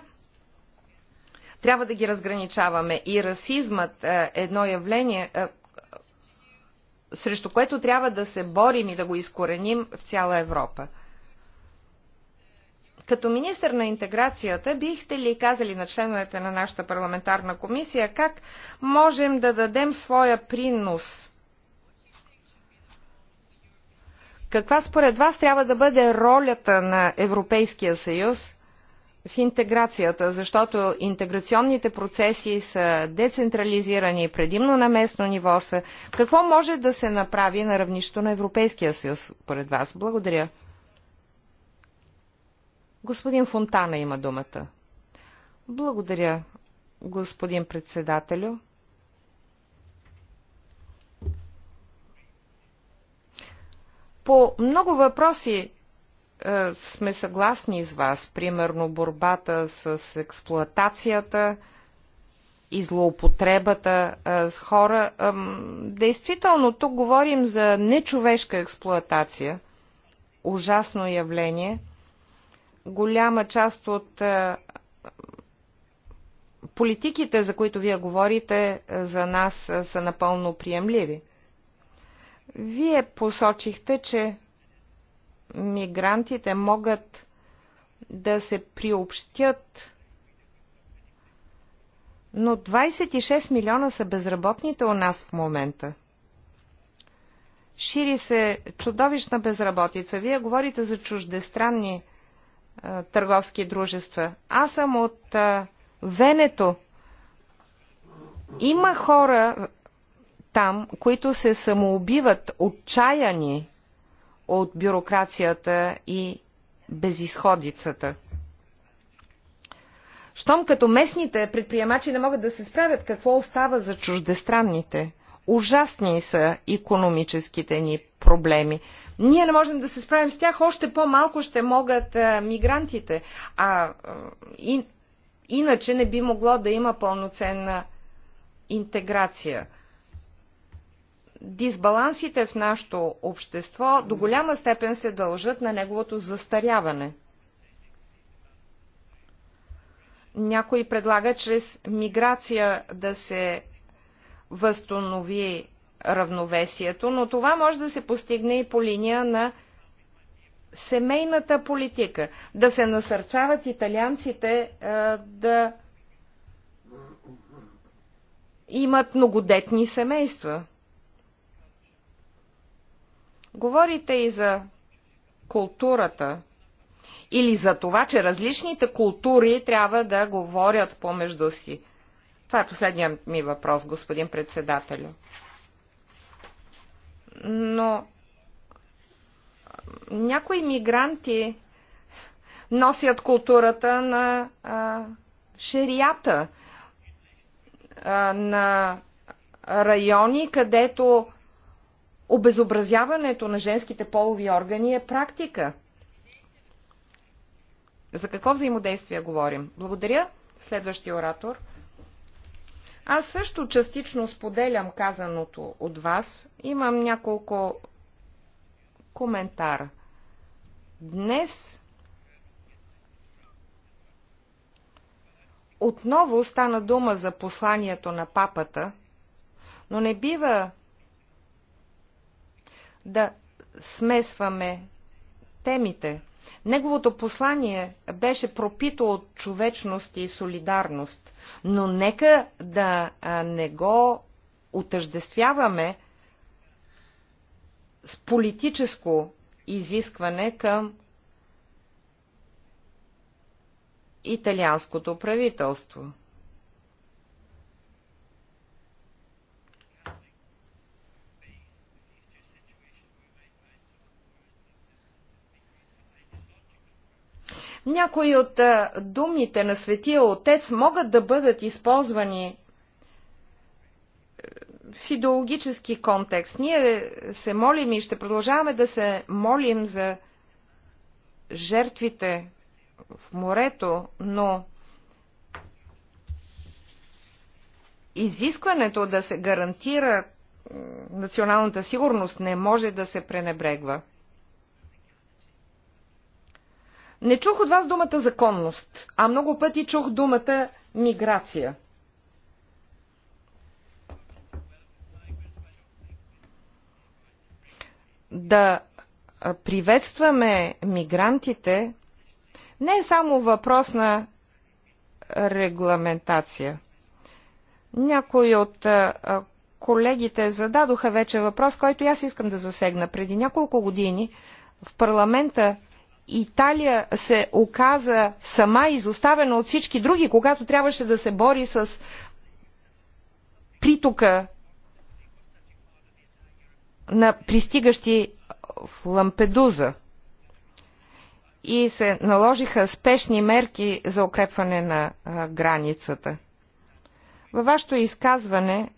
Speaker 2: трябва да ги разграничаваме. И расизмът е едно явление, срещу което трябва да се борим и да го изкореним в цяла Европа. Като министр на интеграцията, бихте ли казали на членовете на нашата парламентарна комисия как можем да дадем своя принос? Каква според вас трябва да бъде ролята на Европейския съюз в интеграцията, защото интеграционните процеси са децентрализирани, предимно на местно ниво са. Какво може да се направи на равнището на Европейския съюз, според вас? Благодаря. Господин Фонтана има думата. Благодаря, господин председателю. По много въпроси е, сме съгласни с вас, примерно борбата с експлоатацията и злоупотребата е, с хора. Е, действително, тук говорим за нечовешка експлоатация, ужасно явление – голяма част от е, политиките, за които вие говорите, е, за нас е, са напълно приемливи. Вие посочихте, че мигрантите могат да се приобщят, но 26 милиона са безработните у нас в момента. Шири се чудовищна безработица. Вие говорите за чуждестранни странни търговски дружества. Аз съм от а, Венето. Има хора там, които се самоубиват отчаяни от бюрокрацията и безисходицата. Щом като местните предприемачи не могат да се справят, какво остава за чуждестранните? Ужасни са економическите ни проблеми ние не можем да се справим с тях, още по-малко ще могат а, мигрантите. А, и, иначе не би могло да има пълноценна интеграция. Дисбалансите в нашето общество до голяма степен се дължат на неговото застаряване. Някой предлага чрез миграция да се възстанови равновесието, но това може да се постигне и по линия на семейната политика. Да се насърчават италианците е, да имат многодетни семейства. Говорите и за културата или за това, че различните култури трябва да говорят помежду си. Това е последният ми въпрос, господин председателю но някои мигранти носят културата на а, шерията, а, на райони, където обезобразяването на женските полови органи е практика. За какво взаимодействие говорим? Благодаря. Следващия оратор. Аз също частично споделям казаното от вас. Имам няколко коментара. Днес отново стана дума за посланието на папата, но не бива да смесваме темите. Неговото послание беше пропито от човечност и солидарност, но нека да не го отъждествяваме с политическо изискване към италианското правителство. Някои от думите на Светия Отец могат да бъдат използвани е, в идеологически контекст. Ние се молим и ще продължаваме да се молим за жертвите в морето, но изискването да се гарантира националната сигурност не може да се пренебрегва. Не чух от вас думата законност, а много пъти чух думата миграция. Да приветстваме мигрантите не е само въпрос на регламентация. Някои от колегите зададоха вече въпрос, който аз искам да засегна. Преди няколко години в парламента Италия се оказа сама изоставена от всички други, когато трябваше да се бори с притока на пристигащи в Лампедуза и се наложиха спешни мерки за укрепване на границата. Във вашето изказване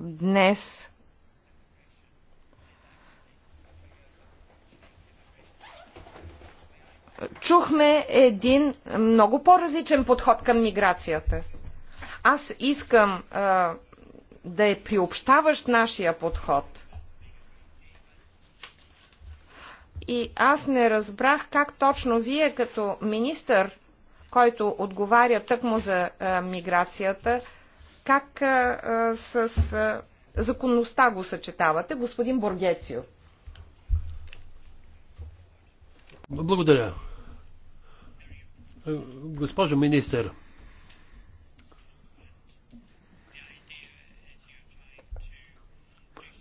Speaker 2: днес чухме един много по-различен подход към миграцията. Аз искам а, да е приобщаващ нашия подход. И аз не разбрах как точно вие като министър, който отговаря тъкмо за а, миграцията, как а, а, с а, законността го съчетавате, господин Боргецио.
Speaker 3: Благодаря. Госпожо министър,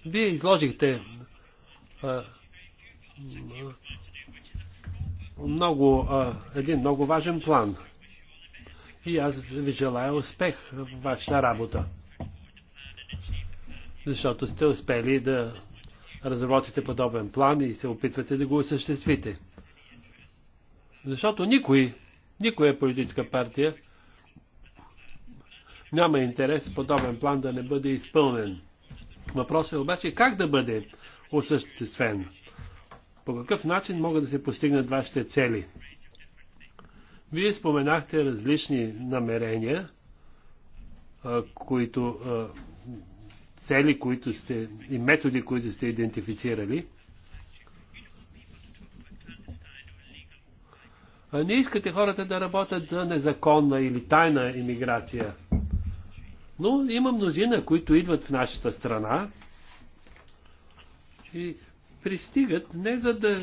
Speaker 3: вие изложихте а, много, а, един много важен план. И аз ви желая успех в вашата работа. Защото сте успели да разработите подобен план и се опитвате да го осъществите. Защото никой Никоя политическа партия няма интерес подобен план да не бъде изпълнен. Въпросът е обаче как да бъде осъществен. По какъв начин могат да се постигнат вашите цели? Вие споменахте различни намерения, които, цели които сте, и методи, които сте идентифицирали. Не искате хората да работят за незаконна или тайна иммиграция. Но има мнозина, които идват в нашата страна и пристигат не за да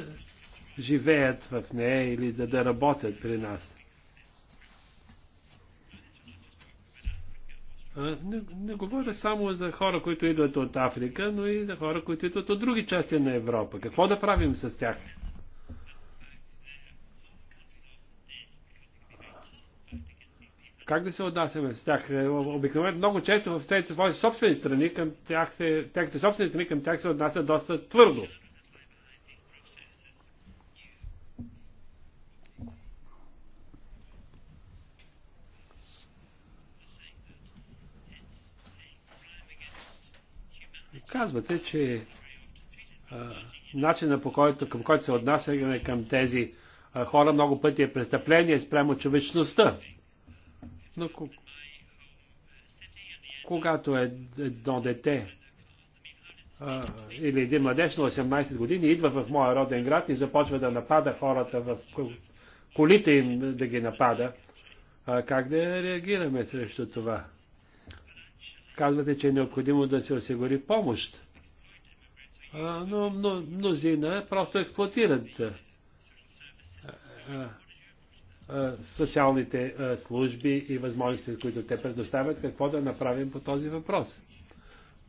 Speaker 3: живеят в нея или за да работят при нас. Не, не говоря само за хора, които идват от Африка, но и за хора, които идват от други части на Европа. Какво да правим с тях? как да се отнасяме с тях? Е, обикновено много често в тези свои собствени страни към тях се, техните собствени страни към тях се отнасят доста твърдо. Казвате, че а, начина по който, към който се отнасяме към тези а, хора много пъти е престъпление спрямо човечността. Но когато е едно дете а, или един младеж на 18 години идва в моя роден град и започва да напада хората в колите им да ги напада, а, как да реагираме срещу това? Казвате, че е необходимо да се осигури помощ. А, но, но мнозина просто експлуатират социалните служби и възможности, които те предоставят, какво да направим по този въпрос.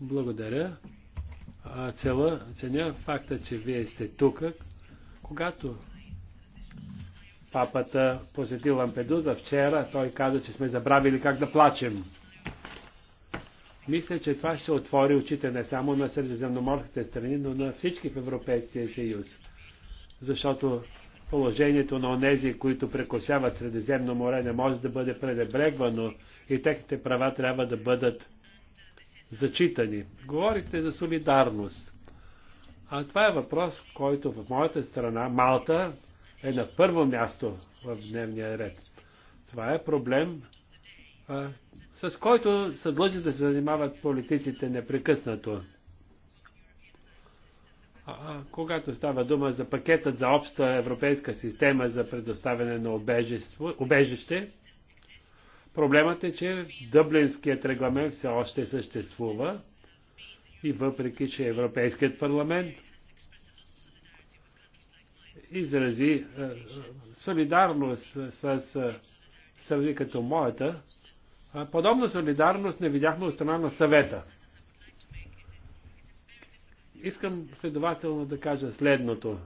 Speaker 3: Благодаря. Цела, ценя факта, че вие сте тук, когато папата посети Лампедуза вчера, той каза, че сме забравили как да плачем. Мисля, че това ще отвори очите не само на средиземноморските страни, но на всички в Европейския съюз. Защото положението на онези, които прекосяват Средиземно море, не може да бъде пренебрегвано и техните права трябва да бъдат зачитани. Говорихте за солидарност. А това е въпрос, който в моята страна, Малта, е на първо място в дневния ред. Това е проблем, а, с който са длъжни да се занимават политиците непрекъснато когато става дума за пакетът за обща европейска система за предоставяне на обежище, проблемът е, че Дъблинският регламент все още съществува и въпреки, че Европейският парламент изрази е, е солидарност с, с страни като моята, подобна солидарност не видяхме от страна на съвета. Искам следователно да кажа следното.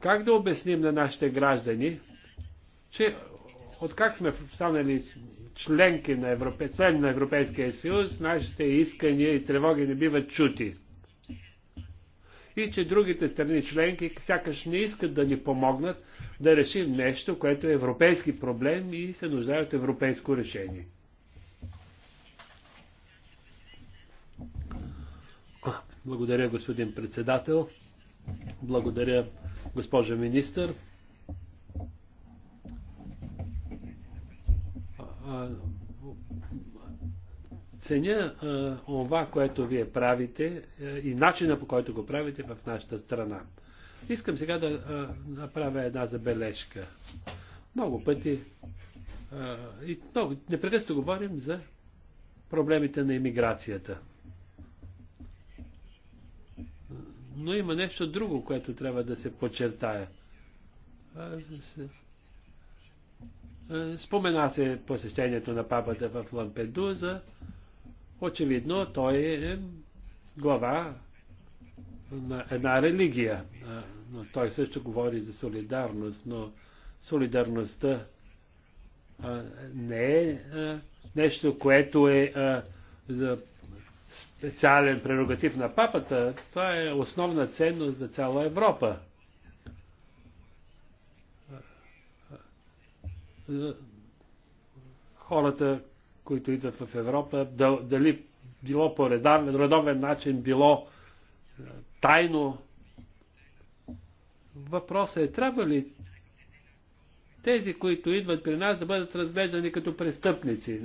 Speaker 3: Как да обясним на нашите граждани, че откак сме станали членки на, Европе, член на Европейския съюз, нашите искания и тревоги не биват чути. И че другите страни членки сякаш не искат да ни помогнат да решим нещо, което е европейски проблем и се нуждае от европейско решение. Благодаря, господин председател. Благодаря, госпожа министър. Ценя това, което вие правите е, и начина по който го правите в нашата страна. Искам сега да направя една забележка. Много пъти и много непрекъснато говорим за проблемите на иммиграцията. Но има нещо друго, което трябва да се подчертая. Спомена се посещението на папата в Лампедуза. Очевидно, той е глава на една религия. Но той също говори за солидарност, но солидарността не е нещо, което е за специален прерогатив на папата, това е основна ценност за цяла Европа. Хората, които идват в Европа, дали било по редовен, начин, било е, тайно. Въпросът е, трябва ли тези, които идват при нас, да бъдат разглеждани като престъпници?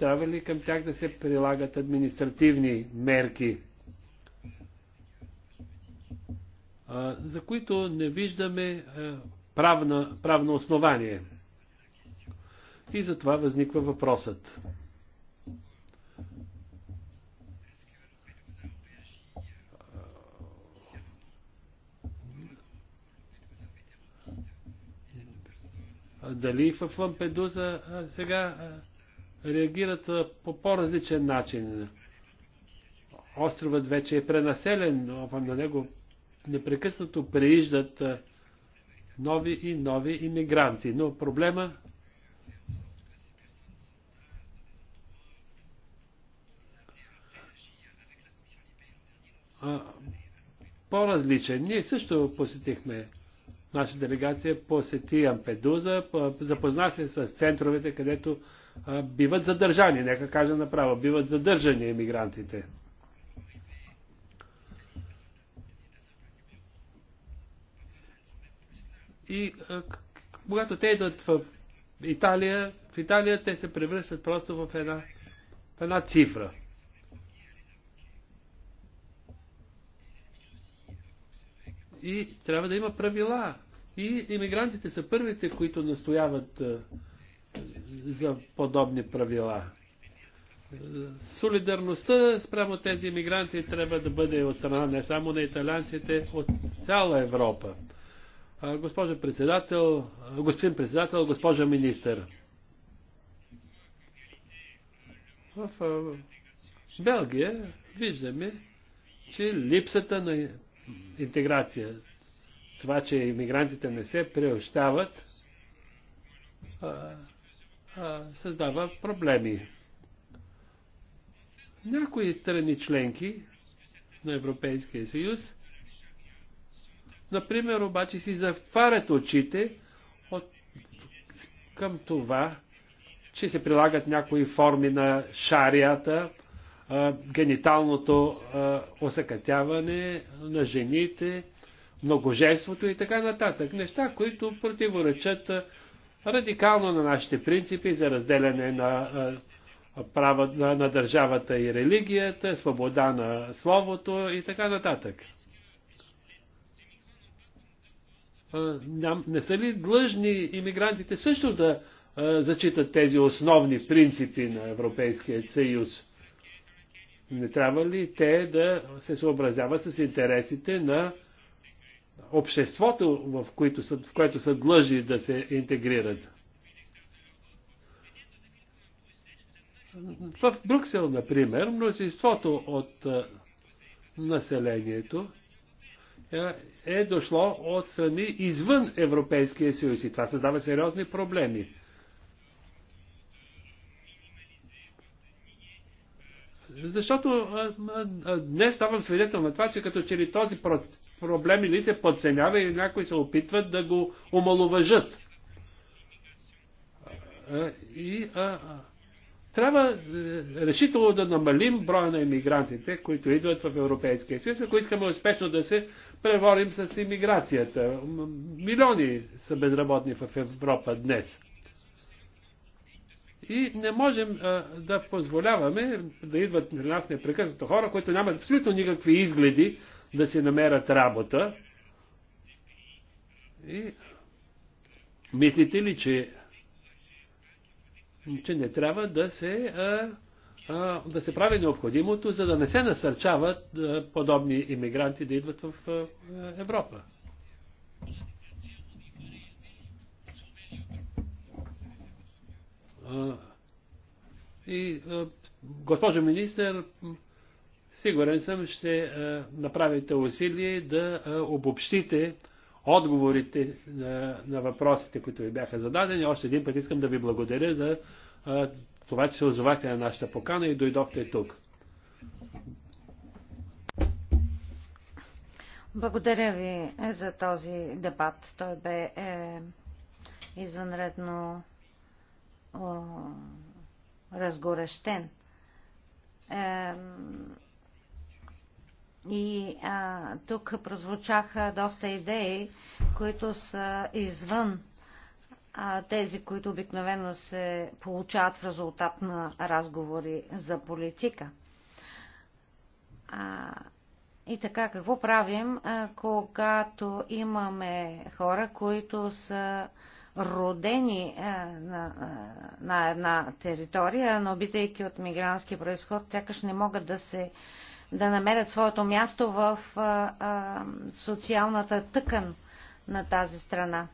Speaker 3: Трябва ли към тях да се прилагат административни мерки, за които не виждаме правна, правно основание? И затова възниква въпросът. дали в Лампедуза сега реагират по по-различен начин. Островът вече е пренаселен, но на него непрекъснато прииждат нови и нови иммигранти. Но проблема по-различен. Ние също посетихме, наша делегация посети Ампедуза, запозна се с центровете, където биват задържани, нека кажа направо, биват задържани емигрантите. И когато те идват в Италия, в Италия те се превръщат просто в една, в една цифра. И трябва да има правила. И иммигрантите са първите, които настояват за подобни правила. Солидарността спрямо тези иммигранти трябва да бъде от страна не само на италянците, от цяла Европа. Госпожа председател, господин председател, госпожа министър. В Белгия виждаме, че липсата на интеграция, това, че иммигрантите не се приобщават, създава проблеми. Някои страни членки на Европейския съюз, например, обаче си затварят очите от, към това, че се прилагат някои форми на шарията, а, гениталното а, осъкътяване на жените, многожеството и така нататък. Неща, които противоречат радикално на нашите принципи за разделяне на права на, на държавата и религията, свобода на словото и така нататък. Не са ли длъжни иммигрантите също да зачитат тези основни принципи на Европейския съюз? Не трябва ли те да се съобразяват с интересите на обществото, в, което са, в което са длъжни да се интегрират. В Брюксел, например, мнозинството от населението е дошло от страни извън Европейския съюз и това създава сериозни проблеми. Защото днес ставам свидетел на това, че като че ли този проблем или се подценява, или някои се опитват да го омалуважат. И а, а, трябва е, решително да намалим броя на иммигрантите, които идват в Европейския съюз, ако искаме успешно да се преворим с иммиграцията. Милиони са безработни в Европа днес. И не можем а, да позволяваме да идват на нас непрекъснато хора, които нямат абсолютно никакви изгледи да си намерят работа. И мислите ли, че, че не трябва да се, а, а, да се прави необходимото, за да не се насърчават а, подобни иммигранти да идват в а, Европа? И, госпожо министър, Сигурен съм, ще направите усилие да обобщите отговорите на, на въпросите, които ви бяха зададени. Още един път искам да ви благодаря за а, това, че се озовахте на нашата покана и дойдохте тук.
Speaker 4: Благодаря ви за този дебат. Той бе е, извънредно о, разгорещен. Е, и а, тук прозвучаха доста идеи, които са извън а, тези, които обикновено се получават в резултат на разговори за политика. А, и така, какво правим, а, когато имаме хора, които са родени а, на, на една територия, но бидейки от мигрантски происход, тякаш не могат да се да намерят своето място в социалната тъкан на тази страна.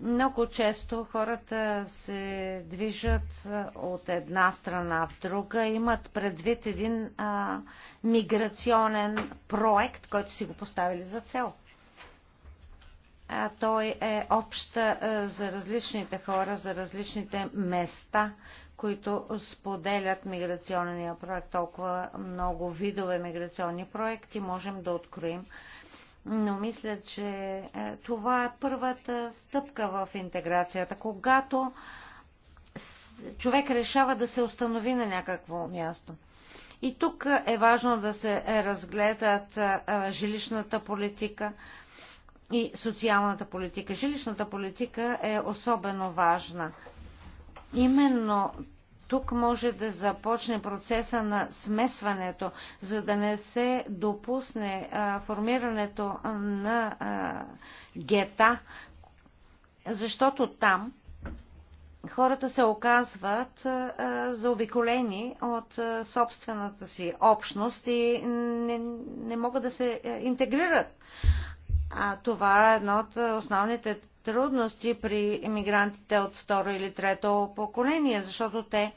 Speaker 4: Много често хората се движат от една страна в друга, имат предвид един а, миграционен проект, който си го поставили за цел а той е общ е, за различните хора, за различните места, които споделят миграционния проект. Толкова много видове миграционни проекти можем да откроим. Но мисля, че е, това е първата стъпка в интеграцията. Когато човек решава да се установи на някакво място. И тук е важно да се разгледат е, жилищната политика, и социалната политика. Жилищната политика е особено важна. Именно тук може да започне процеса на смесването, за да не се допусне а, формирането на а, гета, защото там хората се оказват а, заобиколени от а, собствената си общност и не, не могат да се интегрират а, това е едно от е, основните трудности при иммигрантите от второ или трето поколение, защото те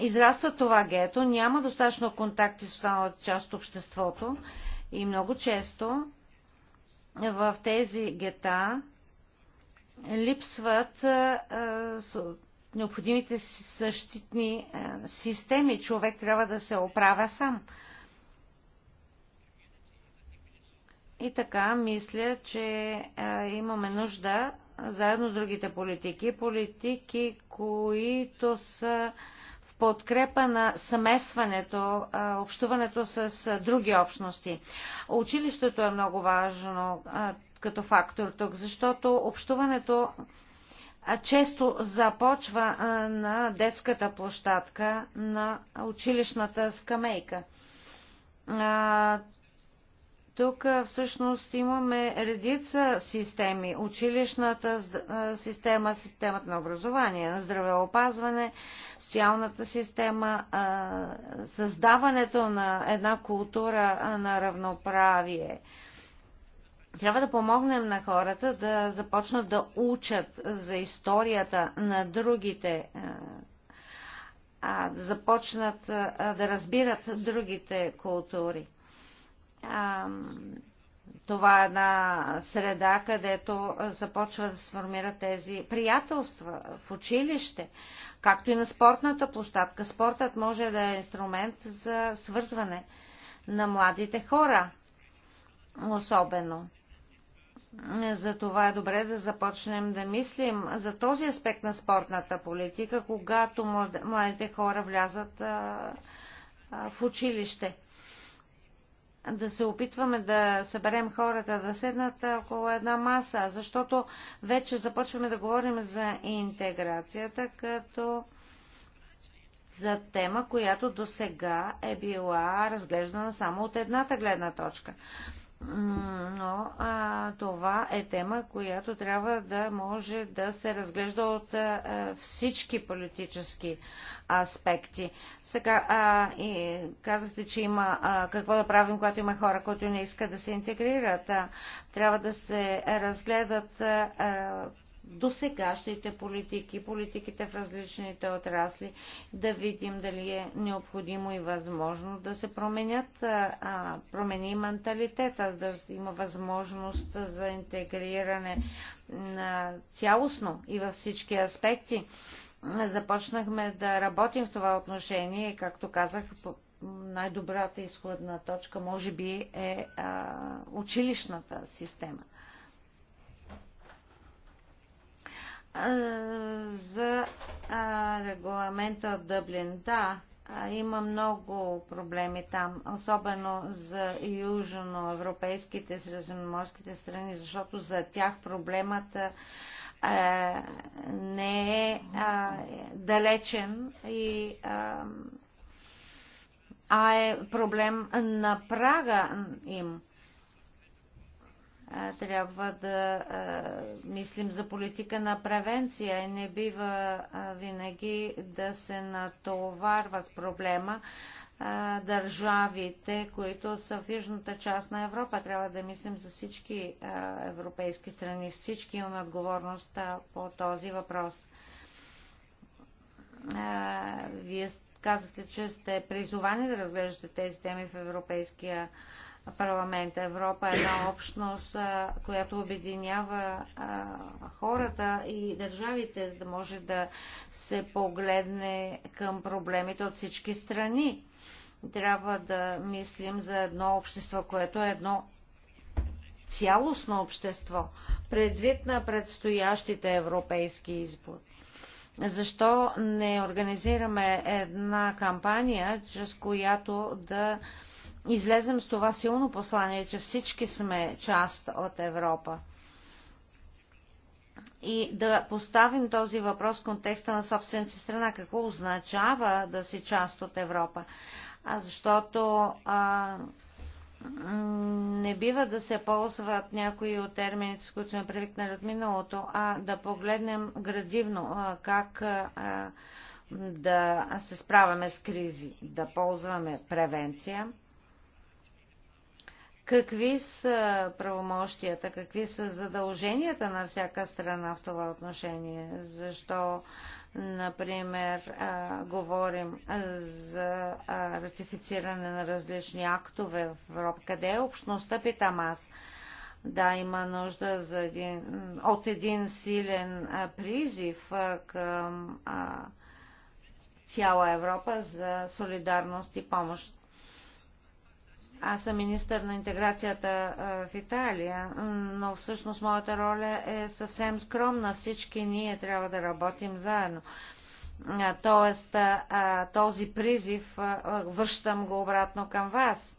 Speaker 4: израстват това гето, няма достатъчно контакти с останалата част от обществото и много често в тези гета липсват а, е, е, необходимите същитни а, системи. Човек трябва да се оправя сам. И така, мисля, че а, имаме нужда, заедно с другите политики, политики, които са в подкрепа на смесването, а, общуването с а, други общности. Училището е много важно а, като фактор тук, защото общуването често започва на детската площадка, на училищната скамейка тук всъщност имаме редица системи. Училищната система, системата на образование, на здравеопазване, социалната система, създаването на една култура на равноправие. Трябва да помогнем на хората да започнат да учат за историята на другите а, започнат да разбират другите култури. А, това е една среда, където започва да се тези приятелства в училище, както и на спортната площадка. Спортът може да е инструмент за свързване на младите хора, особено. Затова е добре да започнем да мислим за този аспект на спортната политика, когато младите хора влязат в училище да се опитваме да съберем хората да седнат около една маса, защото вече започваме да говорим за интеграцията като за тема, която до сега е била разглеждана само от едната гледна точка но а, това е тема, която трябва да може да се разглежда от а, всички политически аспекти. Сега а, и казахте, че има а, какво да правим, когато има хора, които не искат да се интегрират. А, трябва да се разгледат а, до сегашните политики, политиките в различните отрасли, да видим дали е необходимо и възможно да се променят, а, промени менталитета, да има възможност за интегриране на цялостно и във всички аспекти. Започнахме да работим в това отношение, както казах, най-добрата изходна точка може би е а, училищната система. за регламента от Дъблин. Да, има много проблеми там, особено за южноевропейските, средиземноморските страни, защото за тях проблемът е, не е а, далечен и а, а е проблем на прага им трябва да мислим за политика на превенция и не бива винаги да се натоварва с проблема държавите, които са в южната част на Европа. Трябва да мислим за всички европейски страни. Всички имаме отговорност по този въпрос. Вие казахте, че сте призовани да разглеждате тези теми в Европейския парламента. Европа е една общност, която обединява хората и държавите, за да може да се погледне към проблемите от всички страни. Трябва да мислим за едно общество, което е едно цялостно общество, предвид на предстоящите европейски избори. Защо не организираме една кампания, чрез която да а, излезем с това силно послание, че всички сме част от Европа. И да поставим този въпрос в контекста на собствената си страна. Какво означава да си част от Европа? А защото а, не бива да се ползват някои от термините, с които сме привикнали от миналото, а да погледнем градивно а, как а, да се справяме с кризи, да ползваме превенция какви са правомощията, какви са задълженията на всяка страна в това отношение. Защо, например, а, говорим за а, ратифициране на различни актове в Европа. Къде е общността, питам аз. Да, има нужда за един, от един силен а, призив а, към а, цяла Европа за солидарност и помощ. Аз съм министър на интеграцията в Италия, но всъщност моята роля е съвсем скромна. Всички ние трябва да работим заедно. Тоест, този призив връщам го обратно към вас.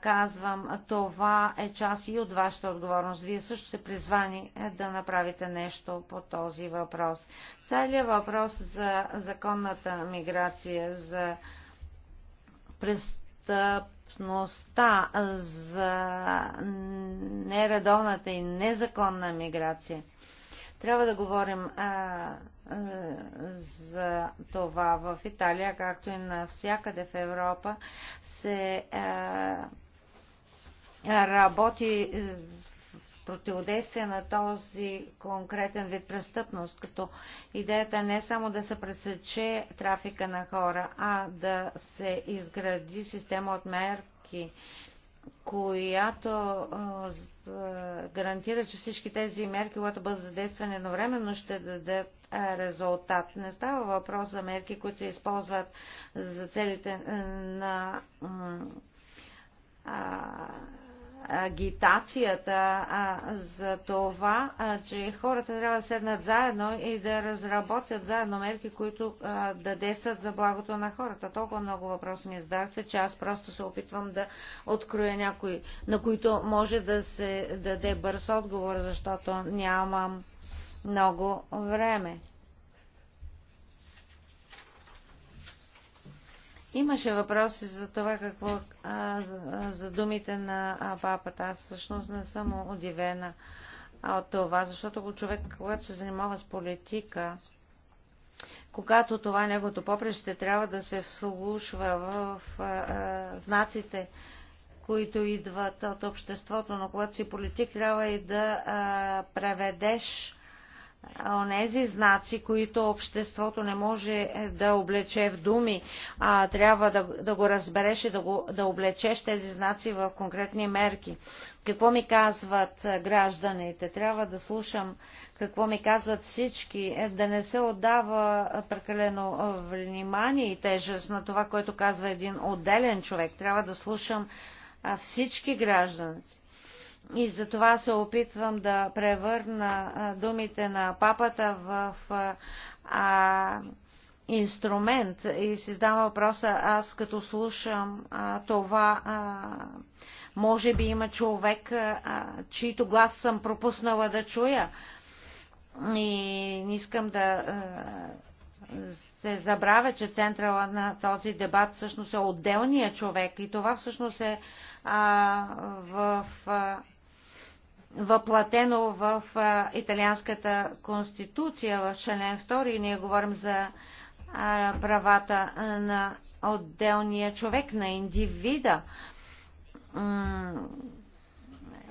Speaker 4: Казвам, това е част и от вашата отговорност. Вие също сте призвани е, да направите нещо по този въпрос. Целият въпрос за законната миграция, за през престъпността, за нередовната и незаконна миграция. Трябва да говорим а, а, за това в Италия, както и навсякъде в Европа, се а, работи противодействие на този конкретен вид престъпност, като идеята е не е само да се пресече трафика на хора, а да се изгради система от мерки, която а, гарантира, че всички тези мерки, когато бъдат задействани едновременно, ще дадат резултат. Не става въпрос за мерки, които се използват за целите на а, агитацията а, за това, а, че хората трябва да седнат заедно и да разработят заедно мерки, които а, да действат за благото на хората. Толкова много въпроси ми задахте, че аз просто се опитвам да откроя някои, на които може да се даде бърз отговор, защото нямам много време. Имаше въпроси за това какво а, за, за думите на а, папата. Аз всъщност не съм удивена от това, защото човек, когато се занимава с политика, когато това е неговото попреще, трябва да се вслушва в а, а, знаците, които идват от обществото, но когато си политик, трябва и да а, преведеш онези знаци, които обществото не може е, да облече в думи, а трябва да, да го разбереш и да, го, да облечеш тези знаци в конкретни мерки. Какво ми казват е, гражданите? Трябва да слушам какво ми казват всички, е, да не се отдава прекалено внимание и тежест на това, което казва един отделен човек. Трябва да слушам всички граждани и за това се опитвам да превърна думите на папата в а, инструмент. И си задам въпроса, аз като слушам а, това, а, може би има човек, а, чийто глас съм пропуснала да чуя. И не искам да а, се забравя, че централа на този дебат всъщност е отделния човек и това всъщност е а, в а, въплатено в а, италианската конституция, в член 2, и ние говорим за а, правата на отделния човек, на индивида.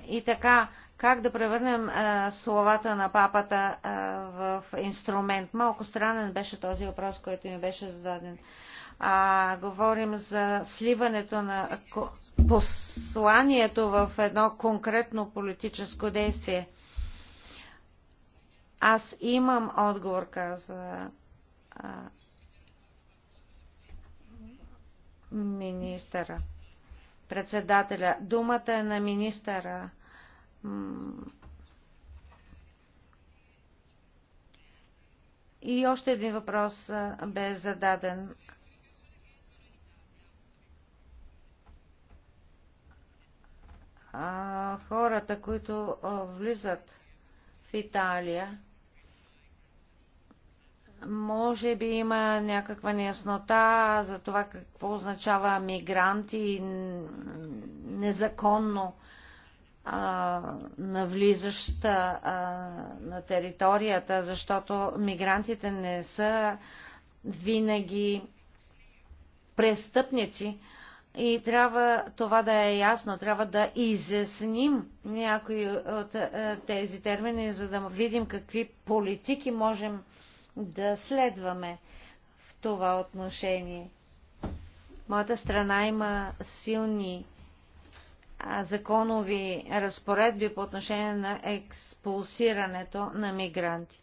Speaker 4: И така, как да превърнем а, словата на папата а, в инструмент? Малко странен беше този въпрос, който ми беше зададен. А, а, говорим за сливането на посланието в едно конкретно политическо действие. Аз имам отговор, каза министъра. Председателя. Думата е на министъра. И още един въпрос бе зададен. а, хората, които а, влизат в Италия, може би има някаква неяснота за това какво означава мигранти и незаконно а, навлизаща а, на територията, защото мигрантите не са винаги престъпници, и трябва това да е ясно, трябва да изясним някои от е, тези термини, за да видим какви политики можем да следваме в това отношение. Моята страна има силни законови разпоредби по отношение на експулсирането на мигранти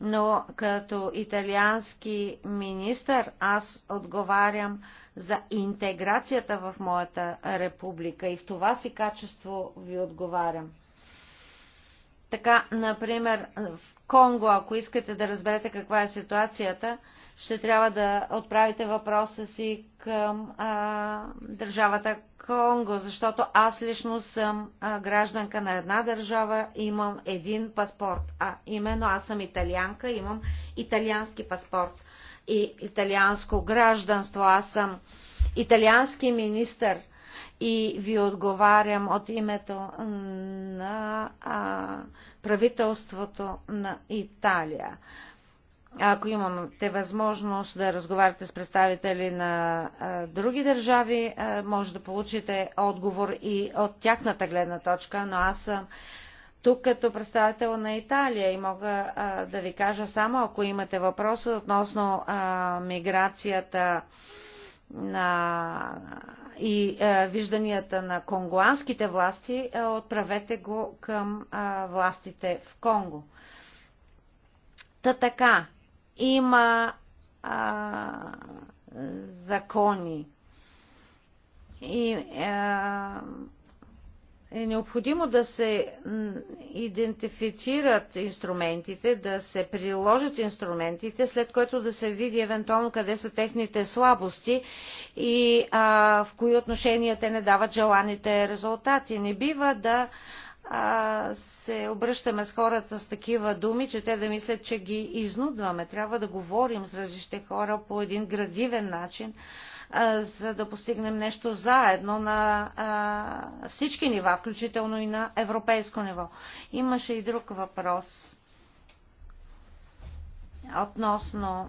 Speaker 4: но като италиански министър аз отговарям за интеграцията в моята република и в това си качество ви отговарям. Така, например, в Конго, ако искате да разберете каква е ситуацията, ще трябва да отправите въпроса си към а, държавата Конго, защото аз лично съм гражданка на една държава, и имам един паспорт, а именно аз съм италианка, имам италиански паспорт и италианско гражданство. Аз съм италиански министър и ви отговарям от името на а, правителството на Италия. Ако имате възможност да разговаряте с представители на а, други държави, а, може да получите отговор и от тяхната гледна точка, но аз съм тук като представител на Италия и мога а, да ви кажа само, ако имате въпроса относно а, миграцията на, и а, вижданията на конгуанските власти, а, е, отправете го към а, властите в Конго. Та така, има а, закони. И е необходимо да се идентифицират инструментите, да се приложат инструментите, след което да се види евентуално къде са техните слабости и а, в кои отношения те не дават желаните резултати. Не бива да а, а, се обръщаме с хората с такива думи, че те да мислят, че ги изнудваме. Трябва да говорим с различните хора по един градивен начин, а, за да постигнем нещо заедно на а, всички нива, включително и на европейско ниво. Имаше и друг въпрос относно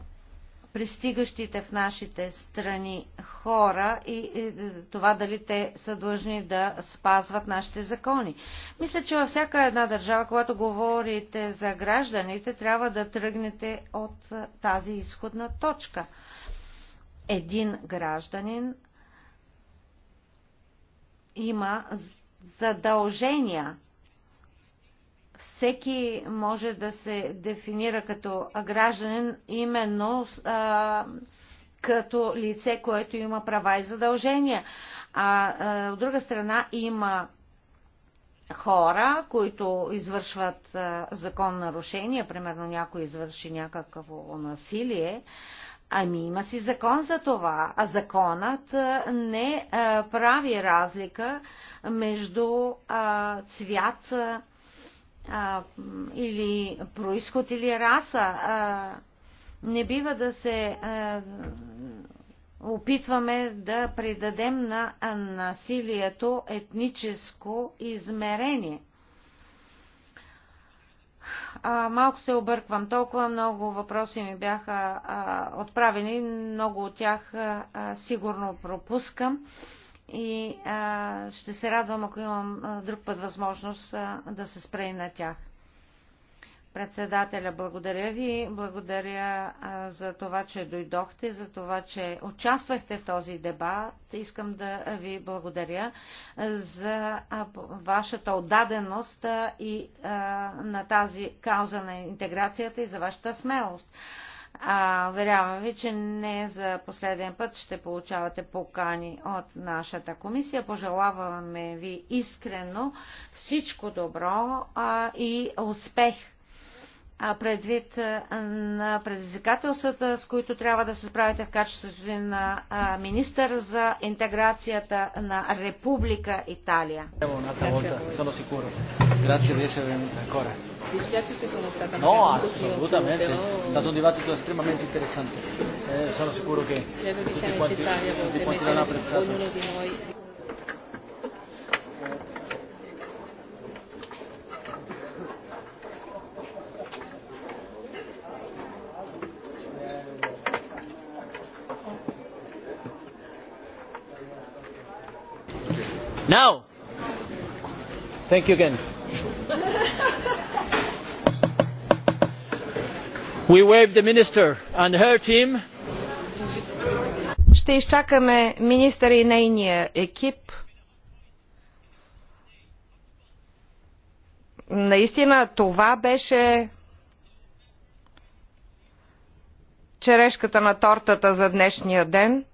Speaker 4: пристигащите в нашите страни хора и това дали те са длъжни да спазват нашите закони. Мисля, че във всяка една държава, когато говорите за гражданите, трябва да тръгнете от тази изходна точка. Един гражданин има задължения всеки може да се дефинира като гражданин именно а, като лице, което има права и задължения. А, а от друга страна има хора, които извършват а, закон нарушения, примерно някой извърши някакво насилие, ами има си закон за това, а законът не а, прави разлика между а, цвят. А, а, или происход или раса. А, не бива да се а, опитваме да придадем на насилието етническо измерение. А, малко се обърквам. Толкова много въпроси ми бяха а, отправени. Много от тях а, сигурно пропускам. А, и а, ще се радвам, ако имам а, друг път възможност а, да се спре и на тях. Председателя, благодаря ви. Благодаря а, за това, че дойдохте, за това, че участвахте в този дебат. Искам да ви благодаря за а, вашата отдаденост а, и а, на тази кауза на интеграцията и за вашата смелост. А, уверявам ви, че не за последен път ще получавате покани от нашата комисия. Пожелаваме ви искрено всичко добро а, и успех а, предвид а, на предизвикателствата, с които трябва да се справите в качеството на а, министър за интеграцията на Република Италия
Speaker 2: dispiace se sono stata No, assolutamente, è
Speaker 1: stato un dibattito estremamente interessante. Eh, sono sicuro che credo che sia necessario tutti quanti l'hanno apprezzato. Ognuno di noi Now, thank you again. We wave the minister and her team.
Speaker 2: Ще изчакаме министър и нейния екип. Наистина това беше черешката на тортата за днешния ден.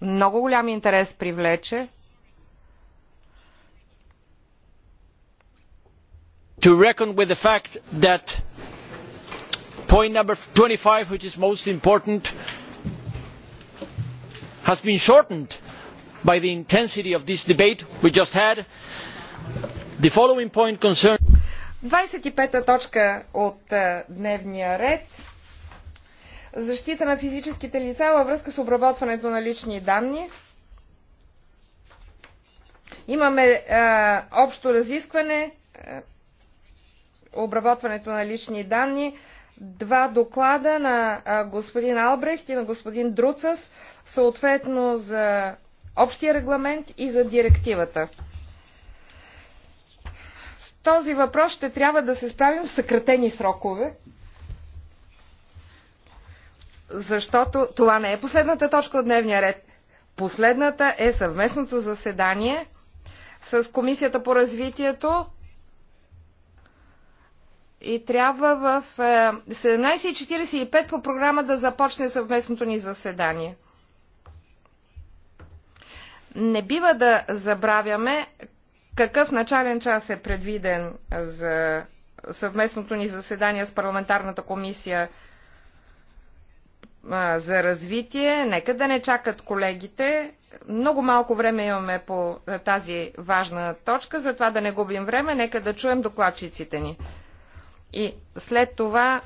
Speaker 2: Много голям интерес привлече.
Speaker 1: To reckon with the fact that point number twenty five which is most important has been shortened by the intensity of this debate we just had. the following point concerns.
Speaker 2: 25-та точка от е, дневния ред защита на физическите лица във връзка с обработването на лични данни. Имаме а, е, общо разискване, а, е, обработването на лични данни два доклада на господин Албрехт и на господин Друцас, съответно за общия регламент и за директивата. С този въпрос ще трябва да се справим в съкратени срокове, защото това не е последната точка от дневния ред. Последната е съвместното заседание с Комисията по развитието и трябва в 17.45 е, по програма да започне съвместното ни заседание. Не бива да забравяме какъв начален час е предвиден за съвместното ни заседание с парламентарната комисия е, за развитие. Нека да не чакат колегите. Много малко време имаме по тази важна точка, затова да не губим време. Нека да чуем докладчиците ни. И след това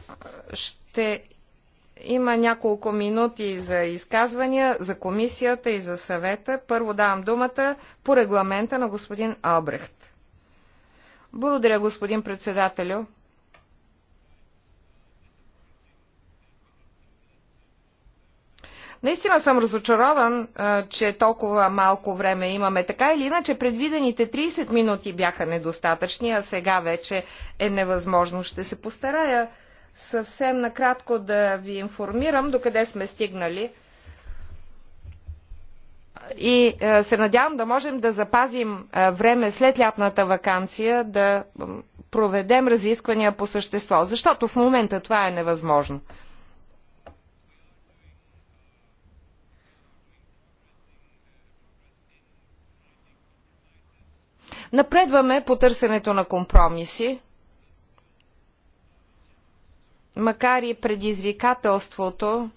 Speaker 2: ще има няколко минути за изказвания за комисията и за съвета. Първо давам думата по регламента на господин Албрехт. Благодаря, господин председателю. Наистина съм разочарован, че толкова малко време имаме. Така или иначе, предвидените 30 минути бяха недостатъчни, а сега вече е невъзможно. Ще се постарая съвсем накратко да ви информирам до къде сме стигнали. И се надявам да можем да запазим време след лятната вакансия да проведем разисквания по същество, защото в момента това е невъзможно. Напредваме по търсенето на компромиси, макар и предизвикателството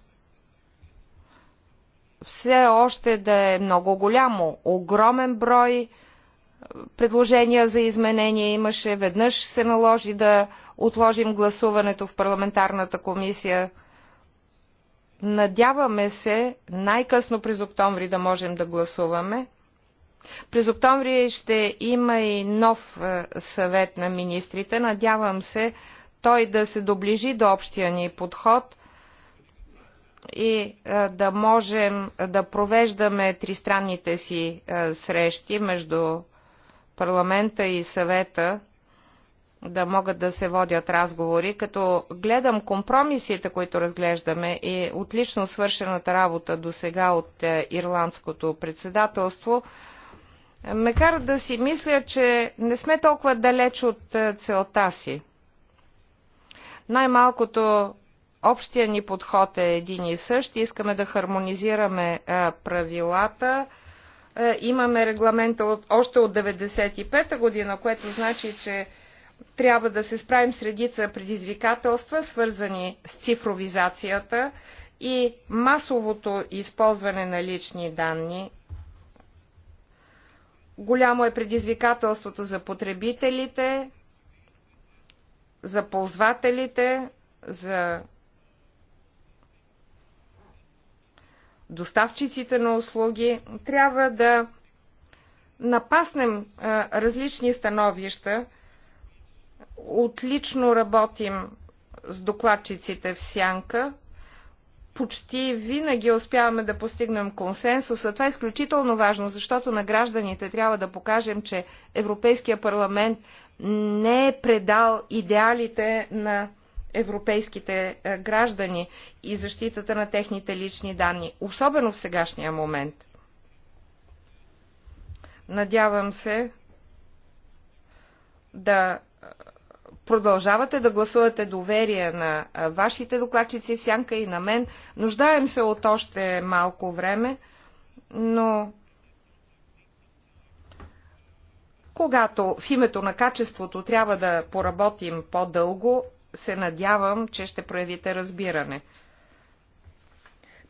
Speaker 2: все още да е много голямо. Огромен брой предложения за изменения имаше. Веднъж се наложи да отложим гласуването в парламентарната комисия. Надяваме се най-късно през октомври да можем да гласуваме. През октомври ще има и нов е, съвет на министрите. Надявам се той да се доближи до общия ни подход и е, да можем да провеждаме тристранните си е, срещи между парламента и съвета, да могат да се водят разговори, като гледам компромисите, които разглеждаме и отлично свършената работа до сега от ирландското председателство – ме кара да си мисля, че не сме толкова далеч от е, целта си. Най-малкото общия ни подход е един и същ. Искаме да хармонизираме е, правилата. Е, имаме регламента от, още от 1995 година, което значи, че трябва да се справим с редица предизвикателства, свързани с цифровизацията и масовото използване на лични данни Голямо е предизвикателството за потребителите, за ползвателите, за доставчиците на услуги. Трябва да напаснем различни становища. Отлично работим с докладчиците в сянка почти винаги успяваме да постигнем консенсуса. Това е изключително важно, защото на гражданите трябва да покажем, че Европейския парламент не е предал идеалите на европейските е, граждани и защитата на техните лични данни, особено в сегашния момент. Надявам се да е, продължавате да гласувате доверие на вашите докладчици в сянка и на мен. Нуждаем се от още малко време, но когато в името на качеството трябва да поработим по-дълго, се надявам, че ще проявите разбиране.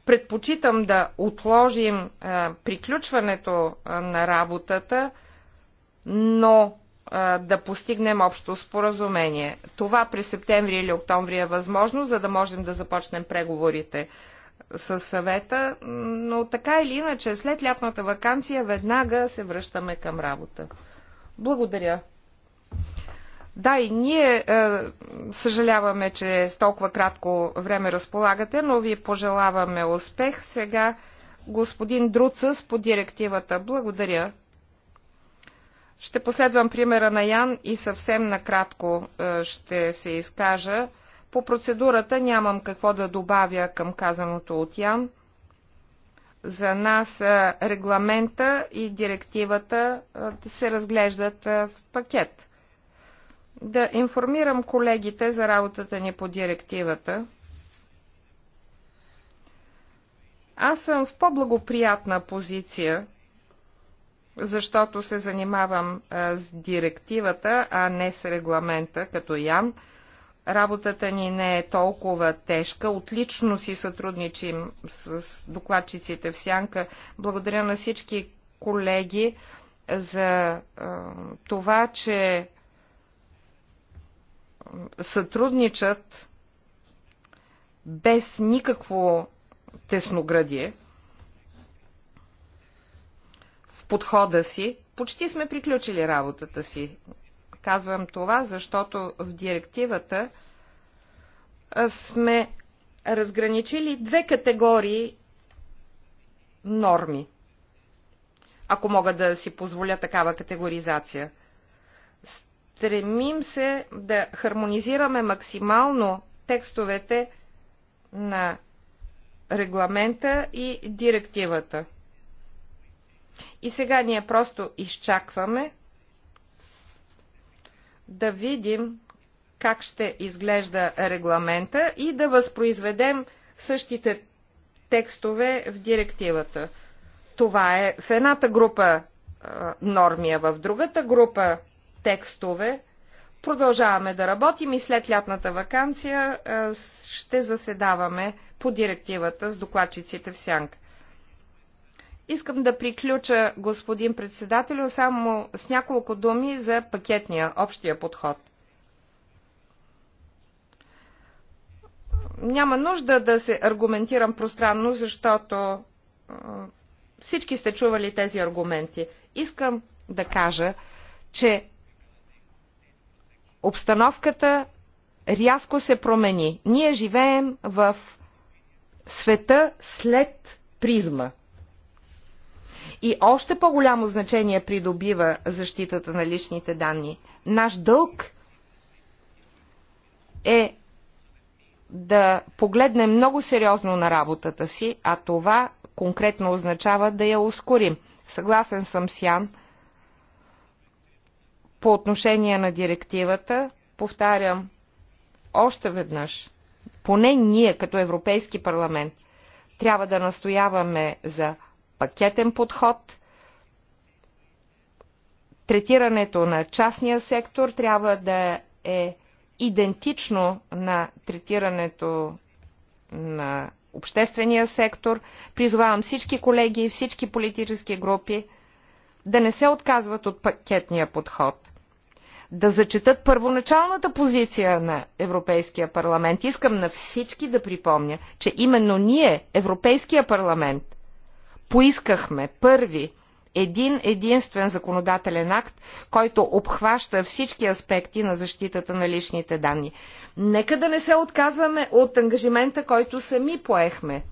Speaker 2: Предпочитам да отложим а, приключването а, на работата, но да постигнем общо споразумение. Това през септември или октомври е възможно, за да можем да започнем преговорите с съвета, но така или иначе, след лятната вакансия веднага се връщаме към работа. Благодаря. Да, и ние е, съжаляваме, че с толкова кратко време разполагате, но ви пожелаваме успех. Сега господин Друцъс по директивата. Благодаря. Ще последвам примера на Ян и съвсем накратко е, ще се изкажа. По процедурата нямам какво да добавя към казаното от Ян. За нас е, регламента и директивата е, се разглеждат в пакет. Да информирам колегите за работата ни по директивата. Аз съм в по-благоприятна позиция защото се занимавам с директивата, а не с регламента, като Ян. Работата ни не е толкова тежка. Отлично си сътрудничим с докладчиците в Сянка. Благодаря на всички колеги за това, че сътрудничат без никакво тесноградие. подхода си. Почти сме приключили работата си. Казвам това, защото в директивата сме разграничили две категории норми, ако мога да си позволя такава категоризация. Стремим се да хармонизираме максимално текстовете на регламента и директивата. И сега ние просто изчакваме да видим как ще изглежда регламента и да възпроизведем същите текстове в директивата. Това е в едната група норми, а в другата група текстове продължаваме да работим и след лятната вакансия ще заседаваме по директивата с докладчиците в сянка. Искам да приключа, господин председател, само с няколко думи за пакетния, общия подход. Няма нужда да се аргументирам пространно, защото всички сте чували тези аргументи. Искам да кажа, че обстановката рязко се промени. Ние живеем в света след призма – и още по-голямо значение придобива защитата на личните данни. Наш дълг е да погледнем много сериозно на работата си, а това конкретно означава да я ускорим. Съгласен съм с Ян по отношение на директивата. Повтарям още веднъж, поне ние като Европейски парламент трябва да настояваме за пакетен подход. Третирането на частния сектор трябва да е идентично на третирането на обществения сектор. Призовавам всички колеги и всички политически групи да не се отказват от пакетния подход – да зачетат първоначалната позиция на Европейския парламент. Искам на всички да припомня, че именно ние, Европейския парламент, поискахме първи един единствен законодателен акт, който обхваща всички аспекти на защитата на личните данни. Нека да не се отказваме от ангажимента, който сами поехме.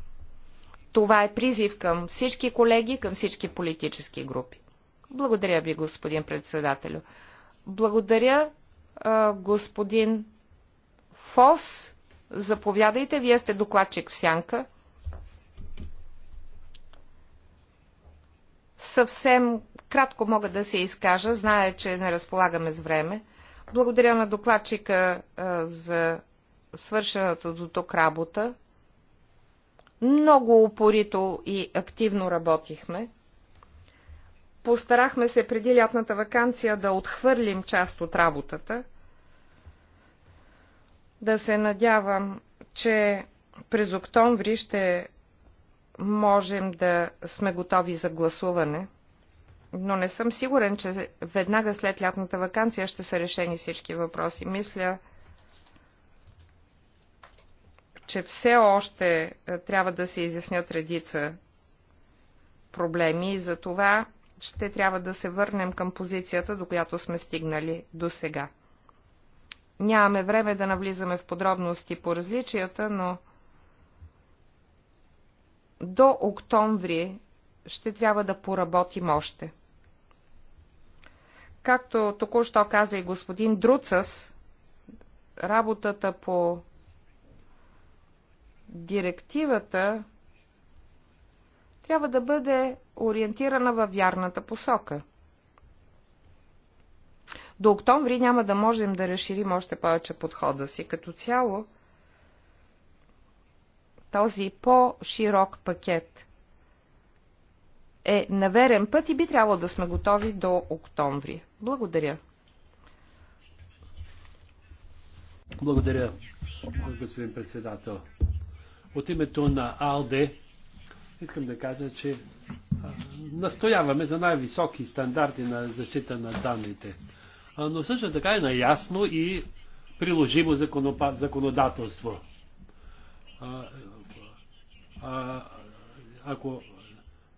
Speaker 2: Това е призив към всички колеги, към всички политически групи. Благодаря ви, господин председателю. Благодаря, господин Фос. Заповядайте, вие сте докладчик в Сянка. Съвсем кратко мога да се изкажа, зная, че не разполагаме с време. Благодаря на докладчика за свършената до тук работа. Много упорито и активно работихме. Постарахме се преди лятната вакансия да отхвърлим част от работата. Да се надявам, че през октомври ще можем да сме готови за гласуване, но не съм сигурен, че веднага след лятната вакансия ще са решени всички въпроси. Мисля, че все още е, трябва да се изяснят редица проблеми и за това ще трябва да се върнем към позицията, до която сме стигнали до сега. Нямаме време да навлизаме в подробности по различията, но до октомври ще трябва да поработим още. Както току-що каза и господин Друцас, работата по директивата трябва да бъде ориентирана във вярната посока. До октомври няма да можем да разширим още повече подхода си. Като цяло, този по-широк пакет е на верен път и би трябвало да сме готови до октомври. Благодаря.
Speaker 3: Благодаря, господин председател. От името на АЛДЕ искам да кажа, че настояваме за най-високи стандарти на защита на данните. Но също така е наясно и приложимо законодателство а, ако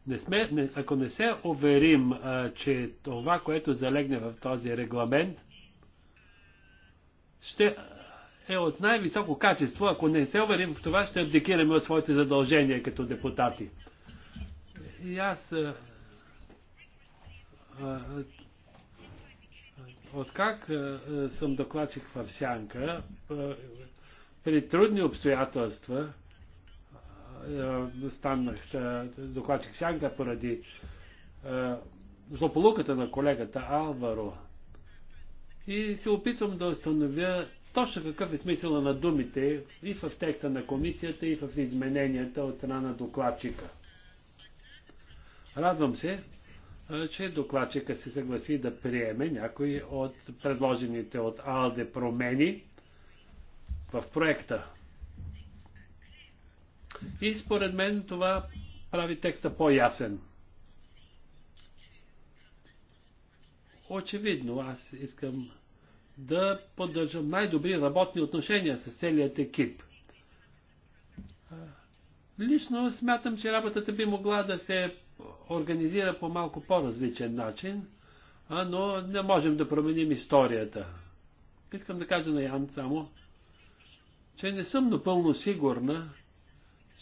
Speaker 3: не, сме, не, ако не се уверим, а, че това, което залегне в този регламент, ще е от най-високо качество. Ако не се уверим в това, ще абдикираме от своите задължения като депутати. И аз а, а, откак а, съм докладчик в Сянка, при трудни обстоятелства, е, станах докладчик сянка поради е, злополуката на колегата Алваро. И се опитвам да установя точно какъв е смисъла на думите и в текста на комисията, и в измененията от страна на докладчика. Радвам се, е, че докладчика се съгласи да приеме някои от предложените от АЛДЕ промени в проекта. И според мен това прави текста по-ясен. Очевидно, аз искам да поддържам най-добри работни отношения с целият екип. Лично смятам, че работата би могла да се организира по малко по-различен начин, но не можем да променим историята. Искам да кажа на Ян само, че не съм напълно сигурна,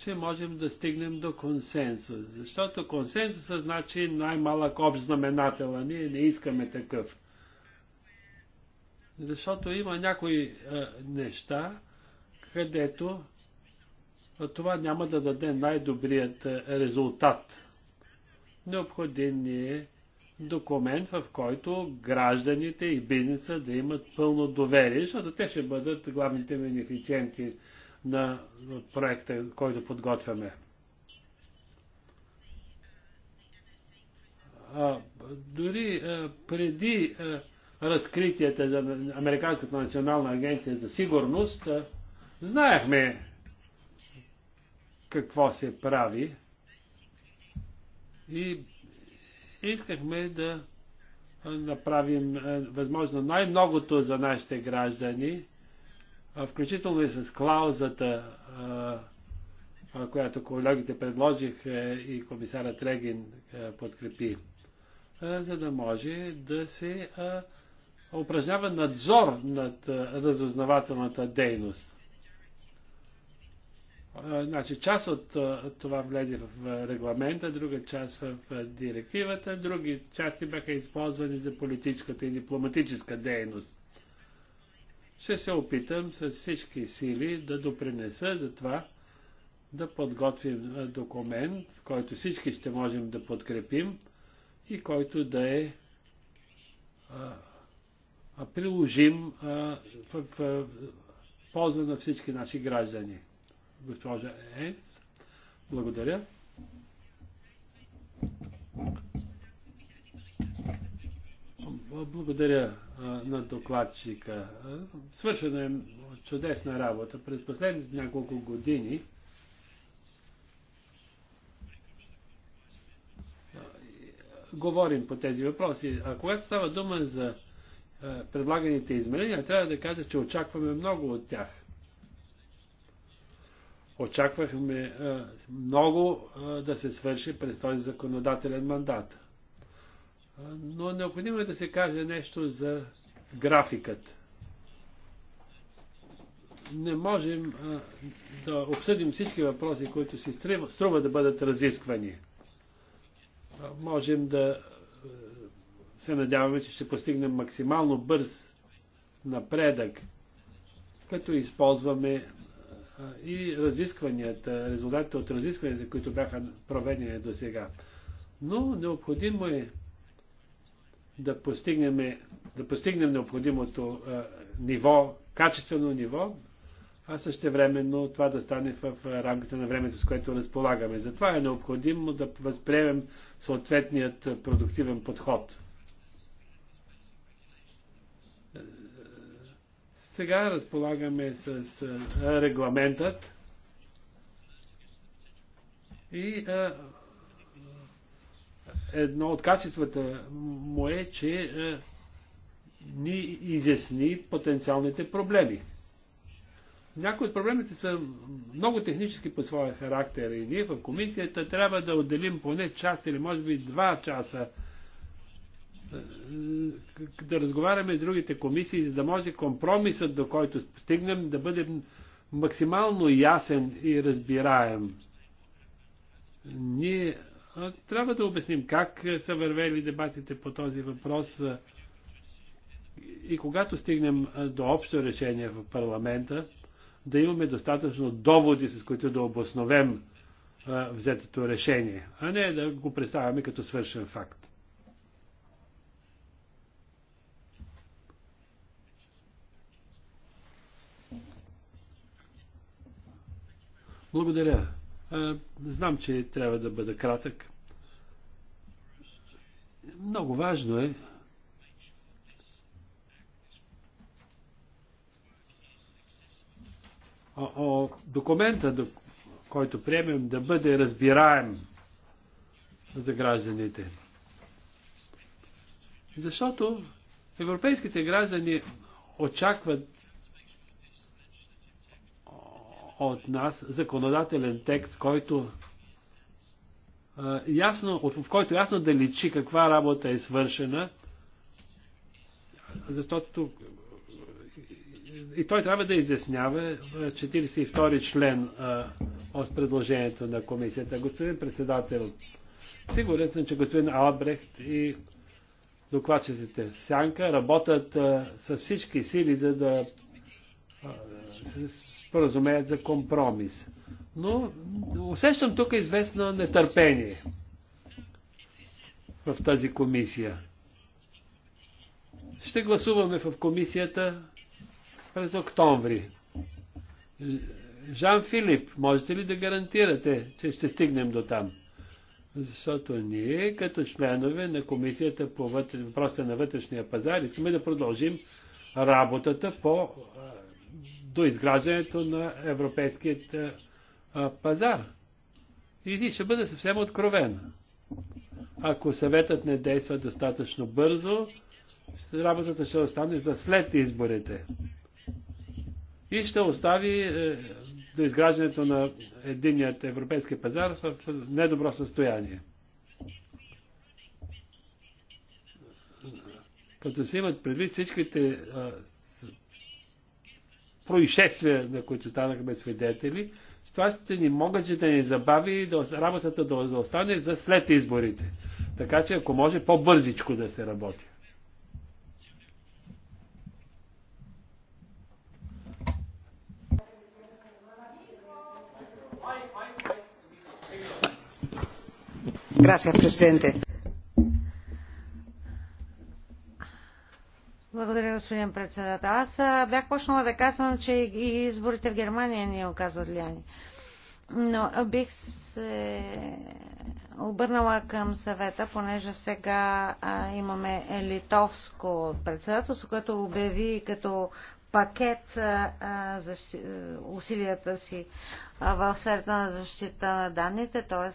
Speaker 3: ще можем да стигнем до консенсус. Защото консенсуса е значи най-малък общ знаменател, а ние не искаме такъв. Защото има някои е, неща, където е, това няма да даде най-добрият е, резултат. Необходим ни е документ, в който гражданите и бизнеса да имат пълно доверие, защото те ще бъдат главните бенефициенти на проекта, който подготвяме. А, дори а, преди а, разкритията за Американската национална агенция за сигурност, а, знаехме какво се прави и искахме да направим а, възможно най-многото за нашите граждани включително и с клаузата, която колегите предложих е, и комисарът Регин е, подкрепи, за да може да се упражнява надзор над разузнавателната дейност. Значи, част от това влезе в регламента, друга част в директивата, други части бяха използвани за политическата и дипломатическа дейност ще се опитам с всички сили да допринеса за това да подготвим документ, който всички ще можем да подкрепим и който да е а, приложим а, в, в, в полза на всички наши граждани. Госпожа Енц, благодаря. Благодаря на докладчика. Свършена е чудесна работа. През последните няколко години говорим по тези въпроси. А когато става дума за предлаганите изменения, трябва да кажа, че очакваме много от тях. Очаквахме много да се свърши през този законодателен мандат. Но необходимо е да се каже нещо за графикът. Не можем да обсъдим всички въпроси, които си струва да бъдат разисквани. Можем да се надяваме, че ще постигнем максимално бърз напредък, като използваме и разискванията, резултатите от разискванията, които бяха проведени до сега. Но необходимо е да постигнем, да постигнем необходимото а, ниво, качествено ниво, а същевременно това да стане в рамките на времето, с което разполагаме. Затова е необходимо да възприемем съответният продуктивен подход. Сега разполагаме с регламентът и а, едно от качествата му е, че е, ни изясни потенциалните проблеми. Някои от проблемите са много технически по своя характер и ние в комисията трябва да отделим поне час или може би два часа е, да разговаряме с другите комисии, за да може компромисът, до който стигнем, да бъде максимално ясен и разбираем. Ние трябва да обясним как са вървели дебатите по този въпрос и когато стигнем до общо решение в парламента, да имаме достатъчно доводи, с които да обосновем взетото решение, а не да го представяме като свършен факт. Благодаря. Знам, че трябва да бъда кратък. Много важно е о, о, документа, до, който приемем, да бъде разбираем за гражданите. Защото европейските граждани очакват от нас законодателен текст, който ясно, в който ясно да личи каква работа е свършена, защото и той трябва да изяснява 42 член от предложението на комисията. Господин председател, сигурен съм, че господин Албрехт и докладчиците в Сянка работят с всички сили, за да се споразумеят за компромис. Но усещам тук известно нетърпение в тази комисия. Ще гласуваме в комисията през октомври. Жан Филип, можете ли да гарантирате, че ще стигнем до там? Защото ние, като членове на Комисията по въпросите на вътрешния пазар, искаме да продължим работата по до изграждането на европейският е, пазар. И ще бъде съвсем откровен. Ако съветът не действа достатъчно бързо, работата ще остане за след изборите. И ще остави е, до изграждането на единият европейски пазар в недобро състояние. Като се имат предвид всичките е, происшествия, на които станахме свидетели, това ще ни може да ни забави работата да остане за след изборите. Така че ако може по-бързичко да се работи.
Speaker 2: Gracias, presidente.
Speaker 4: Благодаря, господин председател. Аз бях почнала да казвам, че и изборите в Германия ни оказват влияние. Но бих се обърнала към съвета, понеже сега имаме литовско председателство, което обяви като пакет за усилията си в сферата на защита на данните, т.е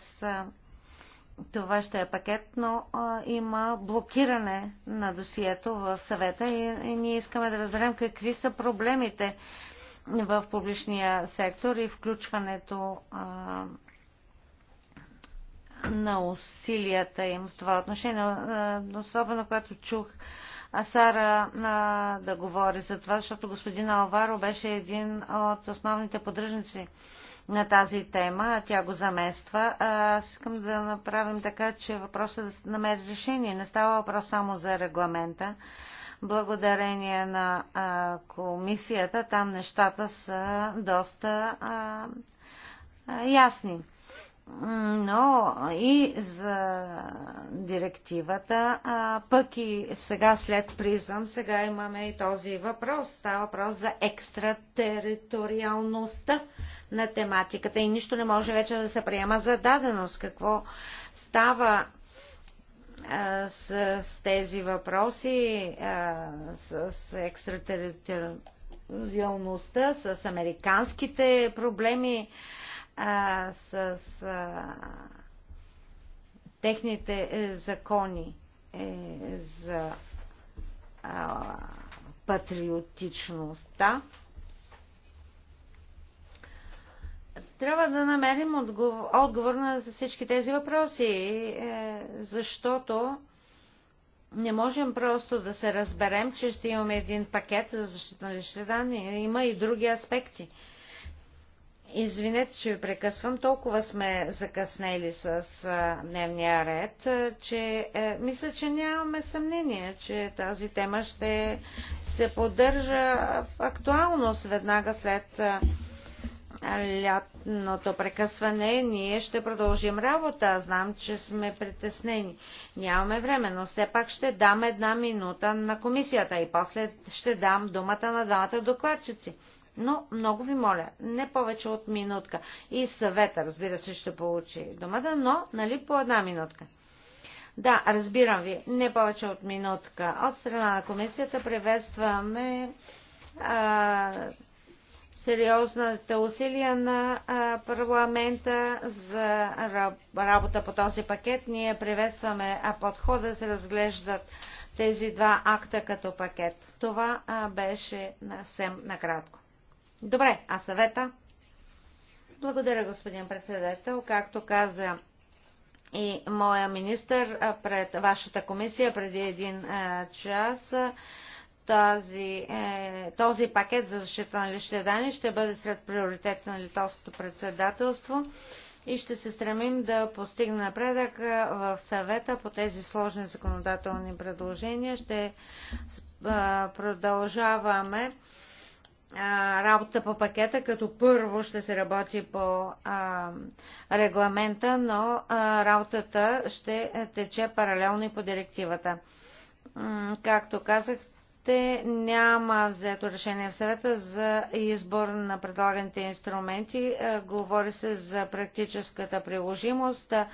Speaker 4: това ще е пакет, но а, има блокиране на досието в съвета и, и ние искаме да разберем какви са проблемите в публичния сектор и включването а, на усилията им в това отношение. особено когато чух Сара а, да говори за това, защото господин Алваро беше един от основните поддръжници на тази тема, а тя го замества. Аз искам да направим така, че въпросът да намери решение. Не става въпрос само за регламента. Благодарение на а, комисията, там нещата са доста а, а, ясни но и за директивата, а пък и сега след призъм, сега имаме и този въпрос. Става въпрос за екстратериториалността на тематиката и нищо не може вече да се приема за даденост. Какво става а, с, с тези въпроси, а, с, с екстратериториалността, с американските проблеми? А, а, с а, техните е, закони е, за а, патриотичността. Трябва да намерим отговор, отговор на всички тези въпроси, е, защото не можем просто да се разберем, че ще имаме един пакет за защита на лични данни. Има и други аспекти. Извинете, че ви прекъсвам. Толкова сме закъснели с дневния ред, че е, мисля, че нямаме съмнение, че тази тема ще се поддържа в актуалност веднага след лятното прекъсване. Ние ще продължим работа. Знам, че сме притеснени. Нямаме време, но все пак ще дам една минута на комисията и после ще дам думата на двамата докладчици. Но много ви моля, не повече от минутка. И съвета, разбира се, ще получи думата, но нали по една минутка. Да, разбирам ви, не повече от минутка. От страна на комисията приветстваме а, сериозните усилия на парламента за работа по този пакет. Ние приветстваме а подхода да се разглеждат тези два акта като пакет. Това беше съвсем накратко. Добре, а съвета? Благодаря, господин председател. Както каза и моя министр пред вашата комисия преди един час, този, е, този пакет за защита на личните данни ще бъде сред приоритетите на литовското председателство и ще се стремим да постигне напредък в съвета по тези сложни законодателни предложения. Ще продължаваме работа по пакета, като първо ще се работи по а, регламента, но а, работата ще тече паралелно и по директивата. Както казах, още няма взето решение в съвета за избор на предлаганите инструменти. Е, говори се за практическата приложимост е,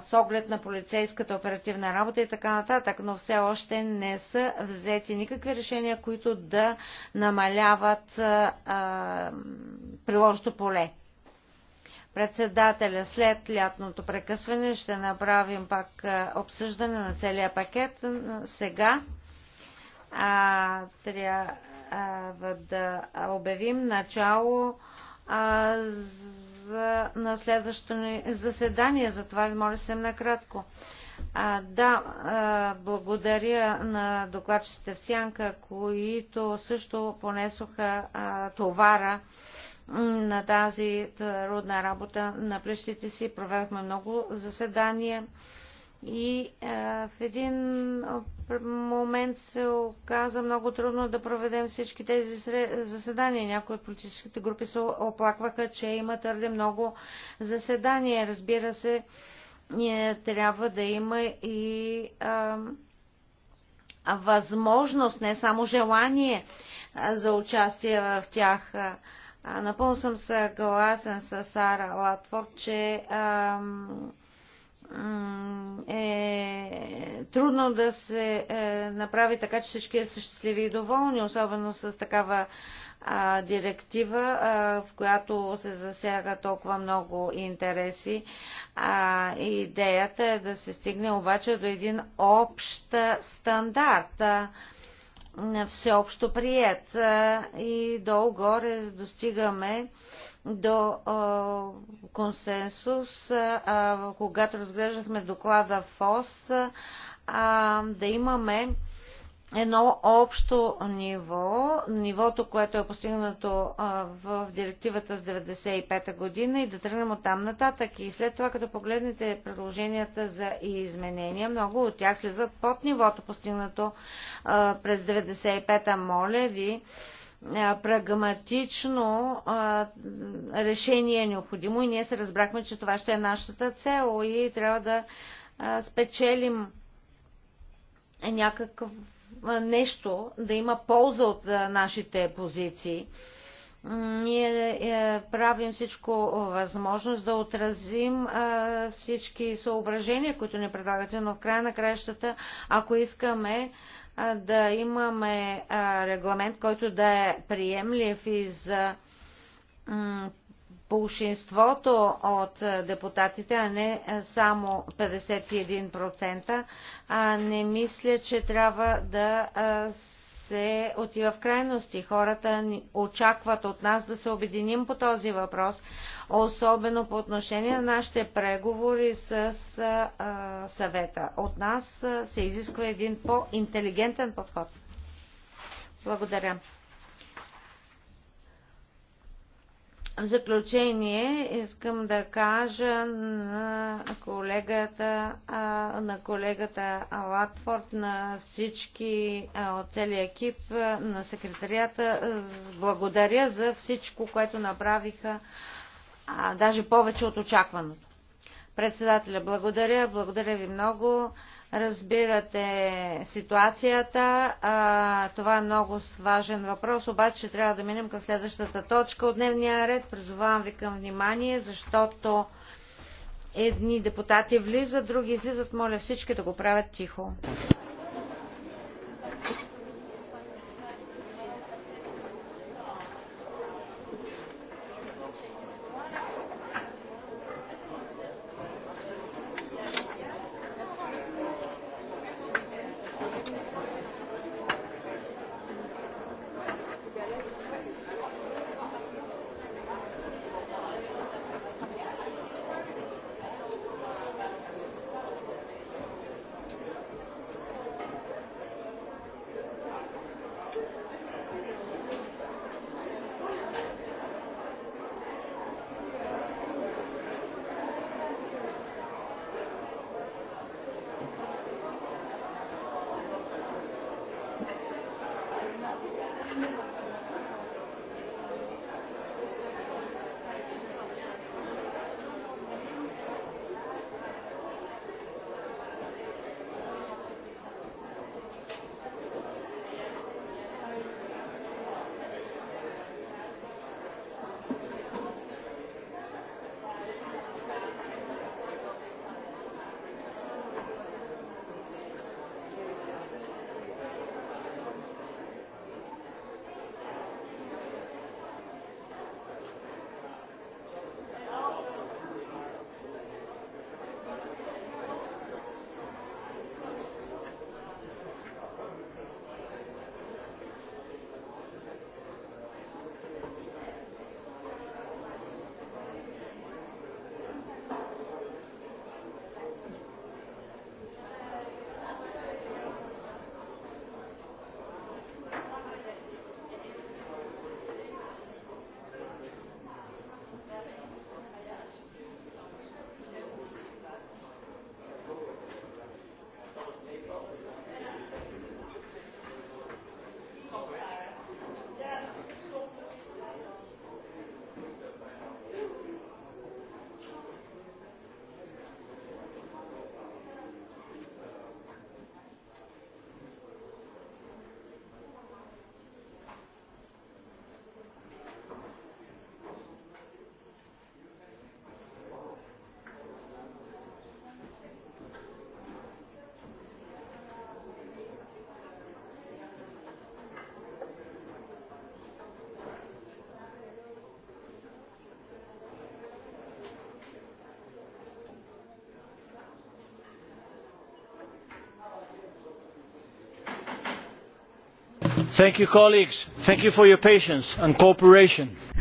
Speaker 4: с оглед на полицейската оперативна работа и така нататък, но все още не са взети никакви решения, които да намаляват е, приложното поле председателя след лятното прекъсване ще направим пак обсъждане на целия пакет. Сега а, трябва да обявим начало а, за, на следващото ни заседание. Затова ви моля съвсем накратко. А, да, а, благодаря на докладчите в Сянка, които също понесоха а, товара на тази трудна работа на плещите си. Проведохме много заседания. И а, е, в един е, момент се оказа много трудно да проведем всички тези заседания. Някои от политическите групи се оплакваха, че има твърде много заседания. Разбира се, ние трябва да има и а, е, възможност, не само желание а, за участие в тях. А, напълно съм съгласен с Сара Латфорд, че а, е трудно да се е, направи така, че всички са щастливи и доволни, особено с такава а, директива, а, в която се засяга толкова много интереси. А, идеята е да се стигне обаче до един общ стандарт, а, всеобщо прият. А, и долу-горе достигаме а, до а, консенсус, а, когато разглеждахме доклада ФОС, а, да имаме едно общо ниво, нивото, което е постигнато в директивата с 95-та година и да тръгнем от там нататък. И след това, като погледнете предложенията за изменения, много от тях слизат под нивото, постигнато през 95-та. Моля ви, прагматично решение е необходимо и ние се разбрахме, че това ще е нашата цел и трябва да спечелим някакъв нещо, да има полза от нашите позиции. Ние е, правим всичко възможност да отразим всички съображения, които ни предлагате, но в края на краищата, ако искаме да имаме регламент, който да е приемлив и за полшинството от депутатите, а не само 51%, не мисля, че трябва да се отива в крайности. Хората очакват от нас да се обединим по този въпрос особено по отношение на нашите преговори с съвета. От нас се изисква един по-интелигентен подход. Благодаря. В заключение искам да кажа на колегата, на колегата Латфорд, на всички от целият екип, на секретарията, благодаря за всичко, което направиха а, даже повече от очакваното. Председателя, благодаря, благодаря ви много. Разбирате ситуацията. А, това е много важен въпрос, обаче трябва да минем към следващата точка от дневния ред. Призовавам ви към внимание, защото едни депутати влизат, други излизат. Моля всички да го правят тихо.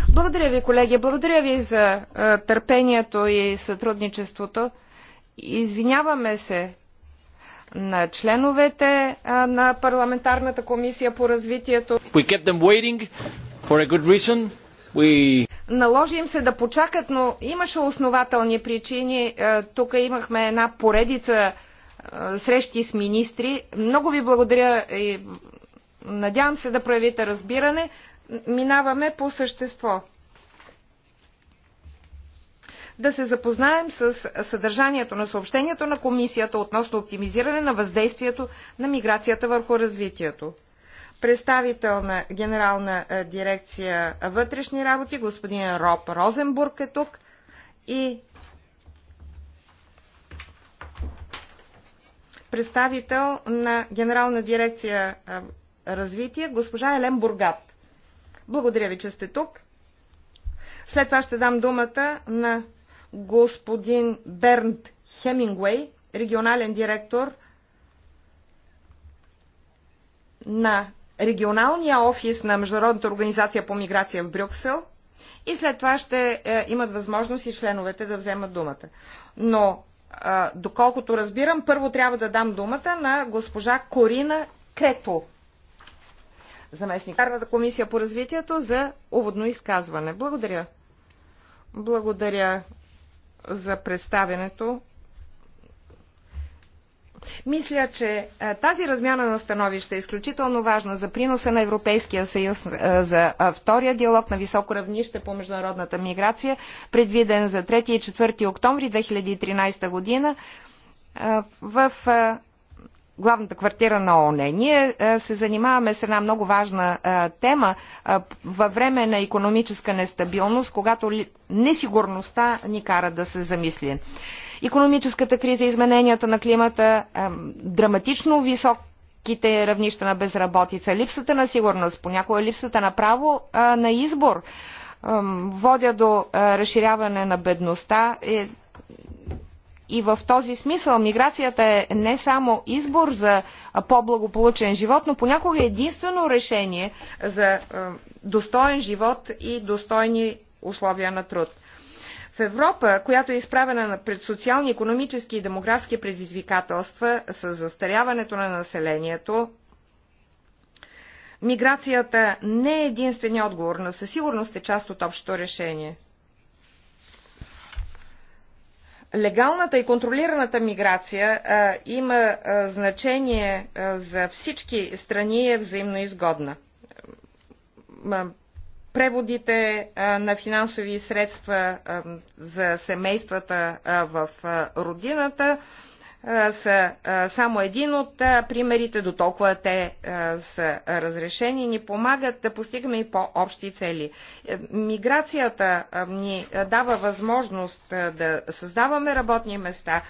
Speaker 2: Благодаря ви, колеги. Благодаря ви за е, търпението и сътрудничеството. Извиняваме се на членовете е, на парламентарната комисия по развитието. We... Наложи им се да почакат, но имаше основателни причини. Е, тук имахме една поредица срещи с министри. Много ви благодаря и Надявам се да проявите разбиране. Минаваме по същество. Да се запознаем с съдържанието на съобщението на комисията относно оптимизиране на въздействието на миграцията върху развитието. Представител на Генерална дирекция вътрешни работи, господин Роб Розенбург е тук и представител на Генерална дирекция развитие, госпожа Елен Бургат. Благодаря ви, че сте тук. След това ще дам думата на господин Бернт Хемингуей, регионален директор на регионалния офис на Международната организация по миграция в Брюксел и след това ще е, имат възможност и членовете да вземат думата. Но, е, доколкото разбирам, първо трябва да дам думата на госпожа Корина Крето заместник Карната комисия по развитието за уводно изказване. Благодаря. Благодаря за представянето. Мисля, че тази размяна на становища е изключително важна за приноса на Европейския съюз за втория диалог на високо равнище по международната миграция, предвиден за 3 и 4 октомври 2013 година в главната квартира на ООН. Ние е, се занимаваме с една много важна е, тема е, във време на економическа нестабилност, когато несигурността ни кара да се замислим. Економическата криза, измененията на климата, драматично висок равнища на безработица, липсата на сигурност, понякога липсата на право на избор водя до разширяване на бедността и в този смисъл миграцията е не само избор за по-благополучен живот, но понякога е единствено решение за достоен живот и достойни условия на труд. В Европа, която е изправена пред социални, економически и демографски предизвикателства с застаряването на населението, миграцията не е единствения отговор, но със сигурност е част от общото решение. Легалната и контролираната миграция а, има а, значение а, за всички страни е взаимно изгодна. Преводите а, на финансови средства а, за семействата а, в а, родината а, са само един от примерите, до толкова те са разрешени ни помагат да постигаме и по-общи цели. Е, миграцията ни дава възможност да създаваме работни места,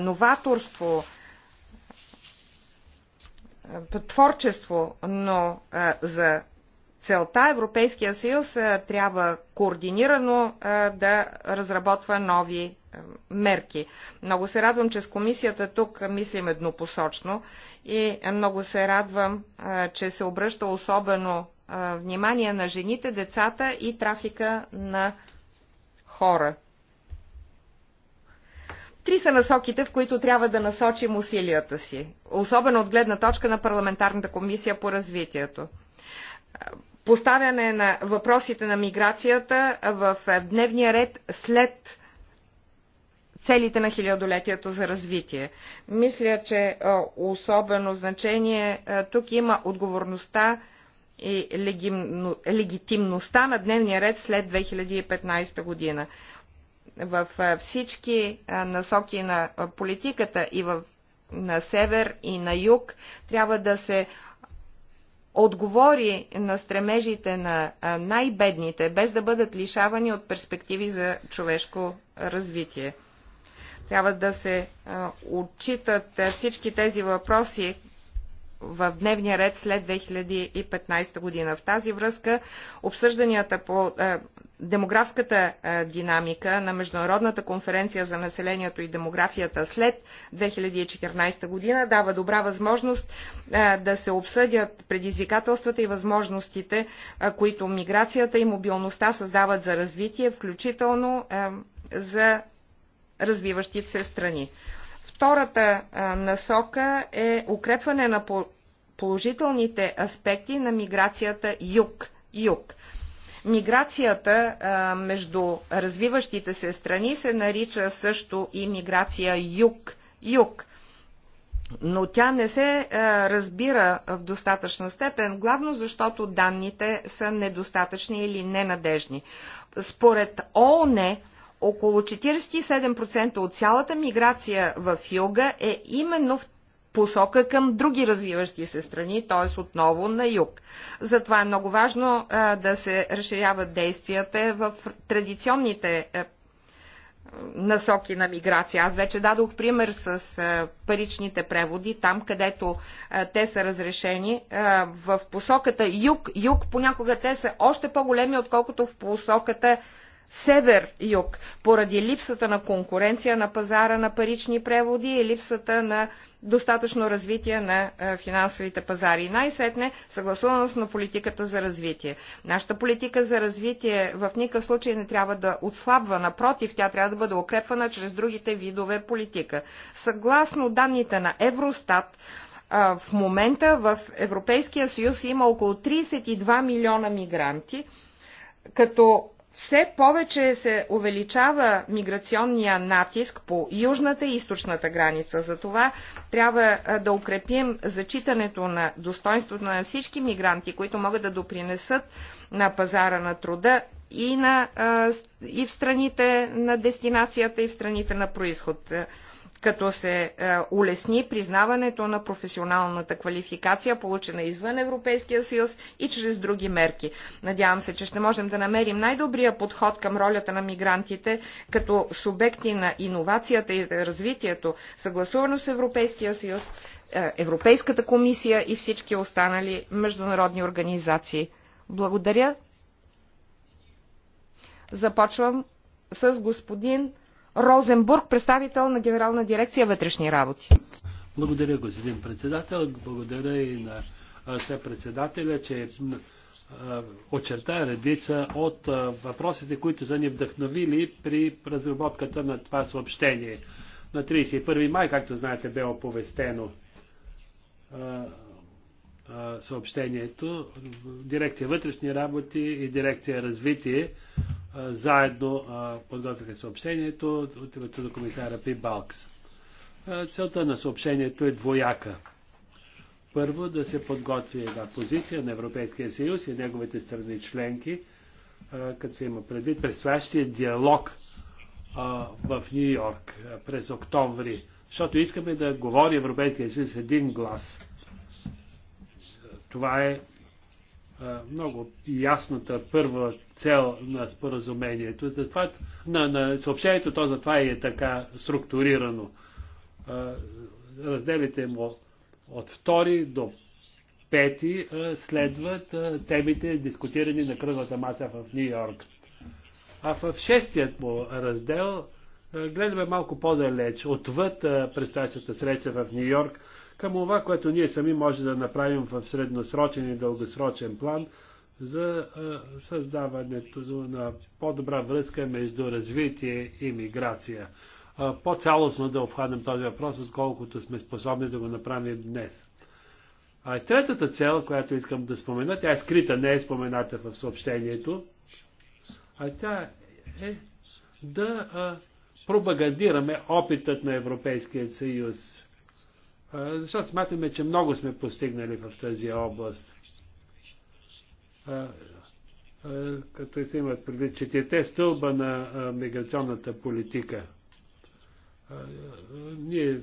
Speaker 2: новаторство, творчество, но за целта Европейския съюз трябва координирано да разработва нови мерки. Много се радвам, че с комисията тук мислим еднопосочно и много се радвам, че се обръща особено внимание на жените, децата и трафика на хора. Три са насоките, в които трябва да насочим усилията си, особено от гледна точка на парламентарната комисия по развитието. Поставяне на въпросите на миграцията в дневния ред след целите на хилядолетието за развитие. Мисля, че особено значение тук има отговорността и легитимността на дневния ред след 2015 година. В всички насоки на политиката и в, на север и на юг трябва да се отговори на стремежите на най-бедните, без да бъдат лишавани от перспективи за човешко развитие. Трябва да се отчитат всички тези въпроси в дневния ред след 2015 година. В тази връзка обсъжданията по демографската динамика на Международната конференция за населението и демографията след 2014 година дава добра възможност да се обсъдят предизвикателствата и възможностите, които миграцията и мобилността създават за развитие, включително за развиващите се страни. Втората насока е укрепване на положителните аспекти на миграцията юг-юг. Миграцията а, между развиващите се страни се нарича също и миграция юг-юг, но тя не се а, разбира в достатъчна степен, главно защото данните са недостатъчни или ненадежни. Според ООН, около 47% от цялата миграция в юга е именно в посока към други развиващи се страни, т.е. отново на юг. Затова е много важно а, да се разширяват действията в традиционните а, е, насоки на миграция. Аз вече дадох пример с а, е, паричните преводи, там където а, е, те са разрешени. А, в посоката юг, юг понякога те са още по-големи, отколкото в посоката север-юг, поради липсата на конкуренция на пазара на парични преводи и липсата на достатъчно развитие на е, финансовите пазари. Най-сетне съгласуваност на политиката за развитие. Нашата политика за развитие в никакъв случай не трябва да отслабва, напротив, тя трябва да бъде укрепвана чрез другите видове политика. Съгласно данните на Евростат, е, в момента в Европейския съюз има около 32 милиона мигранти, като все повече се увеличава миграционния натиск по южната и източната граница. Затова трябва да укрепим зачитането на достоинството на всички мигранти, които могат да допринесат на пазара на труда и, на, и в страните на дестинацията, и в страните на происход като се е, улесни признаването на професионалната квалификация, получена извън Европейския съюз и чрез други мерки. Надявам се, че ще можем да намерим най-добрия подход към ролята на мигрантите като субекти на иновацията и развитието, съгласувано с Европейския съюз, е, Европейската комисия и всички останали международни организации. Благодаря. Започвам с господин Розенбург, представител на Генерална дирекция вътрешни работи.
Speaker 3: Благодаря, господин председател. Благодаря и на все председателя, че очерта редица от въпросите, които са ни вдъхновили при разработката на това съобщение. На 31 май, както знаете, бе оповестено съобщението. Дирекция вътрешни работи и дирекция развитие заедно подготвяха съобщението от името на комисара при Балкс. Целта на съобщението е двояка. Първо, да се подготви една позиция на Европейския съюз и неговите страни членки, като се има предвид предстоящия диалог в Нью Йорк през октомври, защото искаме да говори Европейския съюз един глас. Това е много ясната първа цел на споразумението. Затова, на, на съобщението то затова и е така структурирано. Разделите му от втори до пети следват темите, дискутирани на кръглата маса в Нью Йорк. А в шестият му раздел гледаме малко по-далеч, отвъд предстоящата среща в Нью Йорк, към това, което ние сами може да направим в средносрочен и дългосрочен план за създаването на по-добра връзка между развитие и миграция. По-цялостно да обхванем този въпрос, отколкото сме способни да го направим днес. А третата цел, която искам да спомена, тя е скрита, не е спомената в съобщението, а тя е да пропагандираме опитът на Европейския съюз защото смятаме, че много сме постигнали в тази област. Като се имат предвид четирите стълба на миграционната политика. Ние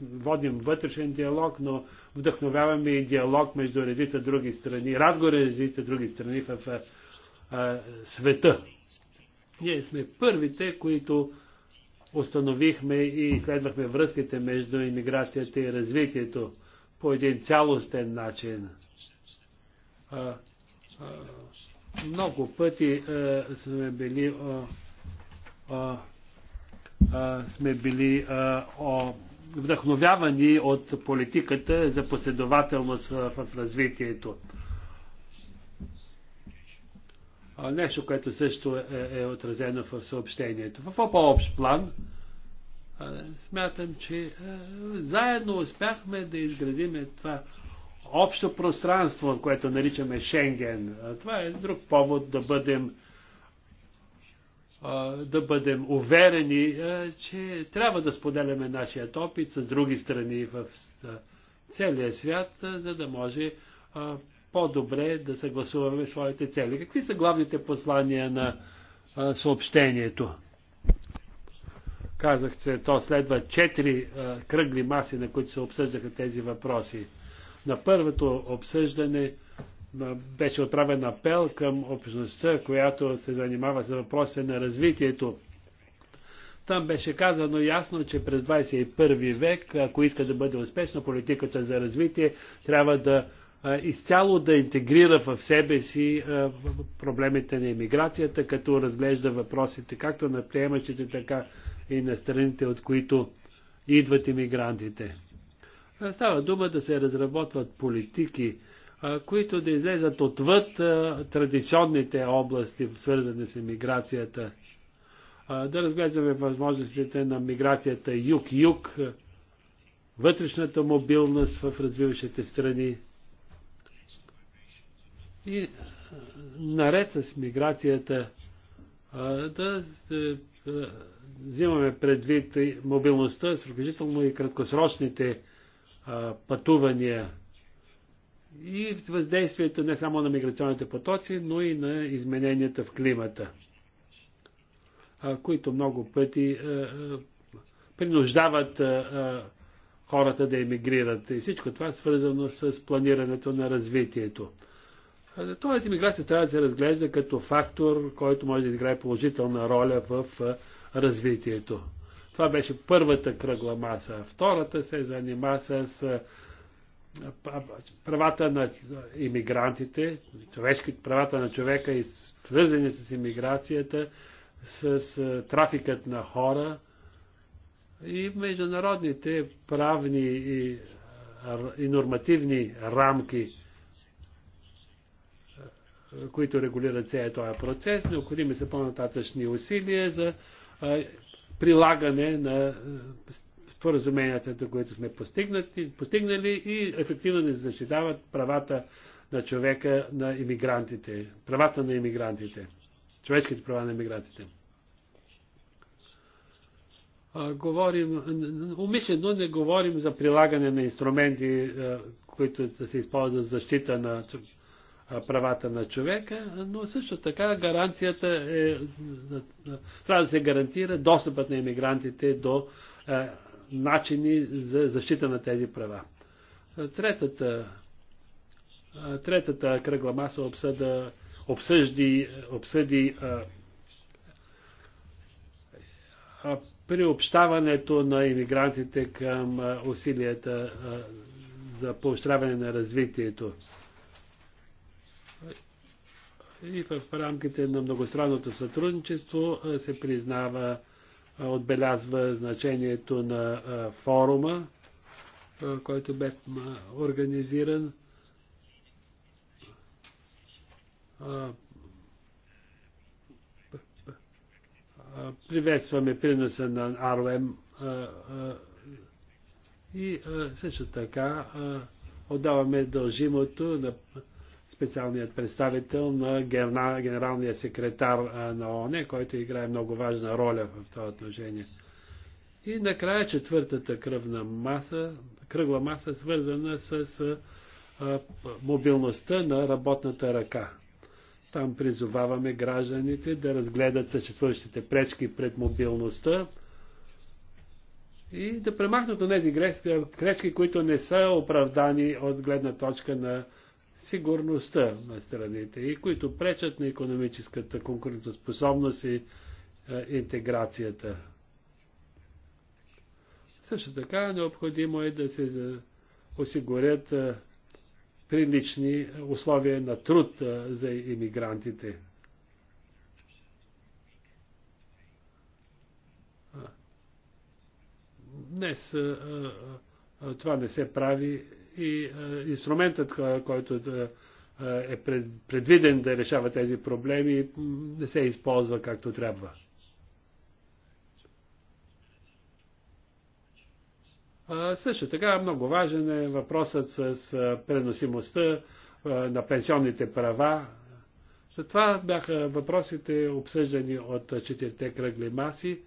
Speaker 3: водим вътрешен диалог, но вдъхновяваме и диалог между редица други страни, разговори редица други страни в света. Ние сме първите, които установихме и изследвахме връзките между иммиграцията и развитието по един цялостен начин. А, а, много пъти а, сме били а, а, сме били а, о, вдъхновявани от политиката за последователност в развитието. Нещо, което също е, е отразено в съобщението. В по-общ план, смятам, че заедно успяхме да изградим това общо пространство, което наричаме Шенген. Това е друг повод да бъдем да бъдем уверени, че трябва да споделяме нашия опит с други страни в целия свят, за да може по-добре да съгласуваме своите цели. Какви са главните послания на а, съобщението? Казахте, то следва четири а, кръгли маси, на които се обсъждаха тези въпроси. На първото обсъждане а, беше отправен апел към общността, която се занимава с въпросите на развитието. Там беше казано ясно, че през 21 век, ако иска да бъде успешна политиката за развитие, трябва да изцяло да интегрира в себе си проблемите на иммиграцията, като разглежда въпросите както на приемащите, така и на страните, от които идват иммигрантите. Става дума да се разработват политики, които да излезат отвъд традиционните области, свързани с иммиграцията. Да разглеждаме възможностите на миграцията юг-юг, вътрешната мобилност в развиващите страни – и е, наред с миграцията да е, взимаме предвид мобилността, сръкожително и краткосрочните е, пътувания и въздействието не само на миграционните потоци, но и на измененията в климата, които много пъти принуждават хората да емигрират. И всичко това е свързано с планирането на развитието. Тоест, иммиграцията трябва да се разглежда като фактор, който може да играе положителна роля в развитието. Това беше първата кръгла маса. Втората се занима с правата на иммигрантите, човешки, правата на човека и свързани с иммиграцията, с трафикът на хора и международните правни и, и нормативни рамки които регулират целият този процес. Необходими са по-нататъчни усилия за прилагане на споразуменията, които сме постигнали и ефективно не защитават правата на човека на иммигрантите, правата на иммигрантите, човешките права на иммигрантите. Говорим, умишлено не говорим за прилагане на инструменти, които да се използват за защита на правата на човека, но също така гаранцията е, трябва да се гарантира достъпът на иммигрантите до е, начини за защита на тези права. Третата, третата кръгла маса обсъда, обсъжди, обсъди а, а, приобщаването на иммигрантите към усилията а, за поощряване на развитието и в рамките на многостранното сътрудничество се признава, отбелязва значението на форума, който бе организиран. Приветстваме приноса на АРОМ и също така отдаваме дължимото на специалният представител на генералния секретар на ООН, който играе много важна роля в това отношение. И накрая четвъртата кръвна маса, кръгла маса, свързана с а, мобилността на работната ръка. Там призоваваме гражданите да разгледат съществуващите пречки пред мобилността и да премахнат от тези грешки, които не са оправдани от гледна точка на сигурността на страните и които пречат на економическата конкурентоспособност и е, интеграцията. Също така необходимо е да се осигурят е, прилични условия на труд е, за иммигрантите. Днес това не се прави и е, инструментът, който е, е предвиден да решава тези проблеми, не се използва както трябва. Също така много важен е въпросът с е, преносимостта на пенсионните права. За това бяха въпросите обсъждани от четирите кръгли маси.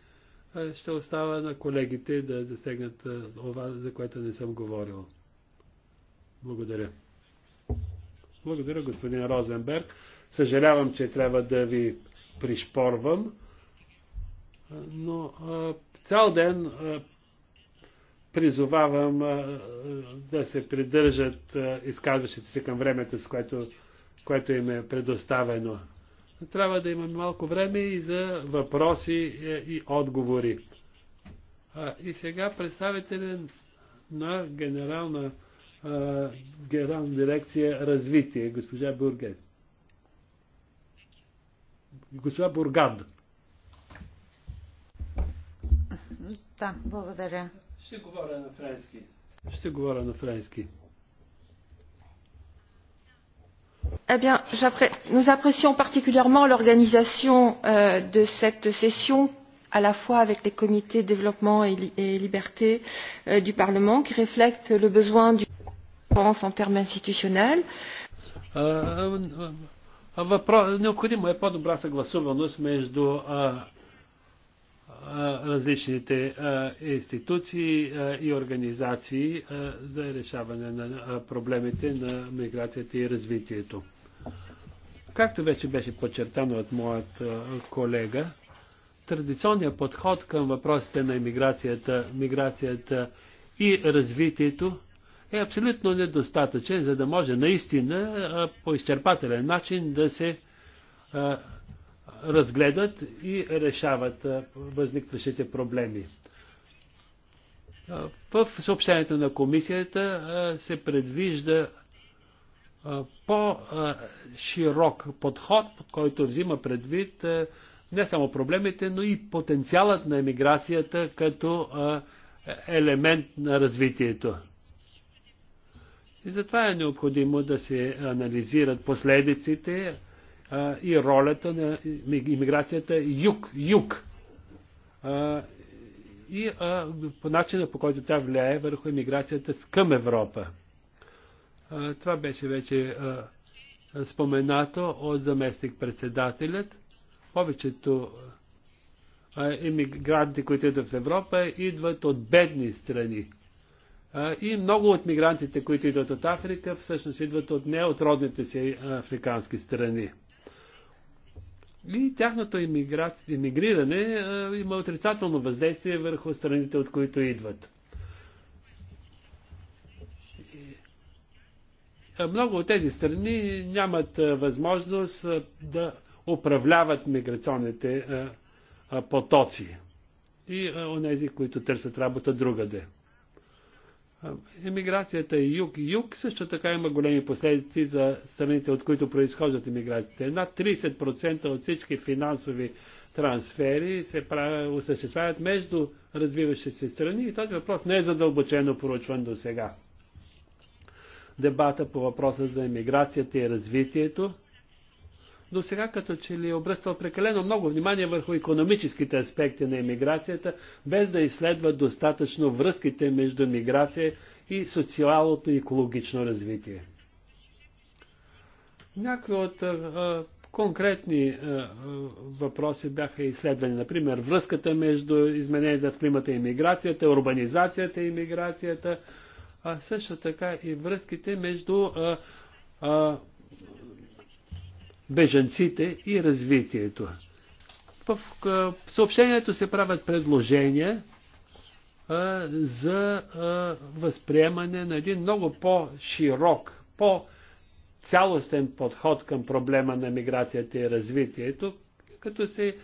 Speaker 3: Ще остава на колегите да засегнат това, за което не съм говорил. Благодаря. Благодаря, господин Розенберг. Съжалявам, че трябва да ви пришпорвам, но цял ден призовавам да се придържат изказващите се към времето, с което, което им е предоставено. Трябва да имаме малко време и за въпроси е, и отговори. И сега представителен на генерална Генерална дирекция развитие, госпожа Бургес. Госпожа Бургад.
Speaker 4: Да, благодаря.
Speaker 3: Ще говоря на френски. Ще говоря на френски.
Speaker 2: Eh bien, nous apprécions particulièrement l'organisation euh, de cette session à la fois avec les comités développement et, li et liberté euh, du Parlement qui reflète le besoin du
Speaker 3: Въпрос, необходимо е по-добра съгласуваност между а, а, различните а, институции а, и организации а, за решаване на а, проблемите на миграцията и развитието. Както вече беше подчертано от моят а, колега, традиционният подход към въпросите на миграцията, миграцията и развитието е абсолютно недостатъчен, за да може наистина по изчерпателен начин да се разгледат и решават възникващите проблеми. В съобщението на комисията се предвижда по-широк подход, под който взима предвид не само проблемите, но и потенциалът на емиграцията като елемент на развитието. И затова е необходимо да се анализират последиците а, и ролята на иммиграцията юг-юг. И а, по начина по който тя влияе върху иммиграцията към Европа. А, това беше вече а, споменато от заместник-председателят. Повечето иммигранти, които идват в Европа, идват от бедни страни. И много от мигрантите, които идват от Африка, всъщност идват от не от родните си африкански страни. И тяхното иммигриране има отрицателно въздействие върху страните, от които идват. Много от тези страни нямат възможност да управляват миграционните потоци и онези, които търсят работа другаде. Емиграцията е юг и юг също така има големи последици за страните, от които произхождат емиграцията. Една 30% от всички финансови трансфери се прави, осъществяват между развиващи се страни и този въпрос не е задълбочено поручван до сега. Дебата по въпроса за емиграцията и развитието до сега като че ли е обръщал прекалено много внимание върху економическите аспекти на емиграцията, без да изследва достатъчно връзките между миграция и социалното и екологично развитие. Някои от а, конкретни а, а, въпроси бяха изследвани. Например, връзката между измененията в климата и миграцията, урбанизацията и миграцията, а също така и връзките между а, бежанците и развитието. В съобщението се правят предложения за възприемане на един много по-широк, по-цялостен подход към проблема на миграцията и развитието, като се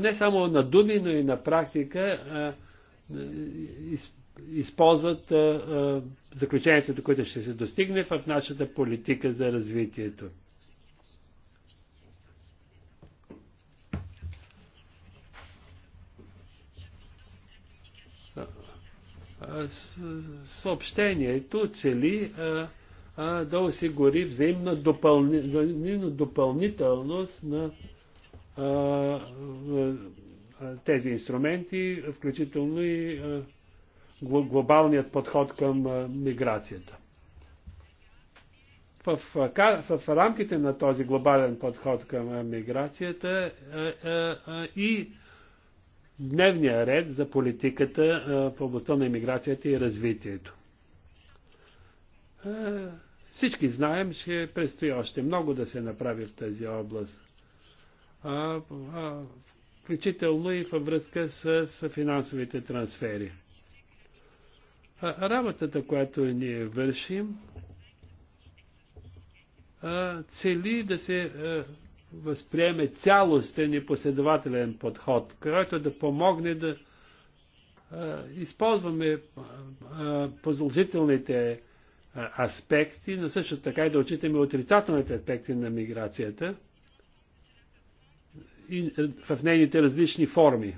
Speaker 3: не само на думи, но и на практика използват заключенията, до които ще се достигне в нашата политика за развитието. съобщението цели да осигури взаимна допълни, допълнителност на тези инструменти, включително и глобалният подход към миграцията. В, в рамките на този глобален подход към миграцията и дневния ред за политиката в областта на иммиграцията и развитието. Всички знаем, че предстои още много да се направи в тази област. Включително и във връзка с финансовите трансфери. Работата, която ние вършим, цели да се възприеме цялостен и последователен подход, който да помогне да а, използваме положителните аспекти, но също така и да отчитаме отрицателните аспекти на миграцията и в нейните различни форми.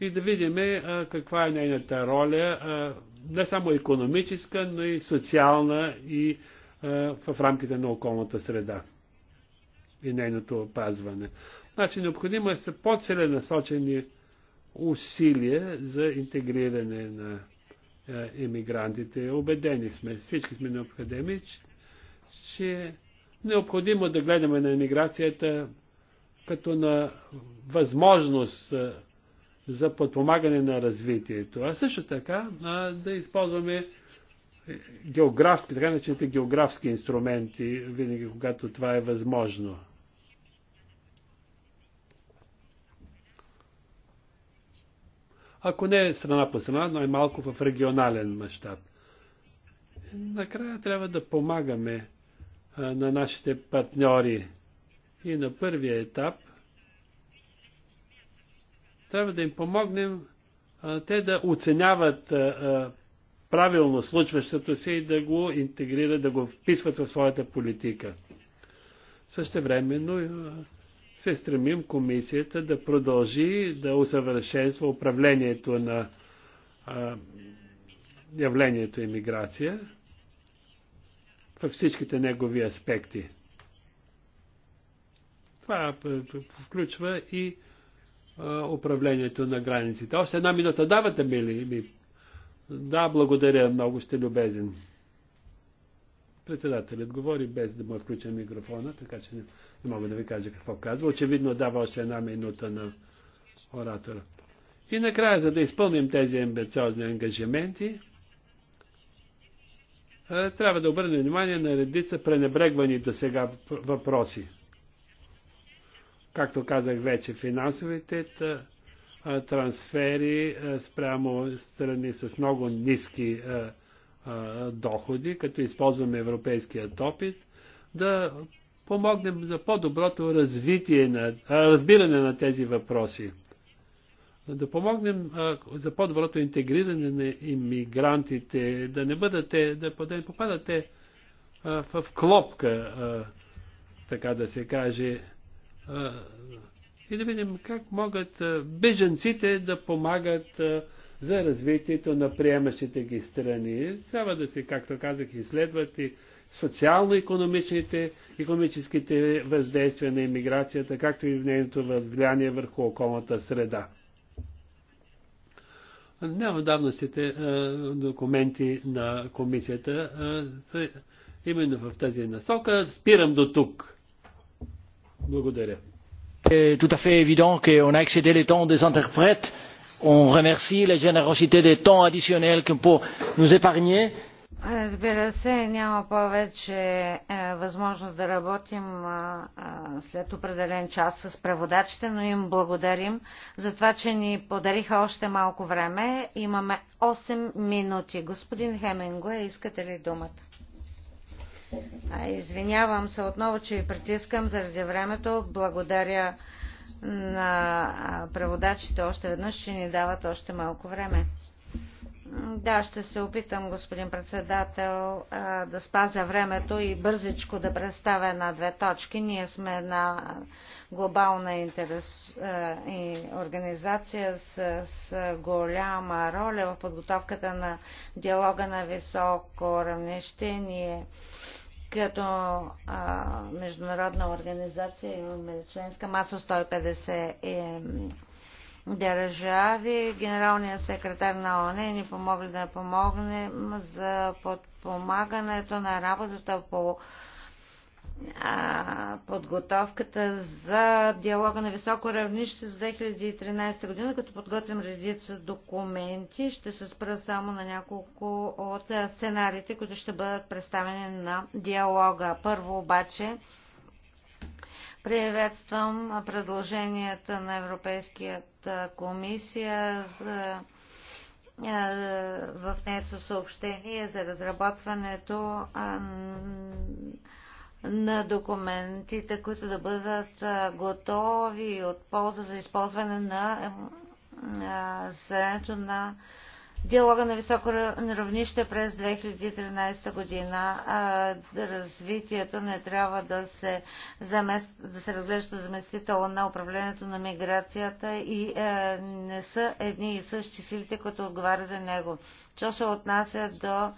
Speaker 3: И да видим а, каква е нейната роля, а, не само економическа, но и социална и в рамките на околната среда и нейното опазване. Значи необходимо е по-целенасочени усилия за интегриране на емигрантите. Обедени сме, всички сме необходими, че е необходимо да гледаме на емиграцията като на възможност за подпомагане на развитието, а също така да използваме географски, така начините географски инструменти, винаги когато това е възможно. Ако не е страна по страна, но е малко в регионален мащаб. Накрая трябва да помагаме а, на нашите партньори. И на първия етап трябва да им помогнем а, те да оценяват а, правилно случващото се и да го интегрират, да го вписват в своята политика. Същевременно се стремим комисията да продължи да усъвършенства управлението на а, явлението иммиграция във всичките негови аспекти. Това включва и управлението на границите. Още една минута давате ми ли? Ми? Да, благодаря, много сте любезен. Председателят говори без да му е включен микрофона, така че не, не мога да ви кажа какво казва. Очевидно дава още една минута на оратора. И накрая, за да изпълним тези амбициозни ангажименти, е, трябва да обърнем внимание на редица пренебрегвани до сега въпроси. Както казах вече, финансовите, трансфери спрямо страни с много ниски доходи, като използваме европейският опит, да помогнем за по-доброто развитие на, разбиране на тези въпроси. Да помогнем за по-доброто интегриране на иммигрантите, да не бъдат да, да не попадате в клопка, така да се каже, и да видим как могат беженците да помагат за развитието на приемащите ги страни. Трябва да се, както казах, изследват и социално-економичните, економическите въздействия на иммиграцията, както и в нейното влияние върху околната среда. Неодавностите документи на комисията са именно в тази насока. Спирам до тук. Благодаря
Speaker 1: est tout à fait évident qu'on a excédé le temps des interprètes. On remercie la générosité des temps additionnels pour nous épargner.
Speaker 4: Разбира се, няма повече е, възможност да работим е, е, след определен час с преводачите, но им благодарим за това, че ни подариха още малко време. Имаме 8 минути. Господин Хемингуе, искате ли думата? Извинявам се отново, че ви притискам заради времето. Благодаря на преводачите още веднъж, че ни дават още малко време. Да, ще се опитам, господин председател, да спазя времето и бързичко да представя на две точки. Ние сме една глобална интерес, и организация с, с голяма роля в подготовката на диалога на високо равнище. Ние като а, международна организация имаме членска маса 150 е, държави. Генералният секретар на ОНЕ ни помогли да помогне за подпомагането на работата по а, подготовката за диалога на високо равнище за 2013 година, като подготвим редица документи. Ще се спра само на няколко от сценариите, които ще бъдат представени на диалога. Първо обаче приветствам предложенията на Европейският комисия за в нето съобщение за разработването на документите, които да бъдат готови от полза за използване на заседанието на диалога на високо равнище през 2013 година. Развитието не трябва да се, замес... да се разглежда заместително на управлението на миграцията и е, не са едни и същи силите, които отговарят за него. Що се отнася до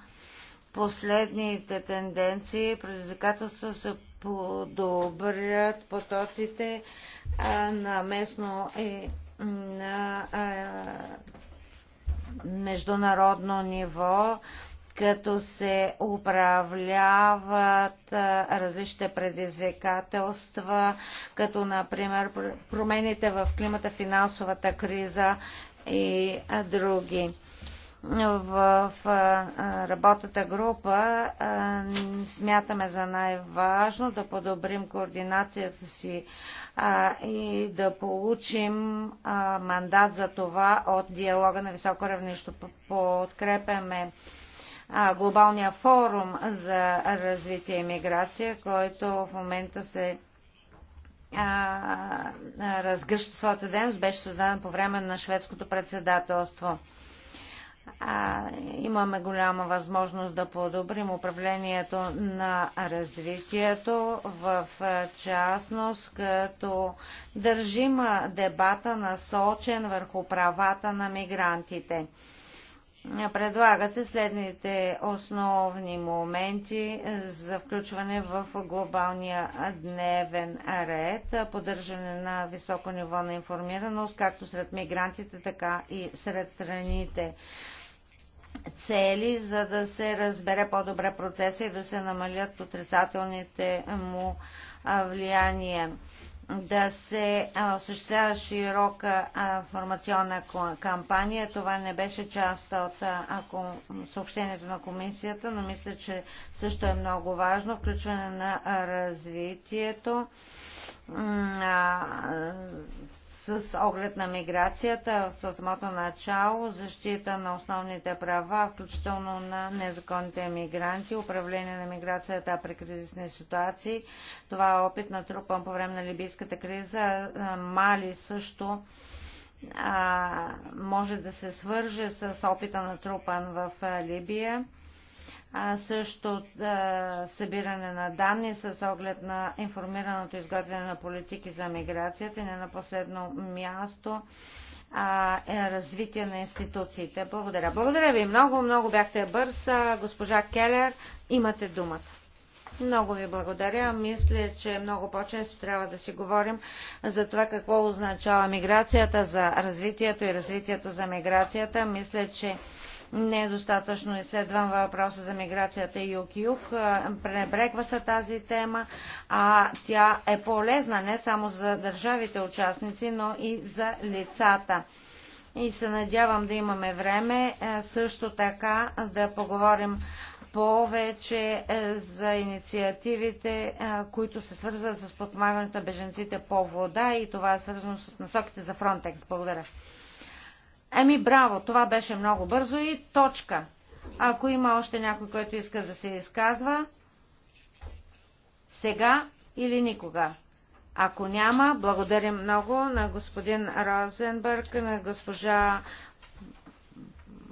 Speaker 4: последните тенденции, предизвикателства се подобрят потоците на местно и на международно ниво, като се управляват различните предизвикателства, като например промените в климата, финансовата криза и други в работата група смятаме за най-важно да подобрим координацията си и да получим мандат за това от диалога на високо равнище. Подкрепяме глобалния форум за развитие и миграция, който в момента се разгръща своята дейност, беше създаден по време на шведското председателство имаме голяма възможност да подобрим управлението на развитието, в частност като държим дебата насочен върху правата на мигрантите. Предлагат се следните основни моменти за включване в глобалния дневен ред, поддържане на високо ниво на информираност, както сред мигрантите, така и сред страните цели, за да се разбере по-добре процеса и да се намалят отрицателните му влияния да се осъществява широка информационна кампания. Това не беше част от съобщението на комисията, но мисля, че също е много важно. Включване на развитието с оглед на миграцията в самото начало, защита на основните права, включително на незаконните мигранти, управление на миграцията при кризисни ситуации. Това е опит на натрупан по време на либийската криза. Мали също а, може да се свърже с опита на трупан в Либия също събиране на данни с оглед на информираното изготвяне на политики за миграцията и не на последно място е развитие на институциите. Благодаря. Благодаря ви много, много бяхте бърз. Госпожа Келер, имате думата. Много ви благодаря. Мисля, че много по-често трябва да си говорим за това какво означава миграцията за развитието и развитието за миграцията. Мисля, че не е достатъчно изследван въпроса за миграцията юг-юг. Е, пренебрегва се тази тема, а тя е полезна не само за държавите участници, но и за лицата и се надявам да имаме време е, също така да поговорим повече е, за инициативите, които се свързват с подпомагането на беженците по вода и това е свързано с насоките за Фронтекс. Благодаря. Еми браво, това беше много бързо и точка. Ако има още някой, който иска да се изказва, сега или никога. Ако няма, благодарим много на господин Розенбърг, на госпожа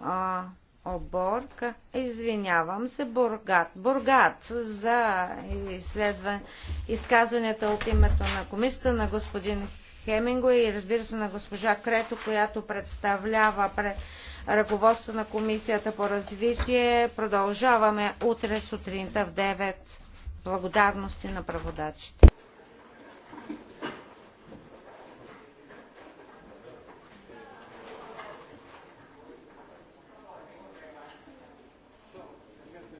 Speaker 4: а, Оборг, извинявам се, Бургат. Бургат за изследване, изказването от името на комисията на господин Хемингуей и разбира се на госпожа Крето, която представлява пред ръководство на Комисията по развитие. Продължаваме утре сутринта в 9. Благодарности на праводачите.